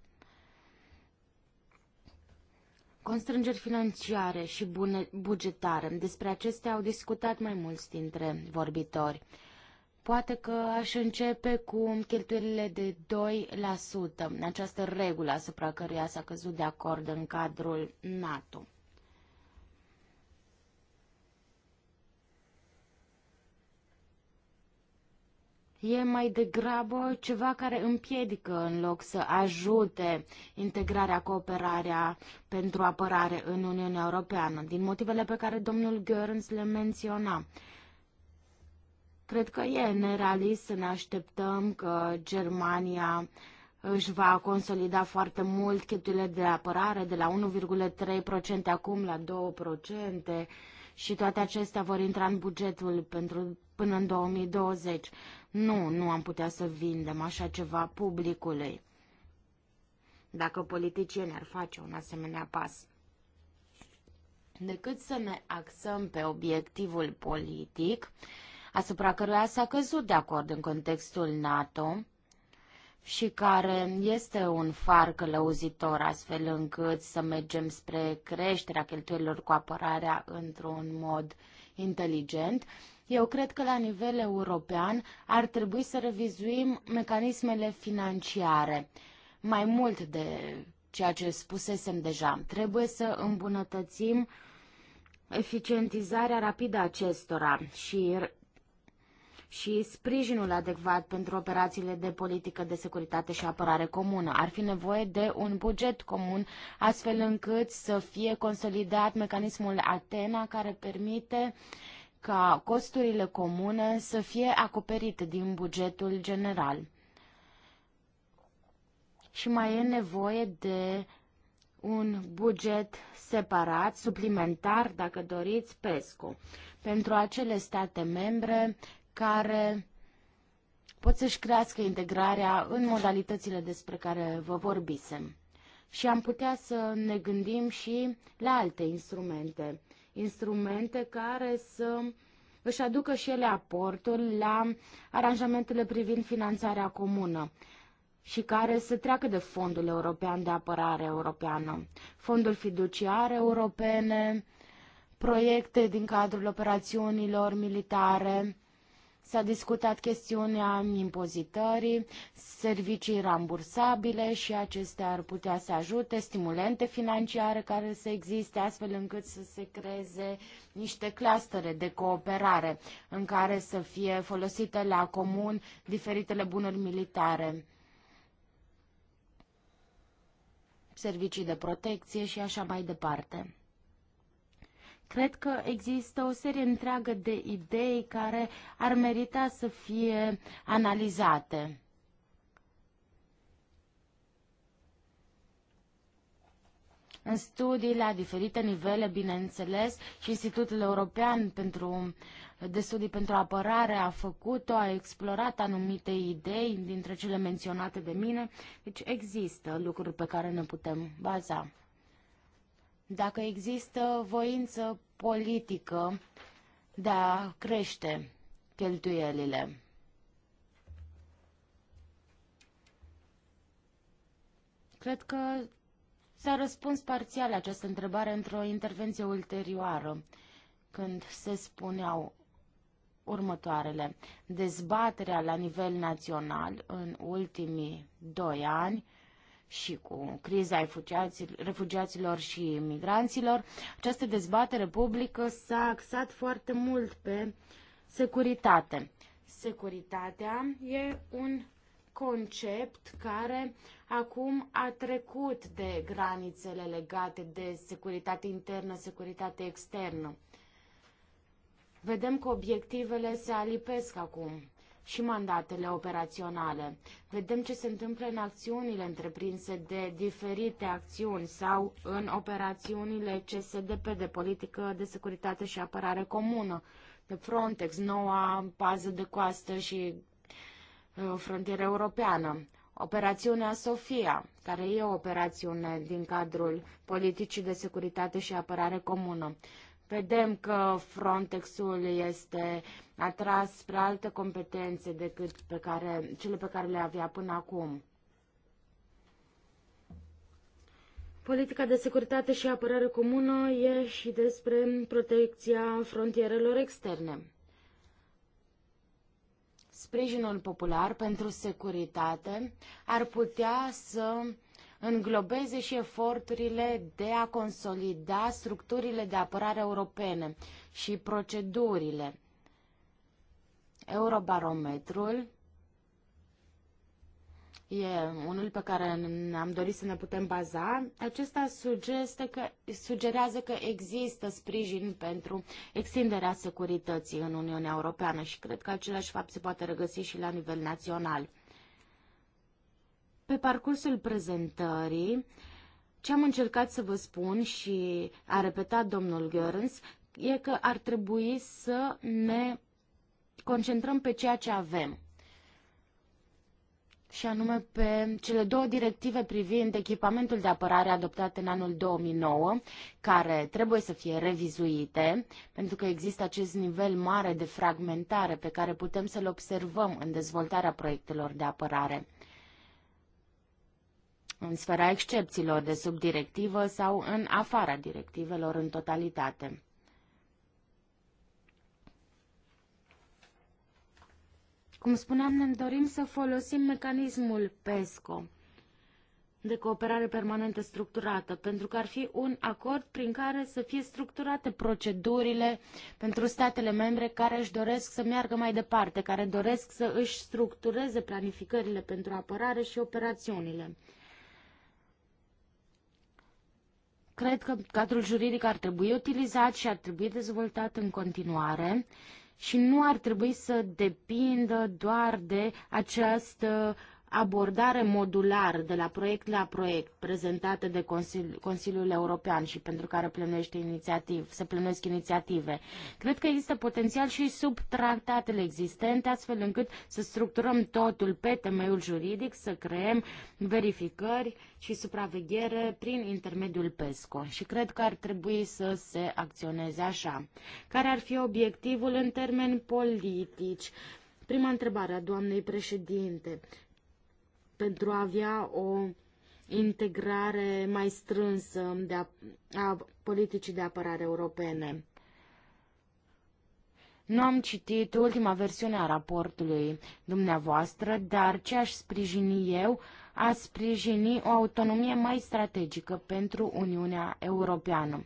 Constrângeri financiare și bune, bugetare, despre acestea au discutat mai mulți dintre vorbitori. Poate că aș începe cu cheltuielile de 2%, această regulă asupra căruia s-a căzut de acord în cadrul NATO. e mai degrabă ceva care împiedică în loc să ajute integrarea, cooperarea pentru apărare în Uniunea Europeană, din motivele pe care domnul Görens le menționa. Cred că e nerealist să ne așteptăm că Germania își va consolida foarte mult cheltuielile de apărare de la 1,3% acum la 2% și toate acestea vor intra în bugetul pentru până în 2020. Nu, nu am putea să vindem așa ceva publicului. Dacă politicienii ar face un asemenea pas. Decât să ne axăm pe obiectivul politic, asupra căruia s-a căzut de acord în contextul NATO, și care este un far călăuzitor, astfel încât să mergem spre creșterea cheltuielor cu apărarea într-un mod inteligent. Eu cred că la nivel european ar trebui să revizuim mecanismele financiare mai mult de ceea ce spusesem deja. Trebuie să îmbunătățim eficientizarea rapidă a acestora și și sprijinul adecvat pentru operațiile de politică de securitate și apărare comună. Ar fi nevoie de un buget comun, astfel încât să fie consolidat mecanismul Atena care permite uh, ca costurile comune să fie acoperite din bugetul general. Și mai e nevoie de un buget separat, suplimentar, dacă doriți, PESCO, pentru acele state membre care pot să-și crească integrarea în modalitățile despre care vă vorbisem. Și am putea să ne gândim și la alte instrumente instrumente care să își aducă și ele aportul la aranjamentele privind finanțarea comună și care să treacă de Fondul European de Apărare Europeană, Fondul Fiduciar Europene, proiecte din cadrul operațiunilor militare, S-a discutat chestiunea impozitării, servicii rambursabile și acestea ar putea să ajute, stimulente financiare care să existe, astfel încât să se creeze niște clustere de cooperare în care să fie folosite la comun diferitele bunuri militare, servicii de protecție și așa mai departe. Cred că există o serie întreagă de idei care ar merita să fie analizate. în studii la diferite nivele, bineînțeles, și Institutul European pentru de studii pentru apărare a făcut-o, a explorat anumite idei dintre cele menționate de mine, deci există lucruri pe care ne putem baza dacă există voință politică de a crește cheltuielile. Cred că s-a răspuns parțial această întrebare într-o intervenție ulterioară, când se spuneau următoarele. Dezbaterea la nivel național în ultimii doi ani și cu criza refugiaților și migranților, această dezbatere publică s-a axat foarte mult pe securitate. Securitatea e un concept care acum a trecut de granițele legate de securitate internă, securitate externă. Vedem că obiectivele se alipesc acum și mandatele operaționale. Vedem ce se întâmplă în acțiunile întreprinse de diferite acțiuni sau în operațiunile CSDP de politică de securitate și apărare comună, de Frontex, noua pază de coastă și uh, frontieră europeană. Operațiunea Sofia, care e o operațiune din cadrul politicii de securitate și apărare comună. Vedem că Frontexul este atras spre alte competențe decât pe care, cele pe care le avea până acum. Politica de securitate și apărare comună e și despre protecția frontierelor externe. Sprijinul popular pentru securitate ar putea să înglobeze și eforturile de a consolida structurile de apărare europene și procedurile. Eurobarometrul e unul pe care am dorit să ne putem baza. Acesta sugeste că, sugerează că există sprijin pentru extinderea securității în Uniunea Europeană și cred că același fapt se poate regăsi și la nivel național. Pe parcursul prezentării, ce am încercat să vă spun și a repetat domnul Görens e că ar trebui să ne concentrăm pe ceea ce avem și anume pe cele două directive privind echipamentul de apărare adoptate în anul 2009, care trebuie să fie revizuite, pentru că există acest nivel mare de fragmentare pe care putem să-l observăm în dezvoltarea proiectelor de apărare în sfera excepțiilor de sub directivă sau în afara directivelor în totalitate. Cum spuneam, ne dorim să folosim mecanismul PESCO de cooperare permanentă structurată, pentru că ar fi un acord prin care să fie structurate procedurile pentru statele membre care își doresc să meargă mai departe, care doresc să își structureze planificările pentru apărare și operațiunile. Cred că cadrul juridic ar trebui utilizat și ar trebui dezvoltat în continuare și nu ar trebui să depindă doar de această abordare modulară, de la proiect la proiect prezentată de Consili- Consiliul European și pentru care plănește inițiativ, se plănesc inițiative. Cred că există potențial și sub tractatele existente, astfel încât să structurăm totul pe temeiul juridic, să creăm verificări și supraveghere prin intermediul PESCO și cred că ar trebui să se acționeze așa. Care ar fi obiectivul în termeni politici? Prima întrebare a doamnei președinte pentru a avea o integrare mai strânsă de a, a politicii de apărare europene. Nu am citit ultima versiune a raportului dumneavoastră, dar ce aș sprijini eu a sprijini o autonomie mai strategică pentru Uniunea Europeană.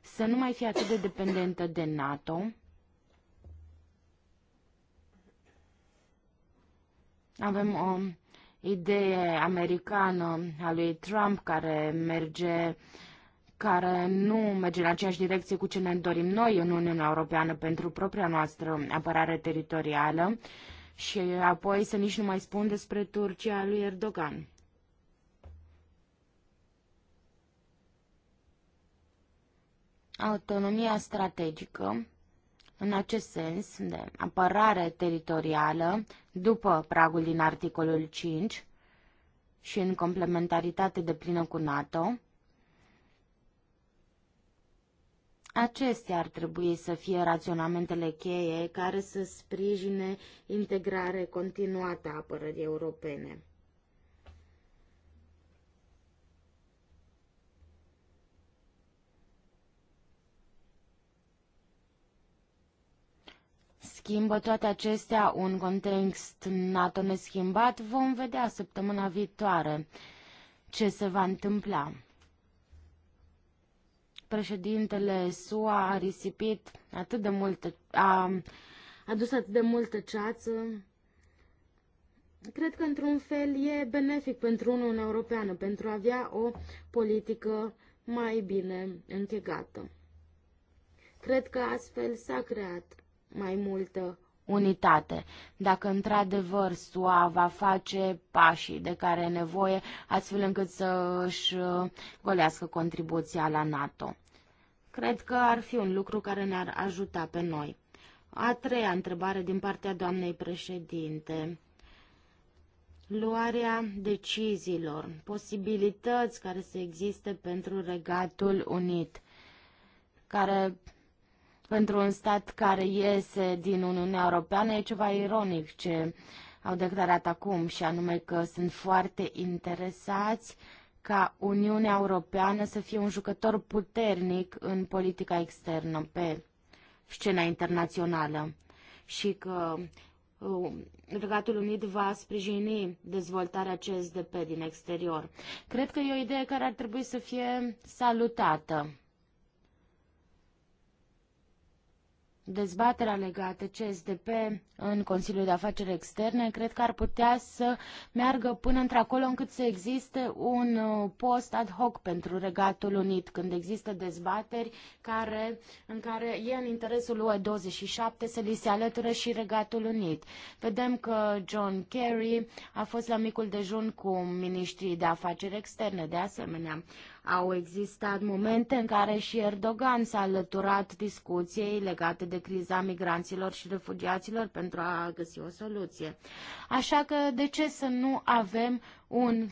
Să nu mai fie atât de dependentă de NATO, avem o um, idee americană a lui Trump care merge care nu merge în aceeași direcție cu ce ne dorim noi în Uniunea Europeană pentru propria noastră apărare teritorială și apoi să nici nu mai spun despre Turcia lui Erdogan. Autonomia strategică în acest sens, de apărare teritorială, după pragul din articolul 5 și în complementaritate de plină cu NATO, Acestea ar trebui să fie raționamentele cheie care să sprijine integrare continuată a apărării europene. schimbă toate acestea un context NATO neschimbat, vom vedea săptămâna viitoare ce se va întâmpla. Președintele SUA a risipit atât de multă, a adus atât de multă ceață. Cred că, într-un fel, e benefic pentru Uniunea Europeană, pentru a avea o politică mai bine închegată. Cred că astfel s-a creat mai multă unitate. Dacă într-adevăr SUA va face pașii de care e nevoie, astfel încât să își uh, golească contribuția la NATO. Cred că ar fi un lucru care ne-ar ajuta pe noi. A treia întrebare din partea doamnei președinte. Luarea deciziilor, posibilități care să existe pentru Regatul Unit, care într-un stat care iese din Uniunea Europeană e ceva ironic ce au declarat acum și anume că sunt foarte interesați ca Uniunea Europeană să fie un jucător puternic în politica externă pe scena internațională și că uh, Regatul Unit va sprijini dezvoltarea CSDP din exterior. Cred că e o idee care ar trebui să fie salutată. dezbaterea legată CSDP în Consiliul de Afaceri Externe, cred că ar putea să meargă până într-acolo încât să existe un uh, post ad hoc pentru Regatul Unit, când există dezbateri care, în care e în interesul UE27 să li se alătură și Regatul Unit. Vedem că John Kerry a fost la micul dejun cu ministrii de afaceri externe, de asemenea. Au existat momente în care și Erdogan s-a alăturat discuției legate de criza migranților și refugiaților pentru a găsi o soluție. Așa că de ce să nu avem un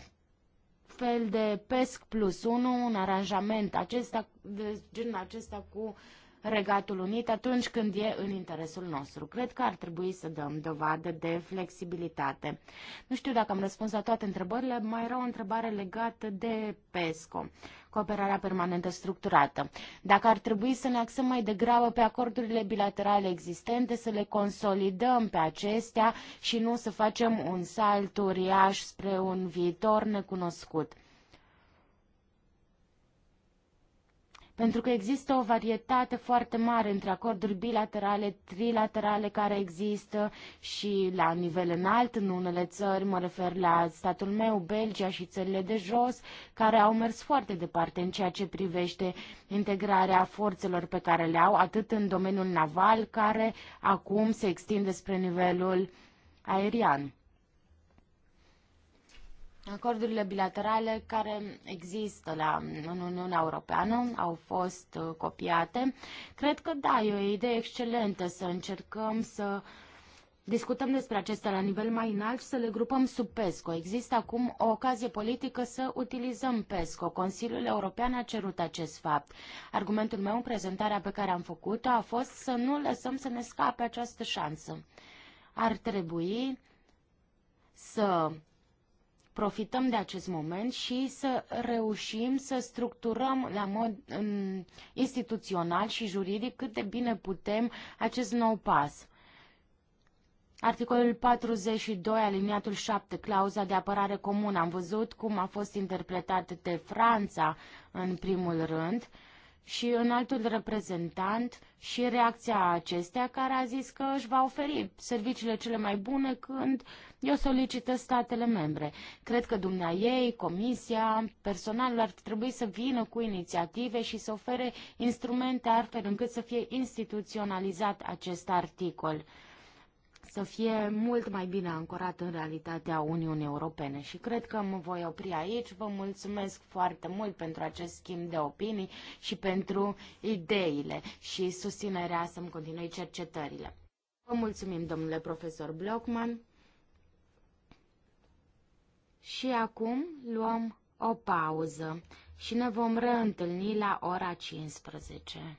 fel de PESC plus 1, un aranjament acesta, de genul acesta cu Regatul Unit atunci când e în interesul nostru. Cred că ar trebui să dăm dovadă de flexibilitate. Nu știu dacă am răspuns la toate întrebările, mai era o întrebare legată de PESCO, cooperarea permanentă structurată. Dacă ar trebui să ne axăm mai degrabă pe acordurile bilaterale existente, să le consolidăm pe acestea și nu să facem un salt uriaș spre un viitor necunoscut. pentru că există o varietate foarte mare între acorduri bilaterale, trilaterale care există și la nivel înalt în unele țări, mă refer la statul meu, Belgia și țările de jos, care au mers foarte departe în ceea ce privește integrarea forțelor pe care le au, atât în domeniul naval, care acum se extinde spre nivelul aerian. Acordurile bilaterale care există la, în Uniunea Europeană au fost uh, copiate. Cred că da, e o idee excelentă să încercăm să discutăm despre acestea la nivel mai înalt și să le grupăm sub PESCO. Există acum o ocazie politică să utilizăm PESCO. Consiliul European a cerut acest fapt. Argumentul meu în prezentarea pe care am făcut-o a fost să nu lăsăm să ne scape această șansă. Ar trebui să profităm de acest moment și să reușim să structurăm la mod în, instituțional și juridic cât de bine putem acest nou pas. Articolul 42, aliniatul 7, clauza de apărare comună. Am văzut cum a fost interpretat de Franța în primul rând. Uh, și în altul reprezentant și reacția acestea care a zis că își va oferi serviciile cele mai bune când eu solicită statele membre. Cred că dumnea ei, comisia, personalul ar trebui să vină cu inițiative și să ofere instrumente astfel încât să fie instituționalizat acest articol să fie mult mai bine ancorat în realitatea Uniunii Europene. Și cred că mă voi opri aici. Vă mulțumesc foarte mult pentru acest schimb de opinii și pentru ideile și susținerea să-mi continui cercetările. Vă mulțumim, domnule profesor Blockman. Și acum luăm o pauză și ne vom reîntâlni la ora 15.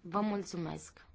Vă mulțumesc!